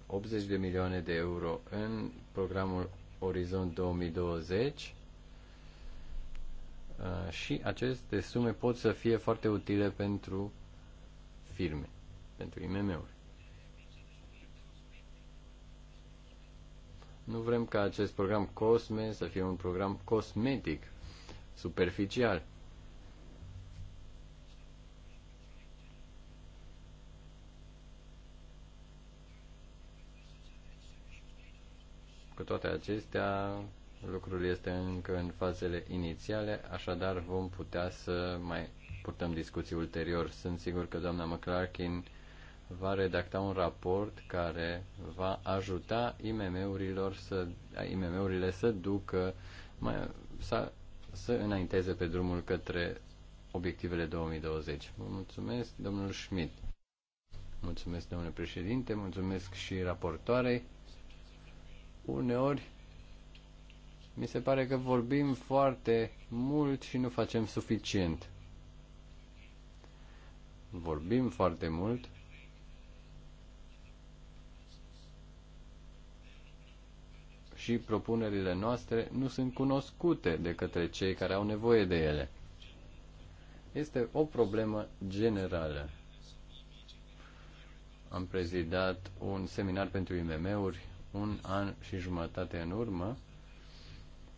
80 de milioane de euro în programul Orizont 2020 și aceste sume pot să fie foarte utile pentru firme, pentru IMM-uri. Nu vrem ca acest program COSME să fie un program cosmetic, superficial. Cu toate acestea, lucrul este încă în fazele inițiale, așadar vom putea să mai purtăm discuții ulterior. Sunt sigur că doamna McClarkin va redacta un raport care va ajuta IMM-urilor să, IMM-urile să ducă, mai, să, să înainteze pe drumul către obiectivele 2020. Vă mulțumesc, domnul Schmidt. Mulțumesc, domnule președinte, mulțumesc și raportoarei. Uneori mi se pare că vorbim foarte mult și nu facem suficient. Vorbim foarte mult, și propunerile noastre nu sunt cunoscute de către cei care au nevoie de ele. Este o problemă generală. Am prezidat un seminar pentru IMM-uri un an și jumătate în urmă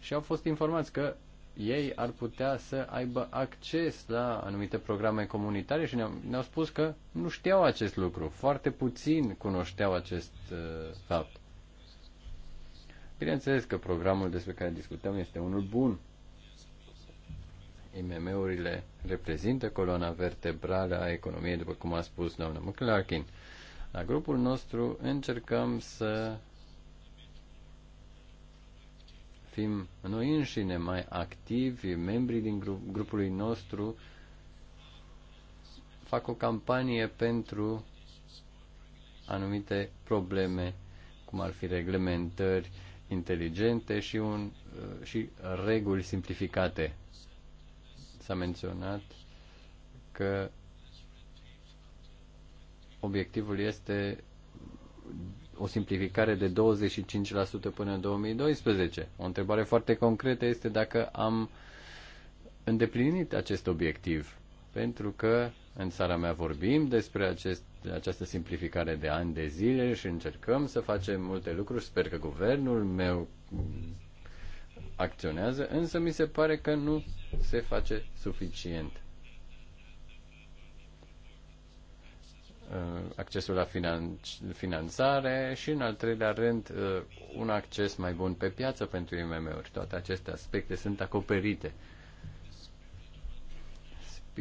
și au fost informați că ei ar putea să aibă acces la anumite programe comunitare și ne-au, ne-au spus că nu știau acest lucru, foarte puțin cunoșteau acest uh, fapt. Bineînțeles că programul despre care discutăm este unul bun. IMM-urile reprezintă coloana vertebrală a economiei, după cum a spus doamna McClarkin. La grupul nostru încercăm să fim noi înșine mai activi, membrii din grup, grupului nostru fac o campanie pentru anumite probleme, cum ar fi reglementări, inteligente și, un, uh, și reguli simplificate. S-a menționat că obiectivul este o simplificare de 25% până în 2012. O întrebare foarte concretă este dacă am îndeplinit acest obiectiv, pentru că în țara mea vorbim despre acest această simplificare de ani de zile și încercăm să facem multe lucruri. Sper că guvernul meu acționează, însă mi se pare că nu se face suficient. Uh, accesul la finanțare și, în al treilea rând, uh, un acces mai bun pe piață pentru IMM-uri. Toate aceste aspecte sunt acoperite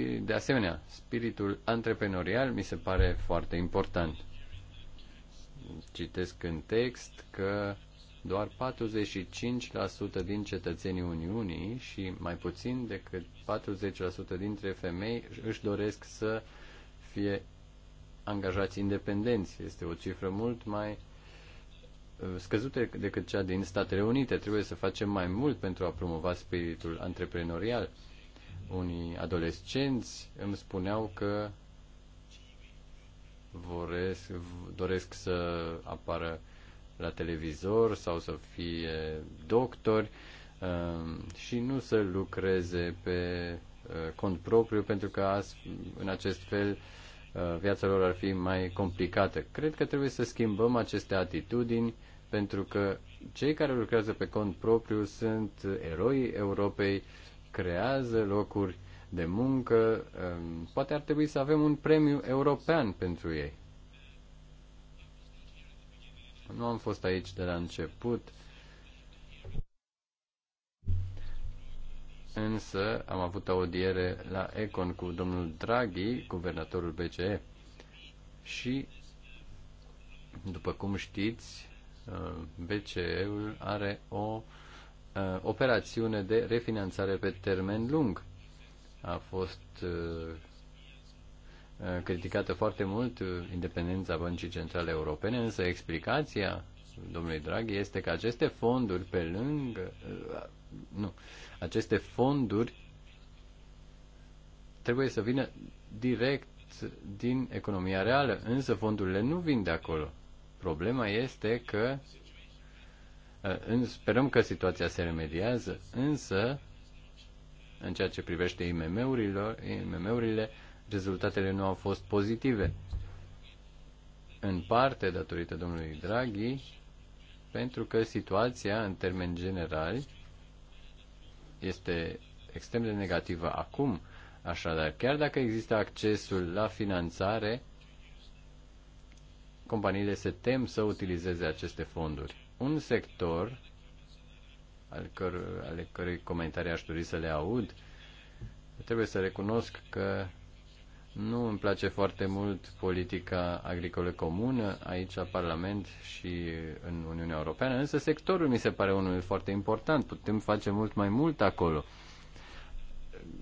de asemenea, spiritul antreprenorial mi se pare foarte important. Citesc în text că doar 45% din cetățenii Uniunii și mai puțin decât 40% dintre femei își doresc să fie angajați independenți. Este o cifră mult mai uh, scăzută decât cea din Statele Unite. Trebuie să facem mai mult pentru a promova spiritul antreprenorial unii adolescenți îmi spuneau că voresc, doresc să apară la televizor sau să fie doctori um, și nu să lucreze pe uh, cont propriu, pentru că în acest fel uh, viața lor ar fi mai complicată. Cred că trebuie să schimbăm aceste atitudini, pentru că cei care lucrează pe cont propriu sunt eroi Europei creează locuri de muncă. Um, poate ar trebui să avem un premiu european pentru ei. Nu am fost aici de la început, însă am avut audiere la Econ cu domnul Draghi, guvernatorul BCE. Și, după cum știți, uh, BCE-ul are o uh, Uh, operațiune de refinanțare pe termen lung. A fost uh, uh, criticată foarte mult independența Băncii Centrale Europene, însă explicația domnului Draghi este că aceste fonduri pe lângă nu, aceste fonduri trebuie să vină direct din economia reală, însă fondurile nu vin de acolo. Problema este că Uh, sperăm că situația se remediază, însă, în ceea ce privește IMM-urile, rezultatele nu au fost pozitive. În parte datorită domnului Draghi, pentru că situația, în termeni generali, este extrem de negativă acum. Așadar, chiar dacă există accesul la finanțare, companiile se tem să utilizeze aceste fonduri un sector al căr- ale cărui comentarii aș dori să le aud. Trebuie să recunosc că nu îmi place foarte mult politica agricolă comună aici la Parlament și în Uniunea Europeană, însă sectorul mi se pare unul foarte important. Putem face mult mai mult acolo.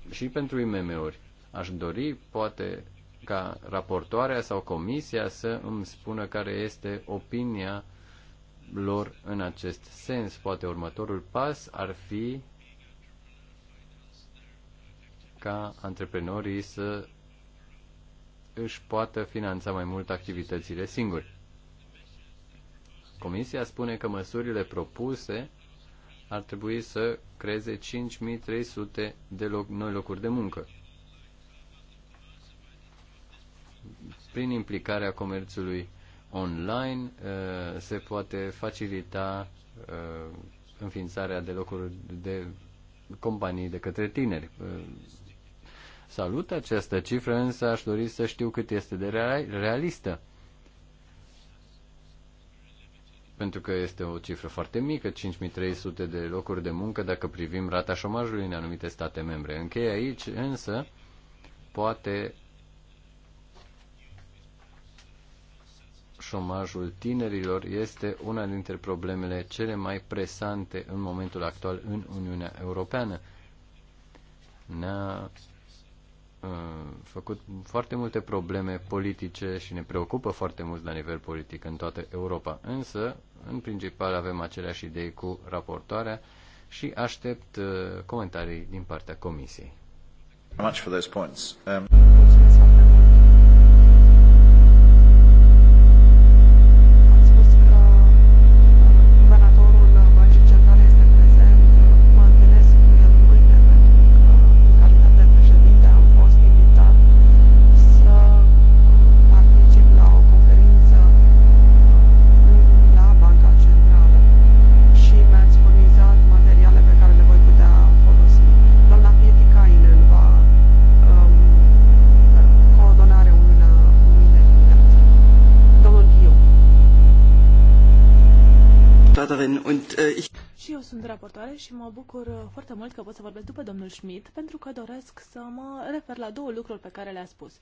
Și pentru IMM-uri. Aș dori, poate, ca raportoarea sau comisia să îmi spună care este opinia uh, lor în acest sens. Poate următorul pas ar fi ca antreprenorii să își poată finanța mai mult activitățile singuri. Comisia spune că măsurile propuse ar trebui să creeze 5300 de loc, noi locuri de muncă. Prin implicarea comerțului online uh, se poate facilita uh, înființarea de locuri de companii de către tineri. Uh, salut această cifră, însă aș dori să știu cât este de realistă. Pentru că este o cifră foarte mică, 5300 de locuri de muncă dacă privim rata șomajului în anumite state membre. Încheie aici, însă, poate șomajul tinerilor este una dintre problemele cele mai presante în momentul actual în Uniunea Europeană. Ne-a uh, făcut foarte multe probleme politice și ne preocupă foarte mult la nivel politic în toată Europa. Însă, în principal, avem aceleași idei cu raportoarea și aștept uh, comentarii din partea Comisiei. Much for those points. Um... raportoare și mă bucur uh, foarte mult că pot să vorbesc după domnul Schmidt, pentru că doresc să mă refer la două lucruri pe care le-a spus.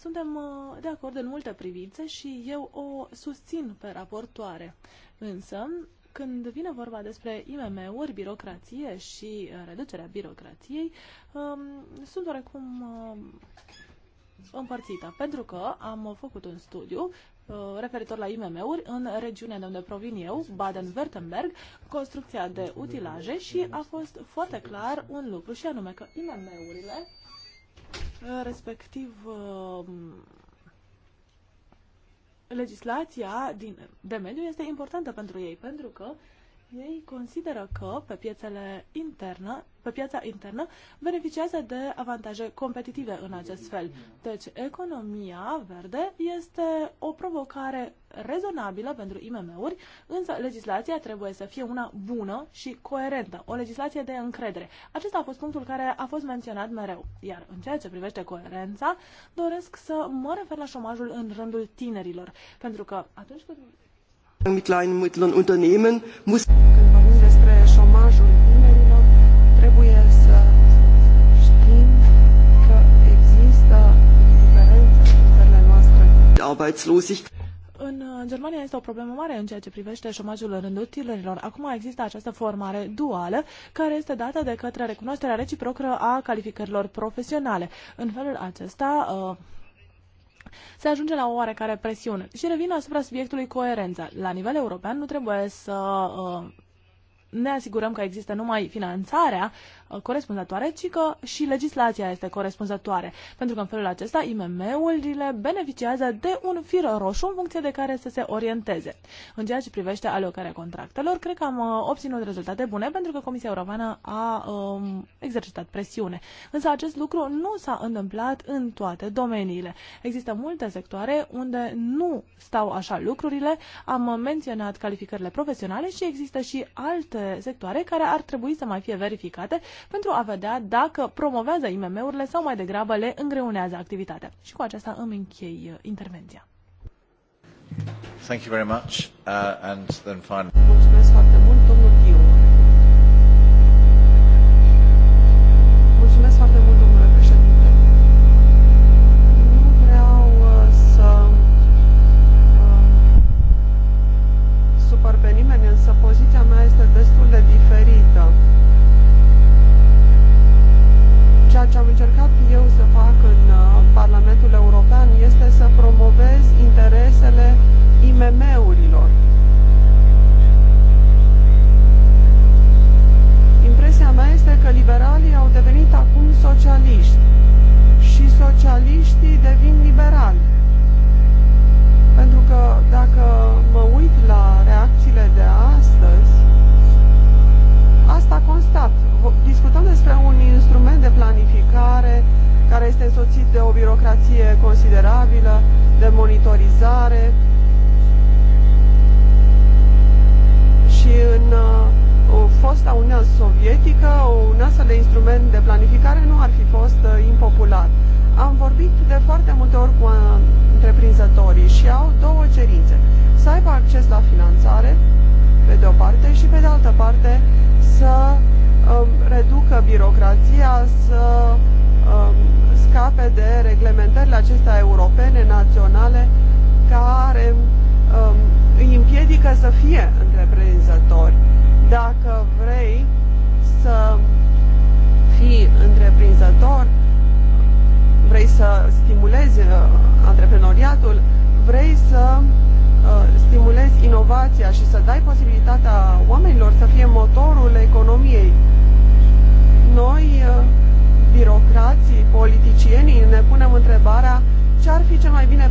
Suntem uh, de acord în multe privințe și eu o susțin pe raportoare. Însă, când vine vorba despre IMM-uri, birocrație și uh, reducerea birocrației, um, sunt oarecum împărțită, pentru că am făcut un studiu Uh, referitor la IMM-uri în regiunea de unde provin eu, Baden-Württemberg, construcția de utilaje și a fost foarte clar un lucru și anume că IMM-urile uh, respectiv uh, legislația din, de mediu este importantă pentru ei, pentru că ei consideră că pe, piețele internă, pe piața internă beneficiază de avantaje competitive în acest fel. Deci, economia verde este o provocare rezonabilă pentru IMM-uri, însă legislația trebuie să fie una bună și coerentă, o legislație de încredere. Acesta a fost punctul care a fost menționat mereu. Iar în ceea ce privește coerența, doresc să mă refer la șomajul în rândul tinerilor, pentru că atunci când Mit mic la mittleren Unternehmen muss Când vorbim despre șomajul tinerilor, trebuie să știm că există diferențe în țările noastre. Arbeitslosigkeit. În uh, Germania este o problemă mare în ceea ce privește șomajul în rândul tinerilor. Acum există această formare duală care este dată de către recunoașterea reciprocă a calificărilor profesionale. În felul acesta, uh, se ajunge la o oarecare presiune. Și revin asupra subiectului coerența. La nivel european nu trebuie să uh, ne asigurăm că există numai finanțarea corespunzătoare, ci că și legislația este corespunzătoare. Pentru că în felul acesta IMM-urile beneficiază de un fir roșu în funcție de care să se orienteze. În ceea ce privește alocarea contractelor, cred că am uh, obținut rezultate bune pentru că Comisia Europeană a um, exercitat presiune. Însă acest lucru nu s-a întâmplat în toate domeniile. Există multe sectoare unde nu stau așa lucrurile. Am menționat calificările profesionale și există și alte sectoare care ar trebui să mai fie verificate pentru a vedea dacă promovează IMM-urile sau mai degrabă le îngreunează activitatea. Și cu aceasta îmi închei uh, intervenția. Thank you very much. Uh, and then finally... Mulțumesc foarte mult.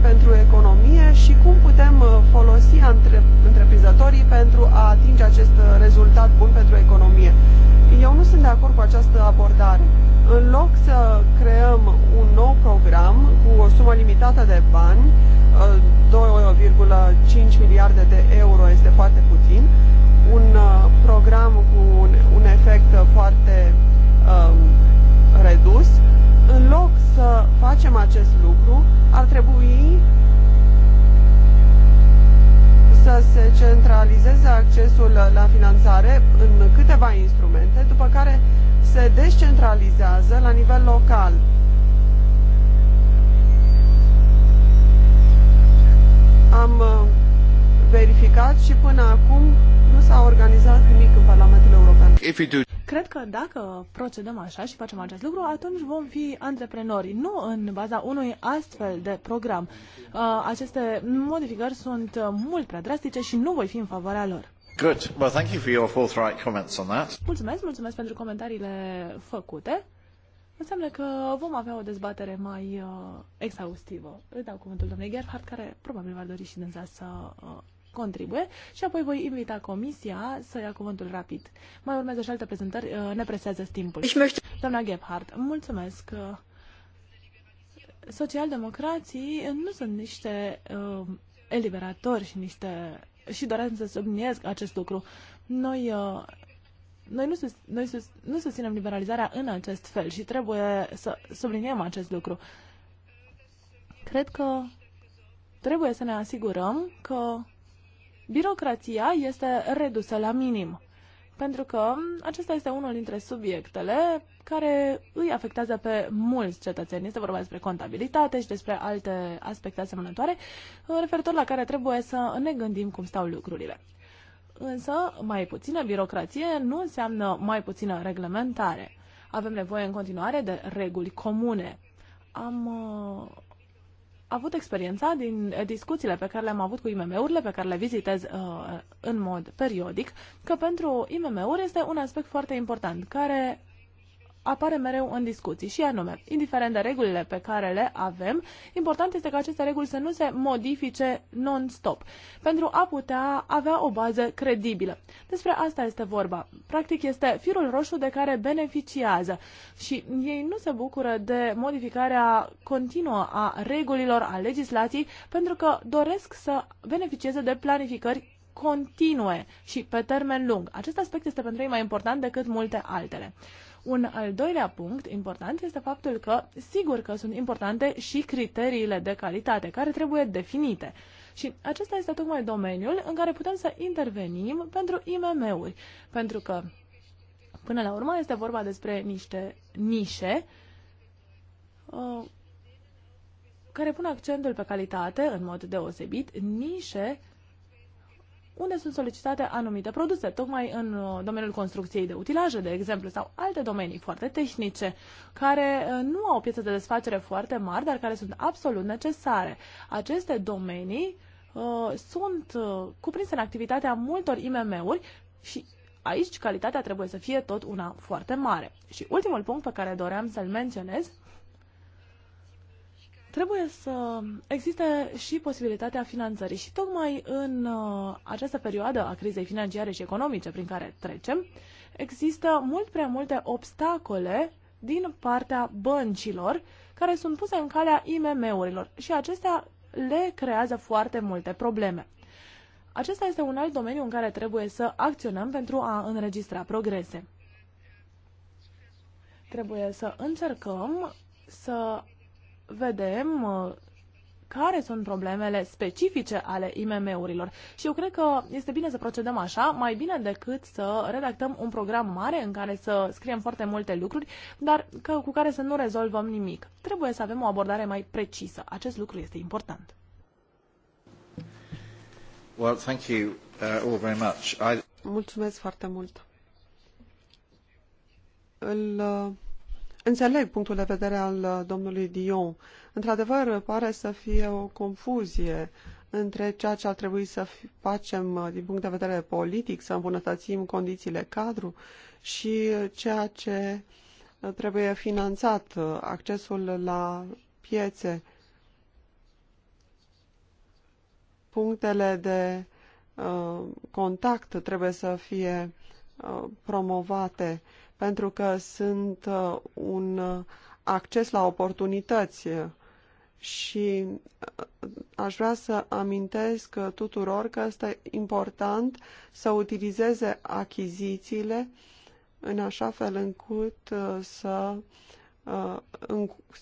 pentru economie și cum putem uh, folosi între, întreprinzătorii pentru a atinge acest uh, rezultat bun pentru economie. Eu nu sunt de acord cu această abordare. În loc să creăm un nou program cu o sumă limitată de bani, 2,5 uh, miliarde de euro este foarte puțin, un program cu un, efect foarte redus, în loc să facem acest lucru, ar trebui să se centralizeze accesul la finanțare în câteva instrumente, după care se descentralizează la nivel local. Am uh, verificat și până acum nu s-a organizat nimic în Parlamentul European. Cred că dacă procedăm așa și facem acest lucru, atunci vom fi antreprenori, nu în baza unui astfel de program. Uh, aceste modificări sunt mult prea drastice și nu voi fi în favoarea lor. Good. Well, thank you for your forthright comments on that. Mulțumesc, mulțumesc pentru comentariile făcute. Înseamnă că vom avea o dezbatere mai uh, exhaustivă. Îi dau cuvântul domnului Gerhard, care probabil va dori și dânsa să uh, contribuie și apoi voi invita comisia să ia cuvântul rapid. Mai urmează și alte prezentări, uh, ne presează timpul. Deci Doamna Gebhardt, mulțumesc! Socialdemocrații nu sunt niște uh, eliberatori și niște... și doresc să subliniez acest lucru. Noi uh, noi nu, sus, noi sus, nu susținem liberalizarea în acest fel și trebuie să subliniem acest lucru. Cred că trebuie să ne asigurăm că Birocrația este redusă la minim, pentru că acesta este unul dintre subiectele care îi afectează pe mulți cetățeni. Este vorba despre contabilitate și despre alte aspecte asemănătoare, referitor la care trebuie să ne gândim cum stau lucrurile. Însă, mai puțină birocrație nu înseamnă mai puțină reglementare. Avem nevoie în continuare de reguli comune. Am uh, avut experiența din eh, discuțiile pe care le-am avut cu IMM-urile, pe care le vizitez uh, în mod periodic, că pentru IMM-uri este un aspect foarte important, care apare mereu în discuții și anume, indiferent de regulile pe care le avem, important este ca aceste reguli să nu se modifice non-stop pentru a putea avea o bază credibilă. Despre asta este vorba. Practic este firul roșu de care beneficiază și ei nu se bucură de modificarea continuă a regulilor, a legislației, pentru că doresc să beneficieze de planificări continue și pe termen lung. Acest aspect este pentru ei mai important decât multe altele. Un al doilea punct important este faptul că, sigur că sunt importante și criteriile de calitate care trebuie definite. Și acesta este tocmai domeniul în care putem să intervenim pentru IMM-uri, pentru că până la urmă este vorba despre niște nișe uh, care pun accentul pe calitate în mod deosebit, nișe unde sunt solicitate anumite produse, tocmai în uh, domeniul construcției de utilaje, de exemplu, sau alte domenii foarte tehnice, care uh, nu au piețe de desfacere foarte mari, dar care sunt absolut necesare. Aceste domenii uh, sunt uh, cuprinse în activitatea multor IMM-uri și aici calitatea trebuie să fie tot una foarte mare. Și ultimul punct pe care doream să-l menționez trebuie să existe și posibilitatea finanțării. Și tocmai în uh, această perioadă a crizei financiare și economice prin care trecem, există mult prea multe obstacole din partea băncilor care sunt puse în calea IMM-urilor și acestea le creează foarte multe probleme. Acesta este un alt domeniu în care trebuie să acționăm pentru a înregistra progrese. Trebuie să încercăm să vedem uh, care sunt problemele specifice ale IMM-urilor. Și eu cred că este bine să procedăm așa, mai bine decât să redactăm un program mare în care să scriem foarte multe lucruri, dar că, cu care să nu rezolvăm nimic. Trebuie să avem o abordare mai precisă. Acest lucru este important. Well, thank you uh, all very much. I... Mulțumesc foarte mult. Îl uh, Înțeleg punctul de vedere al uh, domnului Dion. Într-adevăr, pare să fie o confuzie între ceea ce ar trebui să facem uh, din punct de vedere politic, să îmbunătățim condițiile cadru și ceea ce uh, trebuie finanțat, accesul la piețe, punctele de uh, contact trebuie să fie uh, promovate pentru că sunt uh, un uh, acces la oportunități și uh, aș vrea să amintesc tuturor că este important să utilizeze achizițiile în așa fel încât să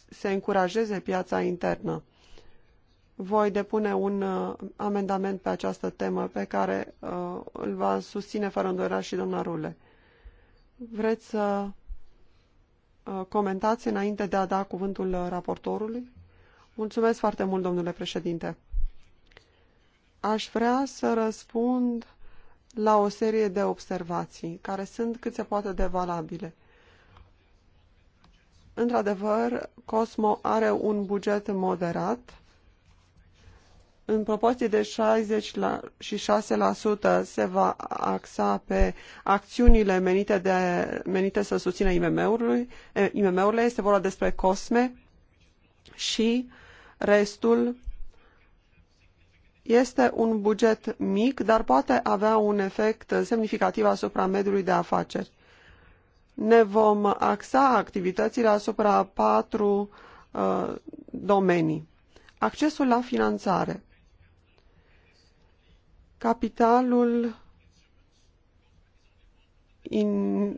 se încurajeze piața internă. Voi depune un amendament pe această temă pe care îl va susține fără îndoială și doamna Rule. Vreți să uh, comentați înainte de a da cuvântul uh, raportorului? Mulțumesc foarte mult, domnule președinte. Aș vrea să răspund la o serie de observații, care sunt cât se poate de valabile. Într-adevăr, Cosmo are un buget moderat, în proporție de 66% se va axa pe acțiunile menite, de, menite să susțină IMM-urile, IMM este vorba despre COSME și restul este un buget mic, dar poate avea un efect semnificativ asupra mediului de afaceri. Ne vom axa activitățile asupra patru uh, domenii. Accesul la finanțare. Capitalul in,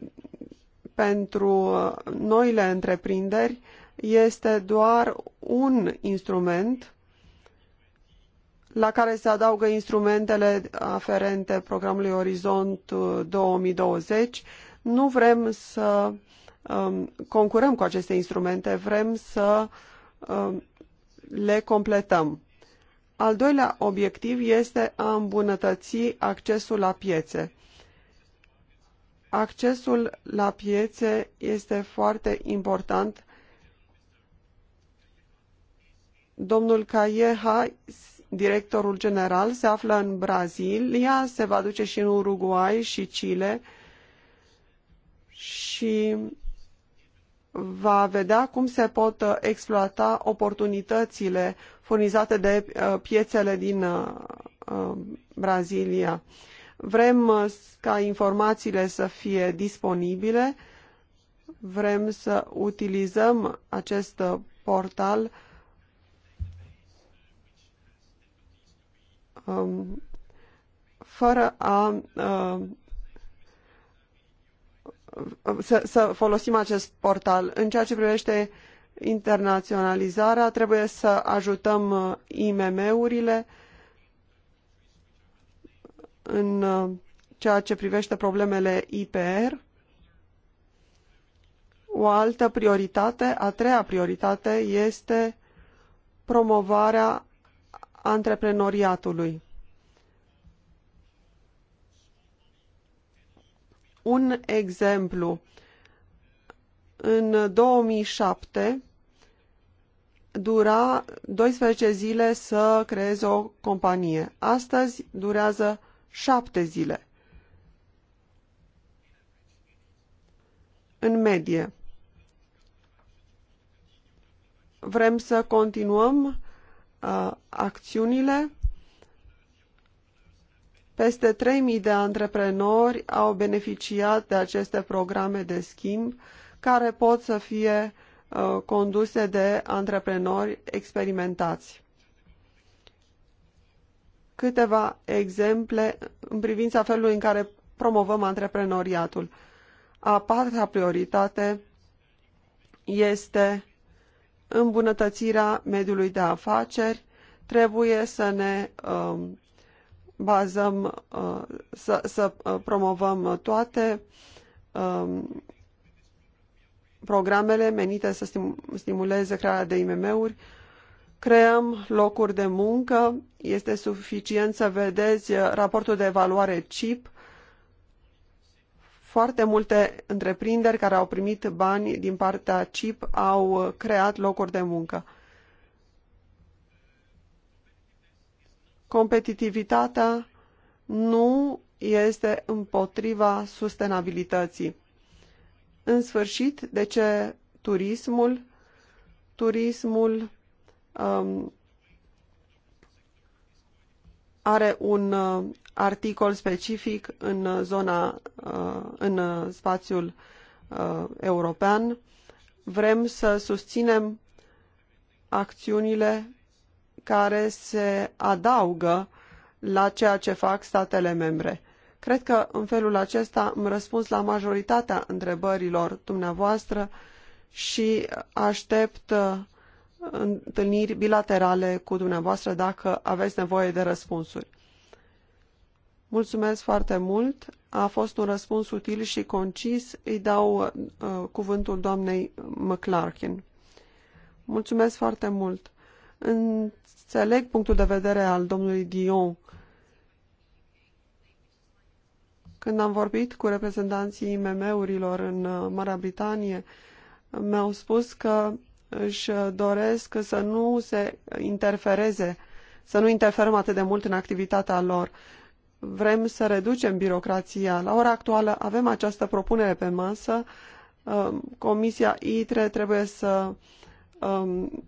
pentru uh, noile întreprinderi este doar un instrument la care se adaugă instrumentele aferente programului Orizont 2020. Uh, nu vrem să um, concurăm cu aceste instrumente, vrem să um, le completăm. Al doilea obiectiv este a îmbunătăți accesul la piețe. Accesul la piețe este foarte important. Domnul Caieha, directorul general, se află în Brazilia, se va duce și în Uruguay și Chile și va vedea cum se pot uh, exploata oportunitățile furnizate de uh, piețele din uh, uh, Brazilia. Vrem ca informațiile să fie disponibile, vrem să utilizăm acest portal um, fără a să, să folosim acest portal. În ceea ce privește internaționalizarea, trebuie să ajutăm uh, IMM-urile în uh, ceea ce privește problemele IPR. O altă prioritate, a treia prioritate, este promovarea antreprenoriatului. Un exemplu. În 2007, dura 12 zile să creeze o companie. Astăzi durează 7 zile. În medie. Vrem să continuăm uh, acțiunile. Peste 3.000 de antreprenori au beneficiat de aceste programe de schimb care pot să fie Uh, conduse de antreprenori experimentați. Câteva exemple în privința felului în care promovăm antreprenoriatul. A patra prioritate este îmbunătățirea mediului de afaceri. Trebuie să ne um, bazăm, uh, să, să uh, promovăm toate um, programele menite să stimuleze crearea de IMM-uri, creăm locuri de muncă, este suficient să vedeți raportul de evaluare CIP, foarte multe întreprinderi care au primit bani din partea CIP au creat locuri de muncă. Competitivitatea nu este împotriva sustenabilității. În sfârșit, de ce turismul? Turismul um, are un uh, articol specific în uh, zona, uh, în uh, spațiul uh, european. Vrem să susținem acțiunile care se adaugă la ceea ce fac statele membre. Cred că în felul acesta am răspuns la majoritatea întrebărilor dumneavoastră și aștept uh, întâlniri bilaterale cu dumneavoastră dacă aveți nevoie de răspunsuri. Mulțumesc foarte mult. A fost un răspuns util și concis. Îi dau uh, cuvântul doamnei McClarkin. Mulțumesc foarte mult. Înțeleg punctul de vedere al domnului Dion Când am vorbit cu reprezentanții IMM-urilor în uh, Marea Britanie, mi-au spus că își doresc să nu se interfereze, să nu interferăm atât de mult în activitatea lor. Vrem să reducem birocrația. La ora actuală avem această propunere pe masă. Um, Comisia ITRE trebuie să um,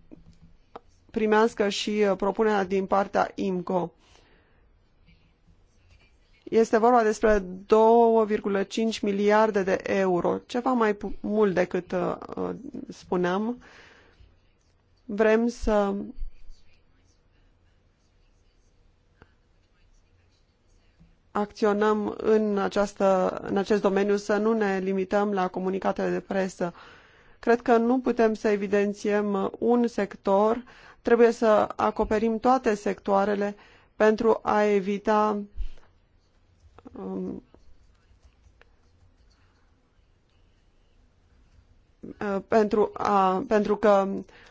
primească și uh, propunerea din partea IMCO. Este vorba despre 2,5 miliarde de euro, ceva mai mult decât uh, uh, spuneam. Vrem să acționăm în, această, în acest domeniu, să nu ne limităm la comunicatele de presă. Cred că nu putem să evidențiem un sector, trebuie să acoperim toate sectoarele pentru a evita Um, uh, pentru, a, pentru că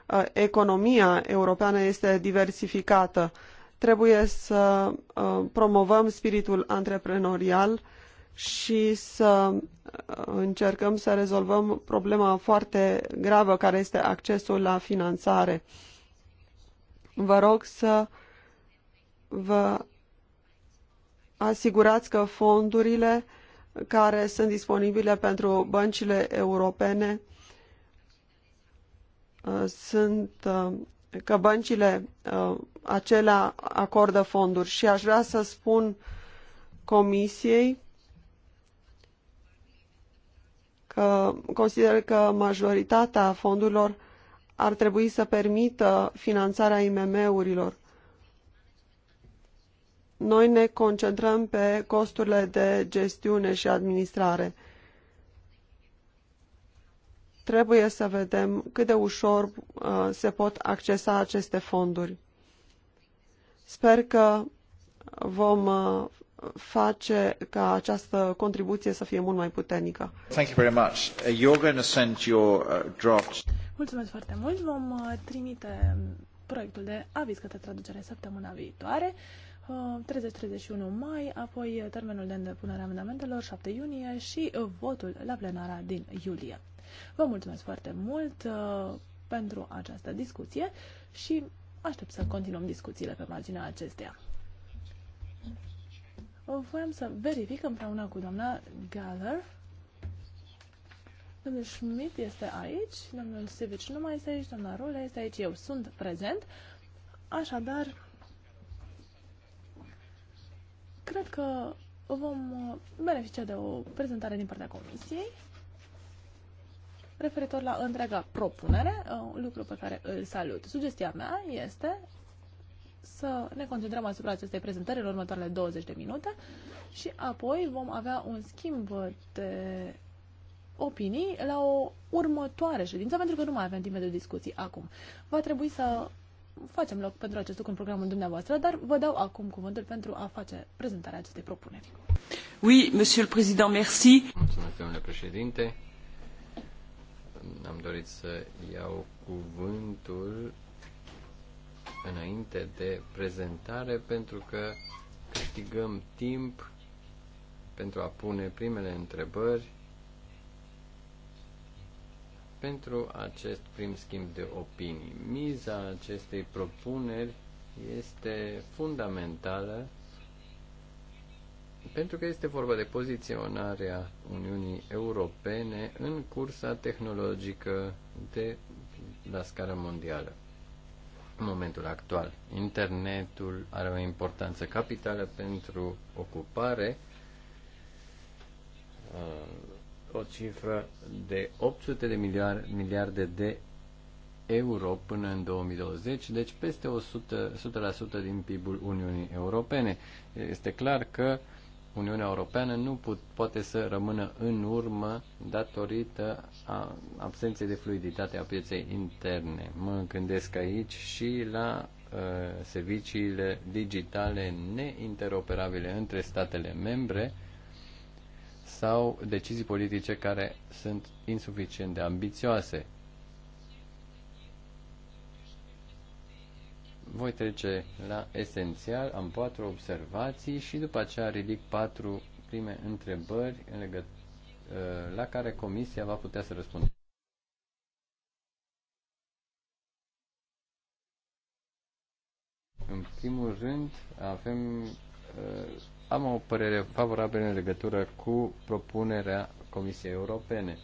uh, economia europeană este diversificată. Trebuie să uh, promovăm spiritul antreprenorial și să încercăm să rezolvăm problema foarte gravă care este accesul la finanțare. Vă rog să vă asigurați că fondurile care sunt disponibile pentru băncile europene uh, sunt uh, că băncile uh, acelea acordă fonduri și aș vrea să spun comisiei că consider că majoritatea fondurilor ar trebui să permită finanțarea IMM-urilor noi ne concentrăm pe costurile de gestiune și administrare. Trebuie să vedem cât de ușor uh, se pot accesa aceste fonduri. Sper că vom uh, face ca această contribuție să fie mult mai puternică. Thank you very much. Uh, you're going to send your uh, draft. Mulțumesc foarte mult. Vom uh, trimite proiectul de aviz către traducere săptămâna viitoare. 30-31 mai, apoi termenul de îndepunere a amendamentelor 7 iunie și uh, votul la plenara din iulie. Vă mulțumesc foarte mult uh, pentru această discuție și aștept să continuăm discuțiile pe marginea acesteia. Voiam să verific împreună cu doamna Galler. Domnul Schmidt este aici, domnul Sivici nu mai este aici, doamna Rule este aici, eu sunt prezent. Așadar, Cred că vom uh, beneficia de o prezentare din partea Comisiei referitor la întreaga propunere, uh, un lucru pe care îl salut. Sugestia mea este să ne concentrăm asupra acestei prezentări în următoarele 20 de minute și apoi vom avea un schimb de opinii la o următoare ședință, pentru că nu mai avem timp de discuții acum. Va trebui să facem loc pentru acest lucru în programul dumneavoastră, dar vă dau acum cuvântul pentru a face prezentarea acestei propuneri. Oui, monsieur le président, merci. Mulțumesc, domnule președinte. Am dorit să iau cuvântul înainte de prezentare pentru că câștigăm timp pentru a pune primele întrebări pentru acest prim schimb de opinii. Miza acestei propuneri este fundamentală pentru că este vorba de poziționarea Uniunii Europene în cursa tehnologică de la scară mondială. În momentul actual, internetul are o importanță capitală pentru ocupare o cifră de 800 de miliarde, miliarde de euro până în 2020, deci peste 100, 100% din PIB-ul Uniunii Europene. Este clar că Uniunea Europeană nu put, poate să rămână în urmă datorită a absenței de fluiditate a pieței interne. Mă gândesc aici și la uh, serviciile digitale neinteroperabile între statele membre, uh, sau decizii politice care sunt insuficient de ambițioase. Voi trece la esențial, am patru observații și după aceea ridic patru prime întrebări în legăt- uh, la care comisia va putea să răspundă. În primul rând, avem uh, am o părere favorabilă în legătură cu propunerea Comisiei Europene.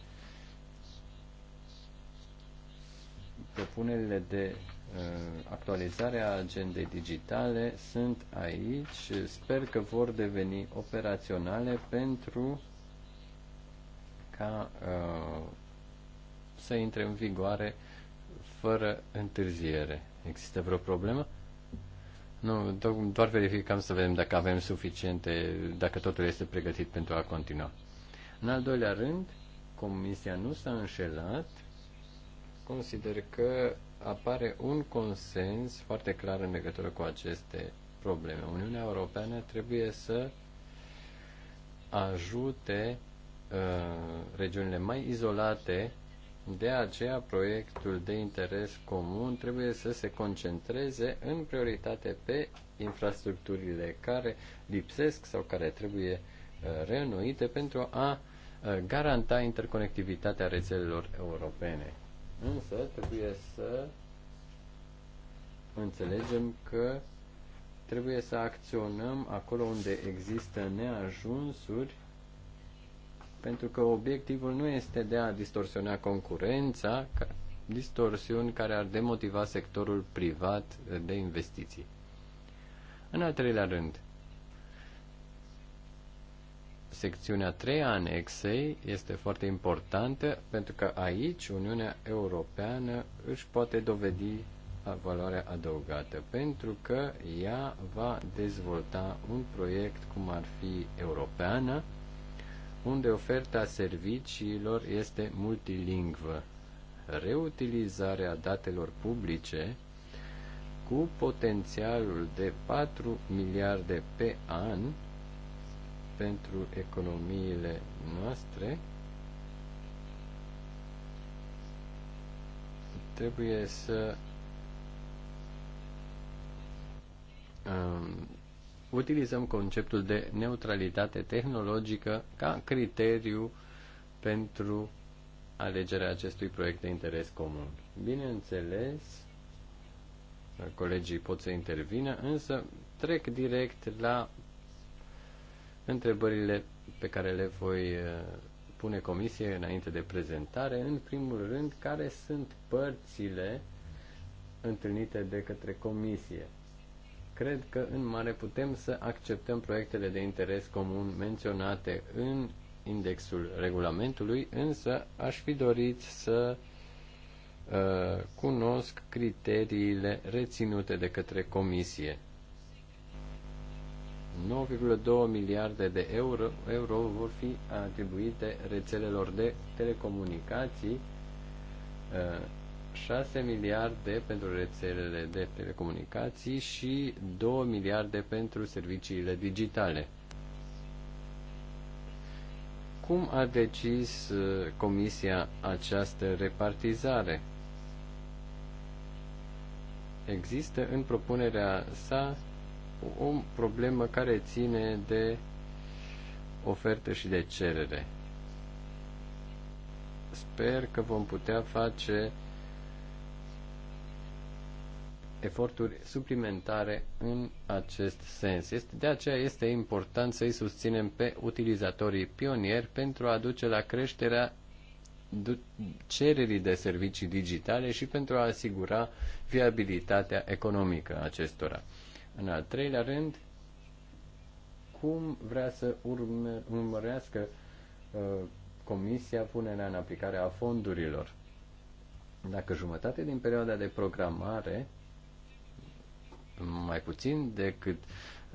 Propunerile de uh, actualizare a agendei digitale sunt aici. Sper că vor deveni operaționale pentru ca uh, să intre în vigoare fără întârziere. Există vreo problemă? Nu, do- doar verificăm să vedem dacă avem suficiente, dacă totul este pregătit pentru a continua. În al doilea rând, Comisia nu s-a înșelat. Consider că apare un consens foarte clar în legătură cu aceste probleme. Uniunea Europeană trebuie să ajute uh, regiunile mai izolate de aceea, proiectul de interes comun trebuie să se concentreze în prioritate pe infrastructurile care lipsesc sau care trebuie uh, reînnoite pentru a uh, garanta interconectivitatea rețelelor europene. Însă, trebuie să înțelegem că trebuie să acționăm acolo unde există neajunsuri pentru că obiectivul nu este de a distorsiona concurența, distorsiuni care ar demotiva sectorul privat de investiții. În al treilea rând, secțiunea 3 a anexei este foarte importantă pentru că aici Uniunea Europeană își poate dovedi valoarea adăugată pentru că ea va dezvolta un proiect cum ar fi europeană unde oferta serviciilor este multilingvă. Reutilizarea datelor publice cu potențialul de 4 miliarde pe an pentru economiile noastre trebuie să um, utilizăm conceptul de neutralitate tehnologică ca criteriu pentru alegerea acestui proiect de interes comun. Bineînțeles, colegii pot să intervină, însă trec direct la întrebările pe care le voi uh, pune comisie înainte de prezentare. În primul rând, care sunt părțile întâlnite de către comisie? cred că în mare putem să acceptăm proiectele de interes comun menționate în indexul regulamentului, însă aș fi dorit să uh, cunosc criteriile reținute de către comisie. 9,2 miliarde de euro, euro vor fi atribuite rețelelor de telecomunicații uh, 6 miliarde pentru rețelele de telecomunicații și 2 miliarde pentru serviciile digitale. Cum a decis uh, Comisia această repartizare? Există în propunerea sa o problemă care ține de ofertă și de cerere. Sper că vom putea face eforturi suplimentare în acest sens. Este, de aceea este important să-i susținem pe utilizatorii pionieri pentru a duce la creșterea cererii de servicii digitale și pentru a asigura viabilitatea economică acestora. În al treilea rând, cum vrea să urme, urmărească uh, Comisia punerea în aplicare a fondurilor. Dacă jumătate din perioada de programare mai puțin decât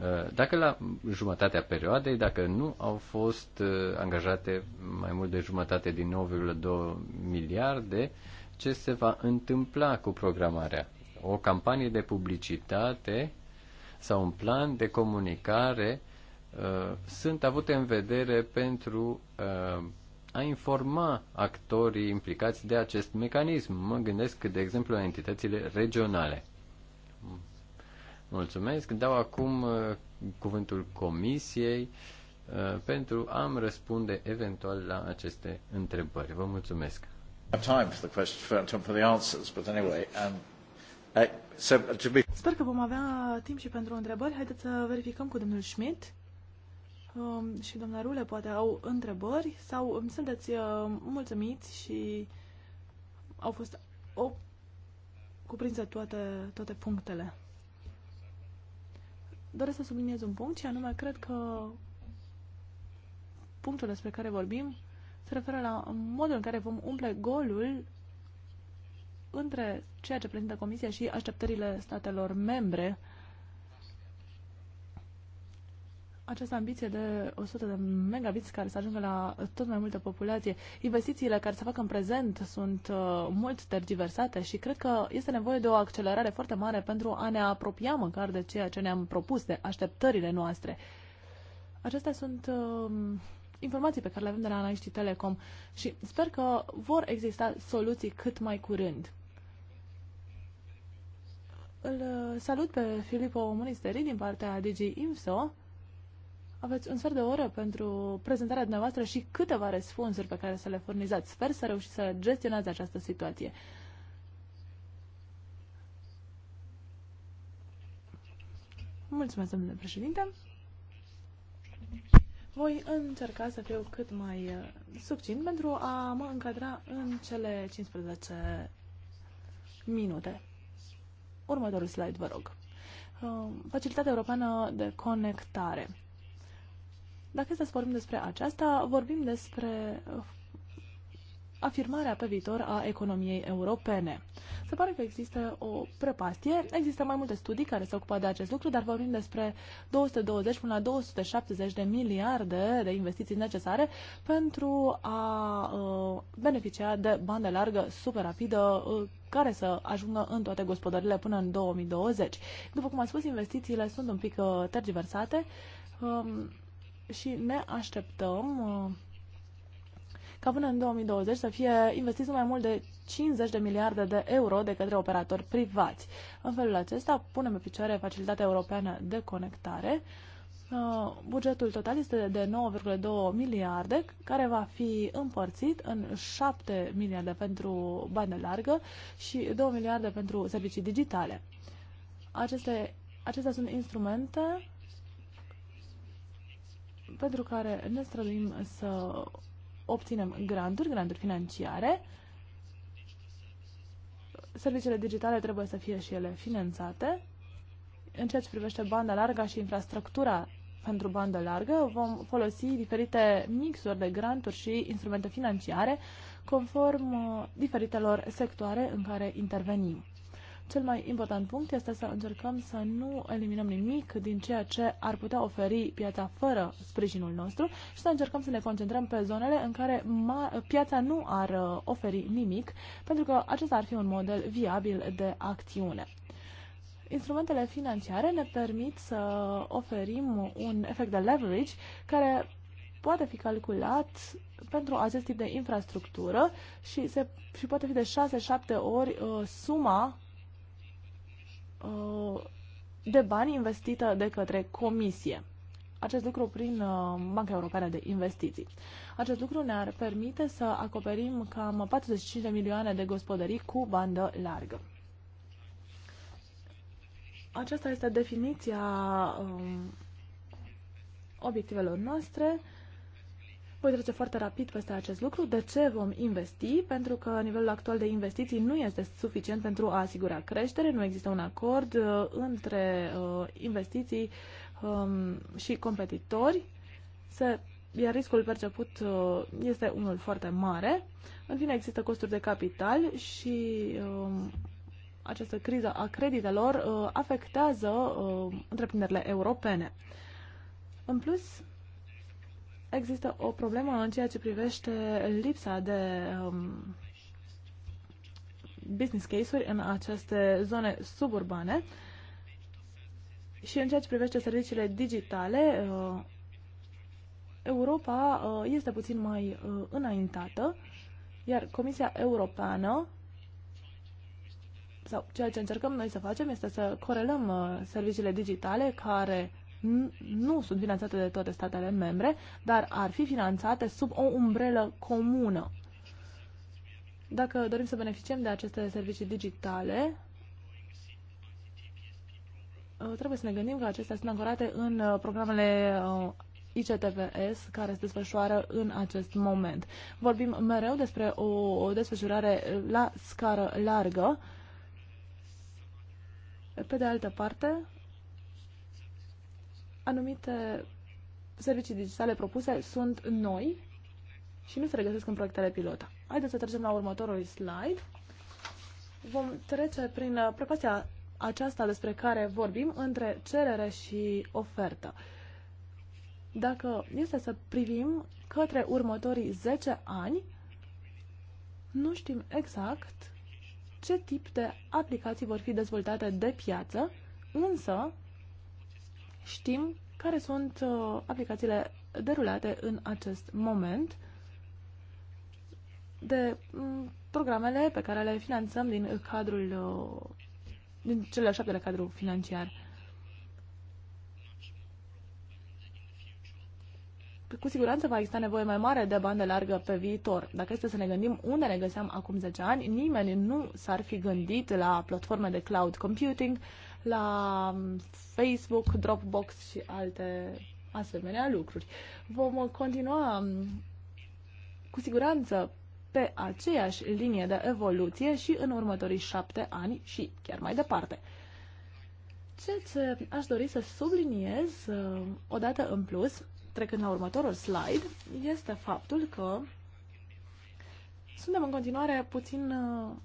uh, dacă la jumătatea perioadei, dacă nu au fost uh, angajate mai mult de jumătate din 9,2 miliarde, ce se va întâmpla cu programarea? O campanie de publicitate sau un plan de comunicare uh, sunt avute în vedere pentru uh, a informa actorii implicați de acest mecanism. Mă gândesc, de exemplu, la entitățile regionale. Mulțumesc. Dau acum uh, cuvântul comisiei uh, pentru a-mi răspunde eventual la aceste întrebări. Vă mulțumesc. Sper că vom avea timp și pentru întrebări. Haideți să verificăm cu domnul Schmidt um, și doamna Rule poate au întrebări sau îmi sunteți uh, mulțumiți și au fost o, cuprinse toate, toate punctele doresc să subliniez un punct și anume cred că punctul despre care vorbim se referă la modul în care vom umple golul între ceea ce prezintă Comisia și așteptările statelor membre această ambiție de 100 de megabits care să ajungă la tot mai multă populație. Investițiile care se fac în prezent sunt uh, mult tergiversate și cred că este nevoie de o accelerare foarte mare pentru a ne apropia măcar de ceea ce ne-am propus, de așteptările noastre. Acestea sunt uh, informații pe care le avem de la analiștii Telecom și sper că vor exista soluții cât mai curând. Îl uh, salut pe Filipo Munisteri din partea DG IMSO aveți un sfert de oră pentru prezentarea dumneavoastră și câteva răspunsuri pe care să le furnizați. Sper să reușiți să gestionați această situație. Mulțumesc, domnule președinte. Voi încerca să fiu cât mai uh, succint pentru a mă încadra în cele 15 minute. Următorul slide, vă rog. Uh, Facilitatea Europeană de Conectare. Dacă este să vorbim despre aceasta, vorbim despre uh, afirmarea pe viitor a economiei europene. Se pare că există o prepastie. există mai multe studii care se ocupă de acest lucru, dar vorbim despre 220 până la 270 de miliarde de investiții necesare pentru a uh, beneficia de bandă largă super rapidă uh, care să ajungă în toate gospodările până în 2020. După cum am spus, investițiile sunt un pic uh, tergiversate. Um, și ne așteptăm uh, ca până în 2020 să fie investiți mai mult de 50 de miliarde de euro de către operatori privați. În felul acesta punem pe picioare Facilitatea Europeană de Conectare. Uh, bugetul total este de 9,2 miliarde, care va fi împărțit în 7 miliarde pentru de largă și 2 miliarde pentru servicii digitale. Aceste, acestea sunt instrumente pentru care ne străduim să obținem granturi, granturi financiare. Serviciile digitale trebuie să fie și ele finanțate. În ceea ce privește banda largă și infrastructura pentru bandă largă, vom folosi diferite mixuri de granturi și instrumente financiare conform uh, diferitelor sectoare în care intervenim. Cel mai important punct este să încercăm să nu eliminăm nimic din ceea ce ar putea oferi piața fără sprijinul nostru și să încercăm să ne concentrăm pe zonele în care piața nu ar uh, oferi nimic, pentru că acesta ar fi un model viabil de acțiune. Instrumentele financiare ne permit să oferim un efect de leverage care poate fi calculat pentru acest tip de infrastructură și, se, și poate fi de 6-7 ori uh, suma Uh, de bani investită de către Comisie. Acest lucru prin uh, Banca Europeană de Investiții. Acest lucru ne-ar permite să acoperim cam 45 de milioane de gospodării cu bandă largă. Aceasta este definiția um, obiectivelor noastre. Voi trece foarte rapid peste acest lucru. De ce vom investi? Pentru că nivelul actual de investiții nu este suficient pentru a asigura creștere, nu există un acord uh, între uh, investiții um, și competitori, se, iar riscul perceput uh, este unul foarte mare. În fine, există costuri de capital și um, această criză a creditelor uh, afectează uh, întreprinderile europene. În plus, există o problemă în ceea ce privește lipsa de um, business case-uri în aceste zone suburbane și în ceea ce privește serviciile digitale, uh, Europa uh, este puțin mai uh, înaintată, iar Comisia Europeană sau ceea ce încercăm noi să facem este să corelăm uh, serviciile digitale care nu sunt finanțate de toate statele membre, dar ar fi finanțate sub o umbrelă comună. Dacă dorim să beneficiem de aceste servicii digitale, uh, trebuie să ne gândim că acestea sunt ancorate în uh, programele uh, ICTVS care se desfășoară în acest moment. Vorbim mereu despre o, o desfășurare la scară largă. Pe de altă parte, anumite servicii digitale propuse sunt noi și nu se regăsesc în proiectele pilot. Haideți să trecem la următorul slide. Vom trece prin uh, prepația aceasta despre care vorbim între cerere și ofertă. Dacă este să privim către următorii 10 ani, nu știm exact ce tip de aplicații vor fi dezvoltate de piață, însă știm care sunt uh, aplicațiile derulate în acest moment de mm, programele pe care le finanțăm din cadrul uh, din cel de-al șaptele cadru financiar. Cu siguranță va exista nevoie mai mare de bandă largă pe viitor. Dacă este să ne gândim unde ne găseam acum 10 ani, nimeni nu s-ar fi gândit la platforme de cloud computing, la Facebook, Dropbox și alte asemenea lucruri. Vom continua mm, cu siguranță pe aceeași linie de evoluție și în următorii șapte ani și chiar mai departe. Ceea ce aș dori să subliniez mm, o dată în plus, trecând la următorul slide, este faptul că suntem în continuare puțin mm,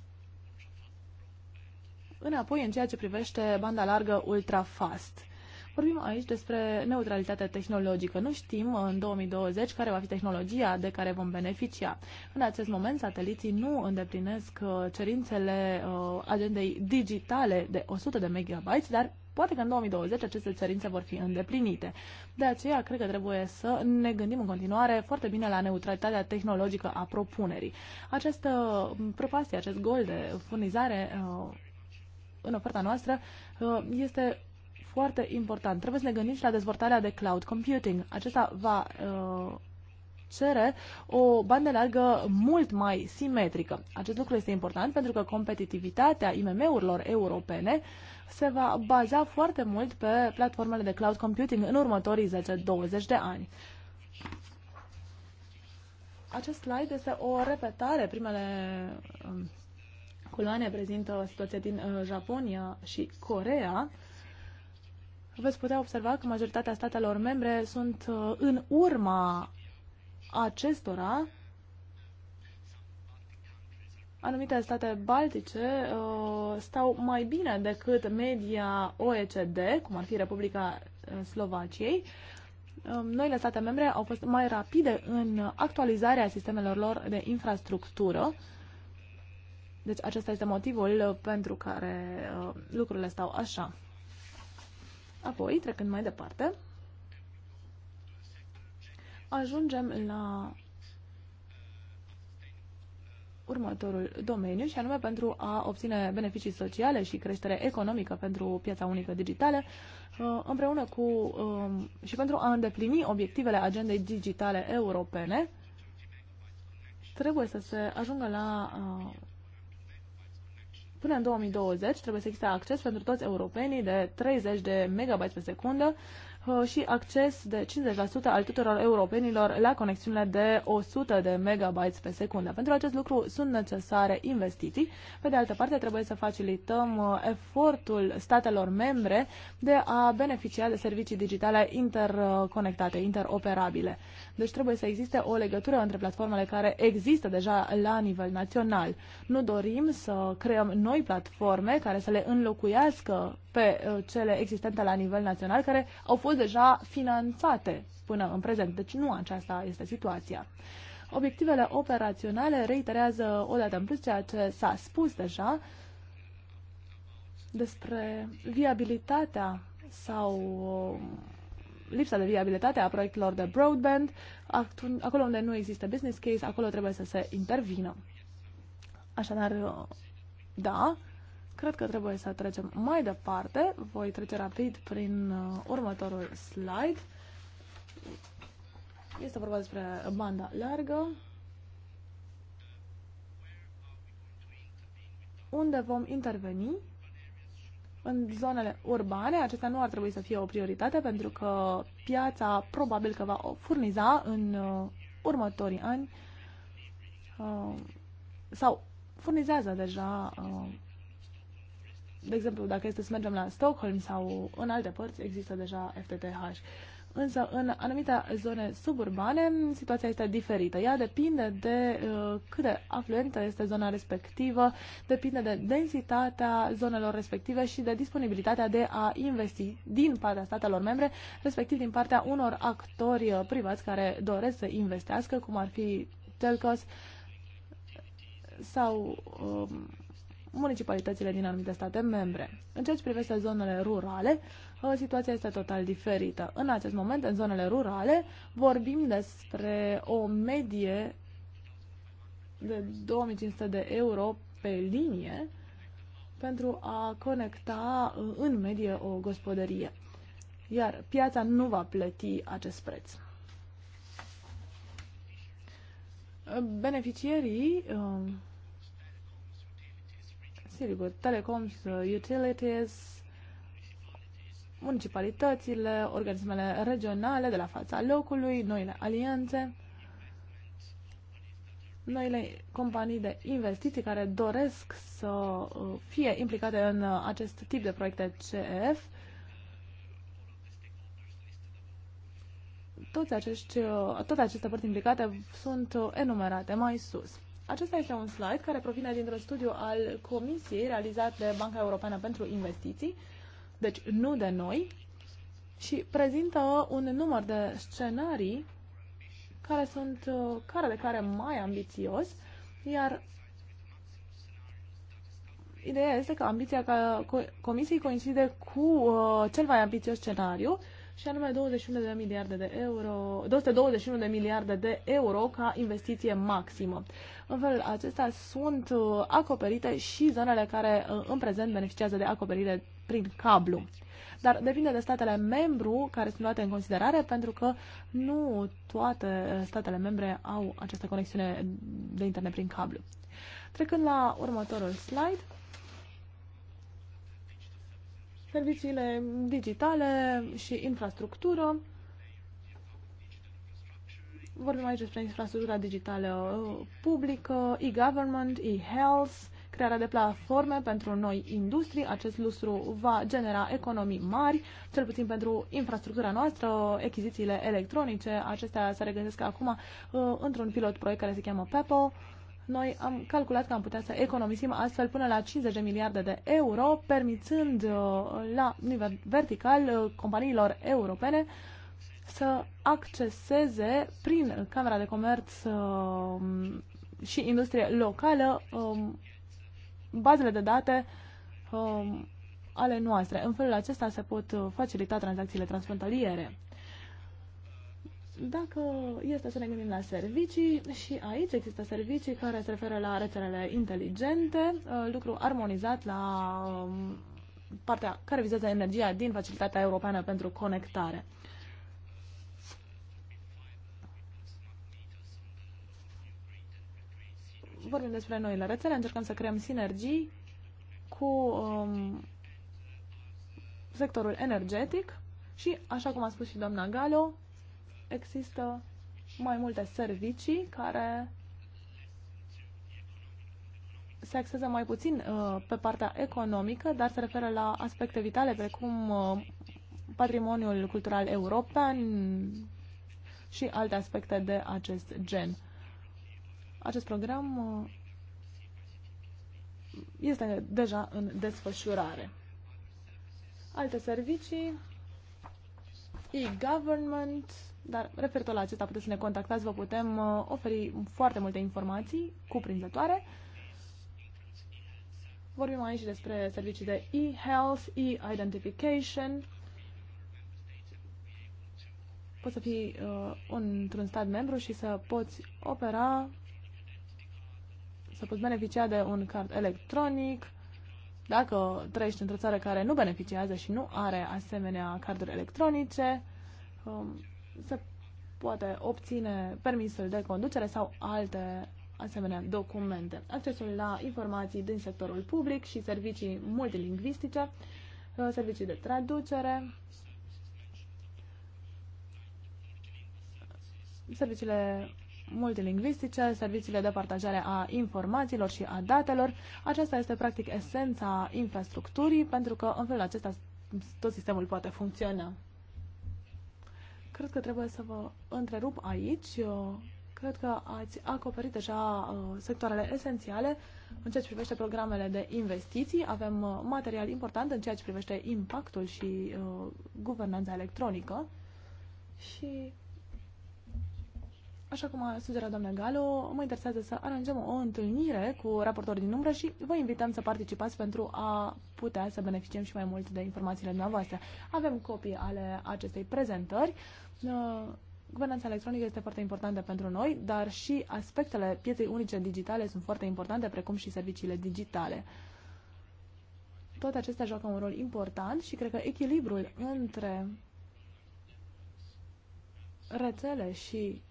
Înapoi, în ceea ce privește banda largă ultrafast. Vorbim aici despre neutralitatea tehnologică. Nu știm în 2020 care va fi tehnologia de care vom beneficia. În acest moment, sateliții nu îndeplinesc uh, cerințele uh, agendei digitale de 100 de MB, dar Poate că în 2020 aceste cerințe vor fi îndeplinite. De aceea, cred că trebuie să ne gândim în continuare foarte bine la neutralitatea tehnologică a propunerii. Această uh, prăpastie, acest gol de furnizare în oferta noastră uh, este foarte important. Trebuie să ne gândim și la dezvoltarea de cloud computing. Acesta va uh, cere o bandă largă mult mai simetrică. Acest lucru este important pentru că competitivitatea IMM-urilor europene se va baza foarte mult pe platformele de cloud computing în următorii 10-20 de ani. Acest slide este o repetare primele um, culoane prezintă situația din uh, Japonia și Corea, veți putea observa că majoritatea statelor membre sunt uh, în urma acestora. Anumite state baltice uh, stau mai bine decât media OECD, cum ar fi Republica Slovaciei. Um, noile state membre au fost mai rapide în actualizarea sistemelor lor de infrastructură deci acesta este motivul uh, pentru care uh, lucrurile stau așa. Apoi, trecând mai departe, ajungem la următorul domeniu și anume pentru a obține beneficii sociale și creștere economică pentru piața unică digitală uh, împreună cu um, și pentru a îndeplini obiectivele agendei digitale europene trebuie să se ajungă la Până în 2020 trebuie să existe acces pentru toți europenii de 30 de megabytes pe secundă Uh, și acces de 50% al tuturor europenilor la conexiunile de 100 de megabytes pe secundă. Pentru acest lucru sunt necesare investiții. Pe de altă parte, trebuie să facilităm uh, efortul statelor membre de a beneficia de servicii digitale interconectate, interoperabile. Deci trebuie să existe o legătură între platformele care există deja la nivel național. Nu dorim să creăm noi platforme care să le înlocuiască pe uh, cele existente la nivel național, care au fost deja finanțate până în prezent. Deci nu aceasta este situația. Obiectivele operaționale reiterează o dată în plus ceea ce s-a spus deja despre viabilitatea sau uh, lipsa de viabilitate a proiectelor de broadband, acolo unde nu există business case, acolo trebuie să se intervină. Așadar, uh, da, Cred că trebuie să trecem mai departe. Voi trece rapid prin uh, următorul slide. Este vorba despre banda largă. Unde vom interveni? În zonele urbane, acestea nu ar trebui să fie o prioritate pentru că piața probabil că va furniza în uh, următorii ani uh, sau furnizează deja de exemplu, dacă este să mergem la Stockholm sau în alte părți, există deja FTTH. Însă, în anumite zone suburbane, situația este diferită. Ea depinde de uh, cât de afluentă este zona respectivă, depinde de densitatea zonelor respective și de disponibilitatea de a investi din partea statelor membre, respectiv din partea unor actori uh, privați care doresc să investească, cum ar fi telcos sau Uh, municipalitățile din anumite state membre. În ceea ce privește zonele rurale, uh, situația este total diferită. În acest moment, în zonele rurale, vorbim despre o medie de 2500 de euro pe linie pentru a conecta uh, în medie o gospodărie. Iar piața nu va plăti acest preț. Beneficierii uh, sigur, telecoms, utilities, municipalitățile, organismele regionale de la fața locului, noile alianțe, noile companii de investiții care doresc să uh, fie implicate în uh, acest tip de proiecte CEF. Toți acești, uh, toate aceste părți implicate sunt enumerate mai sus. Acesta este un slide care provine dintr-un studiu al Comisiei realizat de Banca Europeană pentru Investiții, deci nu de noi, și prezintă un număr de scenarii care sunt care de care mai ambițios, iar ideea este că ambiția ca Comisiei coincide cu uh, cel mai ambițios scenariu și anume 21 de miliarde de euro, 221 de miliarde de euro ca investiție maximă. În felul acesta sunt uh, acoperite și zonele care uh, în prezent beneficiază de acoperire prin cablu. Dar depinde de statele membru care sunt luate în considerare, pentru că nu toate uh, statele membre au această conexiune de internet prin cablu. Trecând la următorul slide, serviciile digitale și infrastructură. Vorbim aici despre infrastructura digitală uh, publică, e-government, e-health, crearea de platforme pentru noi industrii. Acest lucru va genera economii mari, cel puțin pentru infrastructura noastră, echizițiile electronice. Acestea se regăsesc acum uh, într-un pilot proiect care se cheamă Pepo. Noi am calculat că am putea să economisim astfel până la 50 de miliarde de euro, permițând uh, la nivel vertical uh, companiilor europene să acceseze prin Camera de Comerț uh, și industrie locală um, bazele de date um, ale noastre. În felul acesta se pot facilita tranzacțiile transfrontaliere. Dacă este să ne gândim la servicii, și aici există servicii care se referă la rețelele inteligente, uh, lucru armonizat la um, partea care vizează energia din Facilitatea Europeană pentru Conectare. Vorbim despre noile rețele, încercăm să creăm sinergii cu um, sectorul energetic și, așa cum a spus și doamna Galo, există mai multe servicii care se axează mai puțin uh, pe partea economică, dar se referă la aspecte vitale precum uh, patrimoniul cultural european și alte aspecte de acest gen. Acest program uh, este deja în desfășurare. Alte servicii e-government, dar referitor la acesta puteți să ne contactați, vă putem uh, oferi foarte multe informații cuprinzătoare. Vorbim aici despre servicii de e-health, e-identification. Poți să fii uh, într-un stat membru și să poți opera, să poți beneficia de un card electronic, dacă trăiești într-o țară care nu beneficiază și nu are asemenea carduri electronice, um, se poate obține permisul de conducere sau alte asemenea documente. Accesul la informații din sectorul public și servicii multilingvistice, uh, servicii de traducere, serviciile multilingvistice, serviciile de partajare a informațiilor și a datelor. Aceasta este practic esența infrastructurii, pentru că în felul acesta tot sistemul poate funcționa. Cred că trebuie să vă întrerup aici. Eu cred că ați acoperit deja uh, sectoarele esențiale în ceea ce privește programele de investiții. Avem uh, material important în ceea ce privește impactul și uh, guvernanța electronică. Și Așa cum a sugerat doamna Galo, mă interesează să aranjăm o întâlnire cu raportori din umbră și vă invităm să participați pentru a putea să beneficiem și mai mult de informațiile dumneavoastră. Avem copii ale acestei prezentări. Uh, guvernanța electronică este foarte importantă pentru noi, dar și aspectele pieței unice digitale sunt foarte importante, precum și serviciile digitale. Toate acestea joacă un rol important și cred că echilibrul între rețele și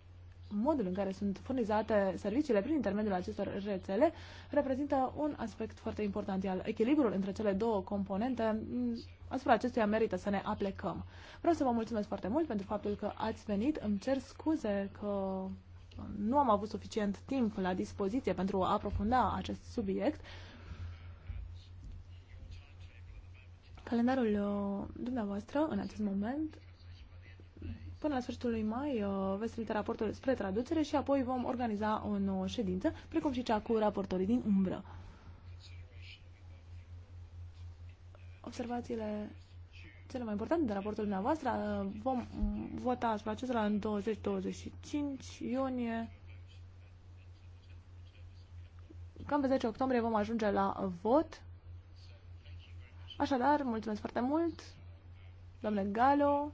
modul în care sunt furnizate serviciile prin intermediul acestor rețele reprezintă un aspect foarte important, iar echilibrul între cele două componente mm, asupra acestuia merită să ne aplecăm. Vreau să vă mulțumesc foarte mult pentru faptul că ați venit. Îmi cer scuze că nu am avut suficient timp la dispoziție pentru a aprofunda acest subiect. Calendarul uh, dumneavoastră în acest moment Până la sfârșitul lui mai uh, veți trimite raportul spre traducere și apoi vom organiza o nouă ședință, precum și cea cu raportorii din umbră. Observațiile cele mai importante de raportul dumneavoastră uh, vom vota asupra acestora în 20-25 iunie. Cam pe 10 octombrie vom ajunge la vot. Așadar, mulțumesc foarte mult, doamne Galo.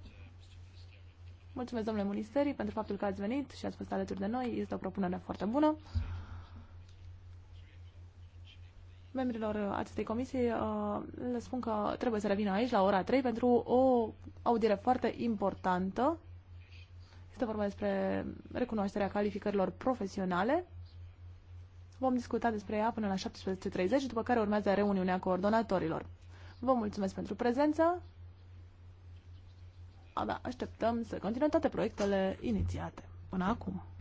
Mulțumesc, domnule Munisteri, pentru faptul că ați venit și ați fost alături de noi. Este o propunere foarte bună. Membrilor acestei comisii uh, le spun că trebuie să revină aici la ora 3 pentru o audiere foarte importantă. Este vorba despre recunoașterea calificărilor profesionale. Vom discuta despre ea până la 17.30, după care urmează reuniunea coordonatorilor. Vă mulțumesc pentru prezență abia așteptăm să continuăm toate proiectele inițiate până acum.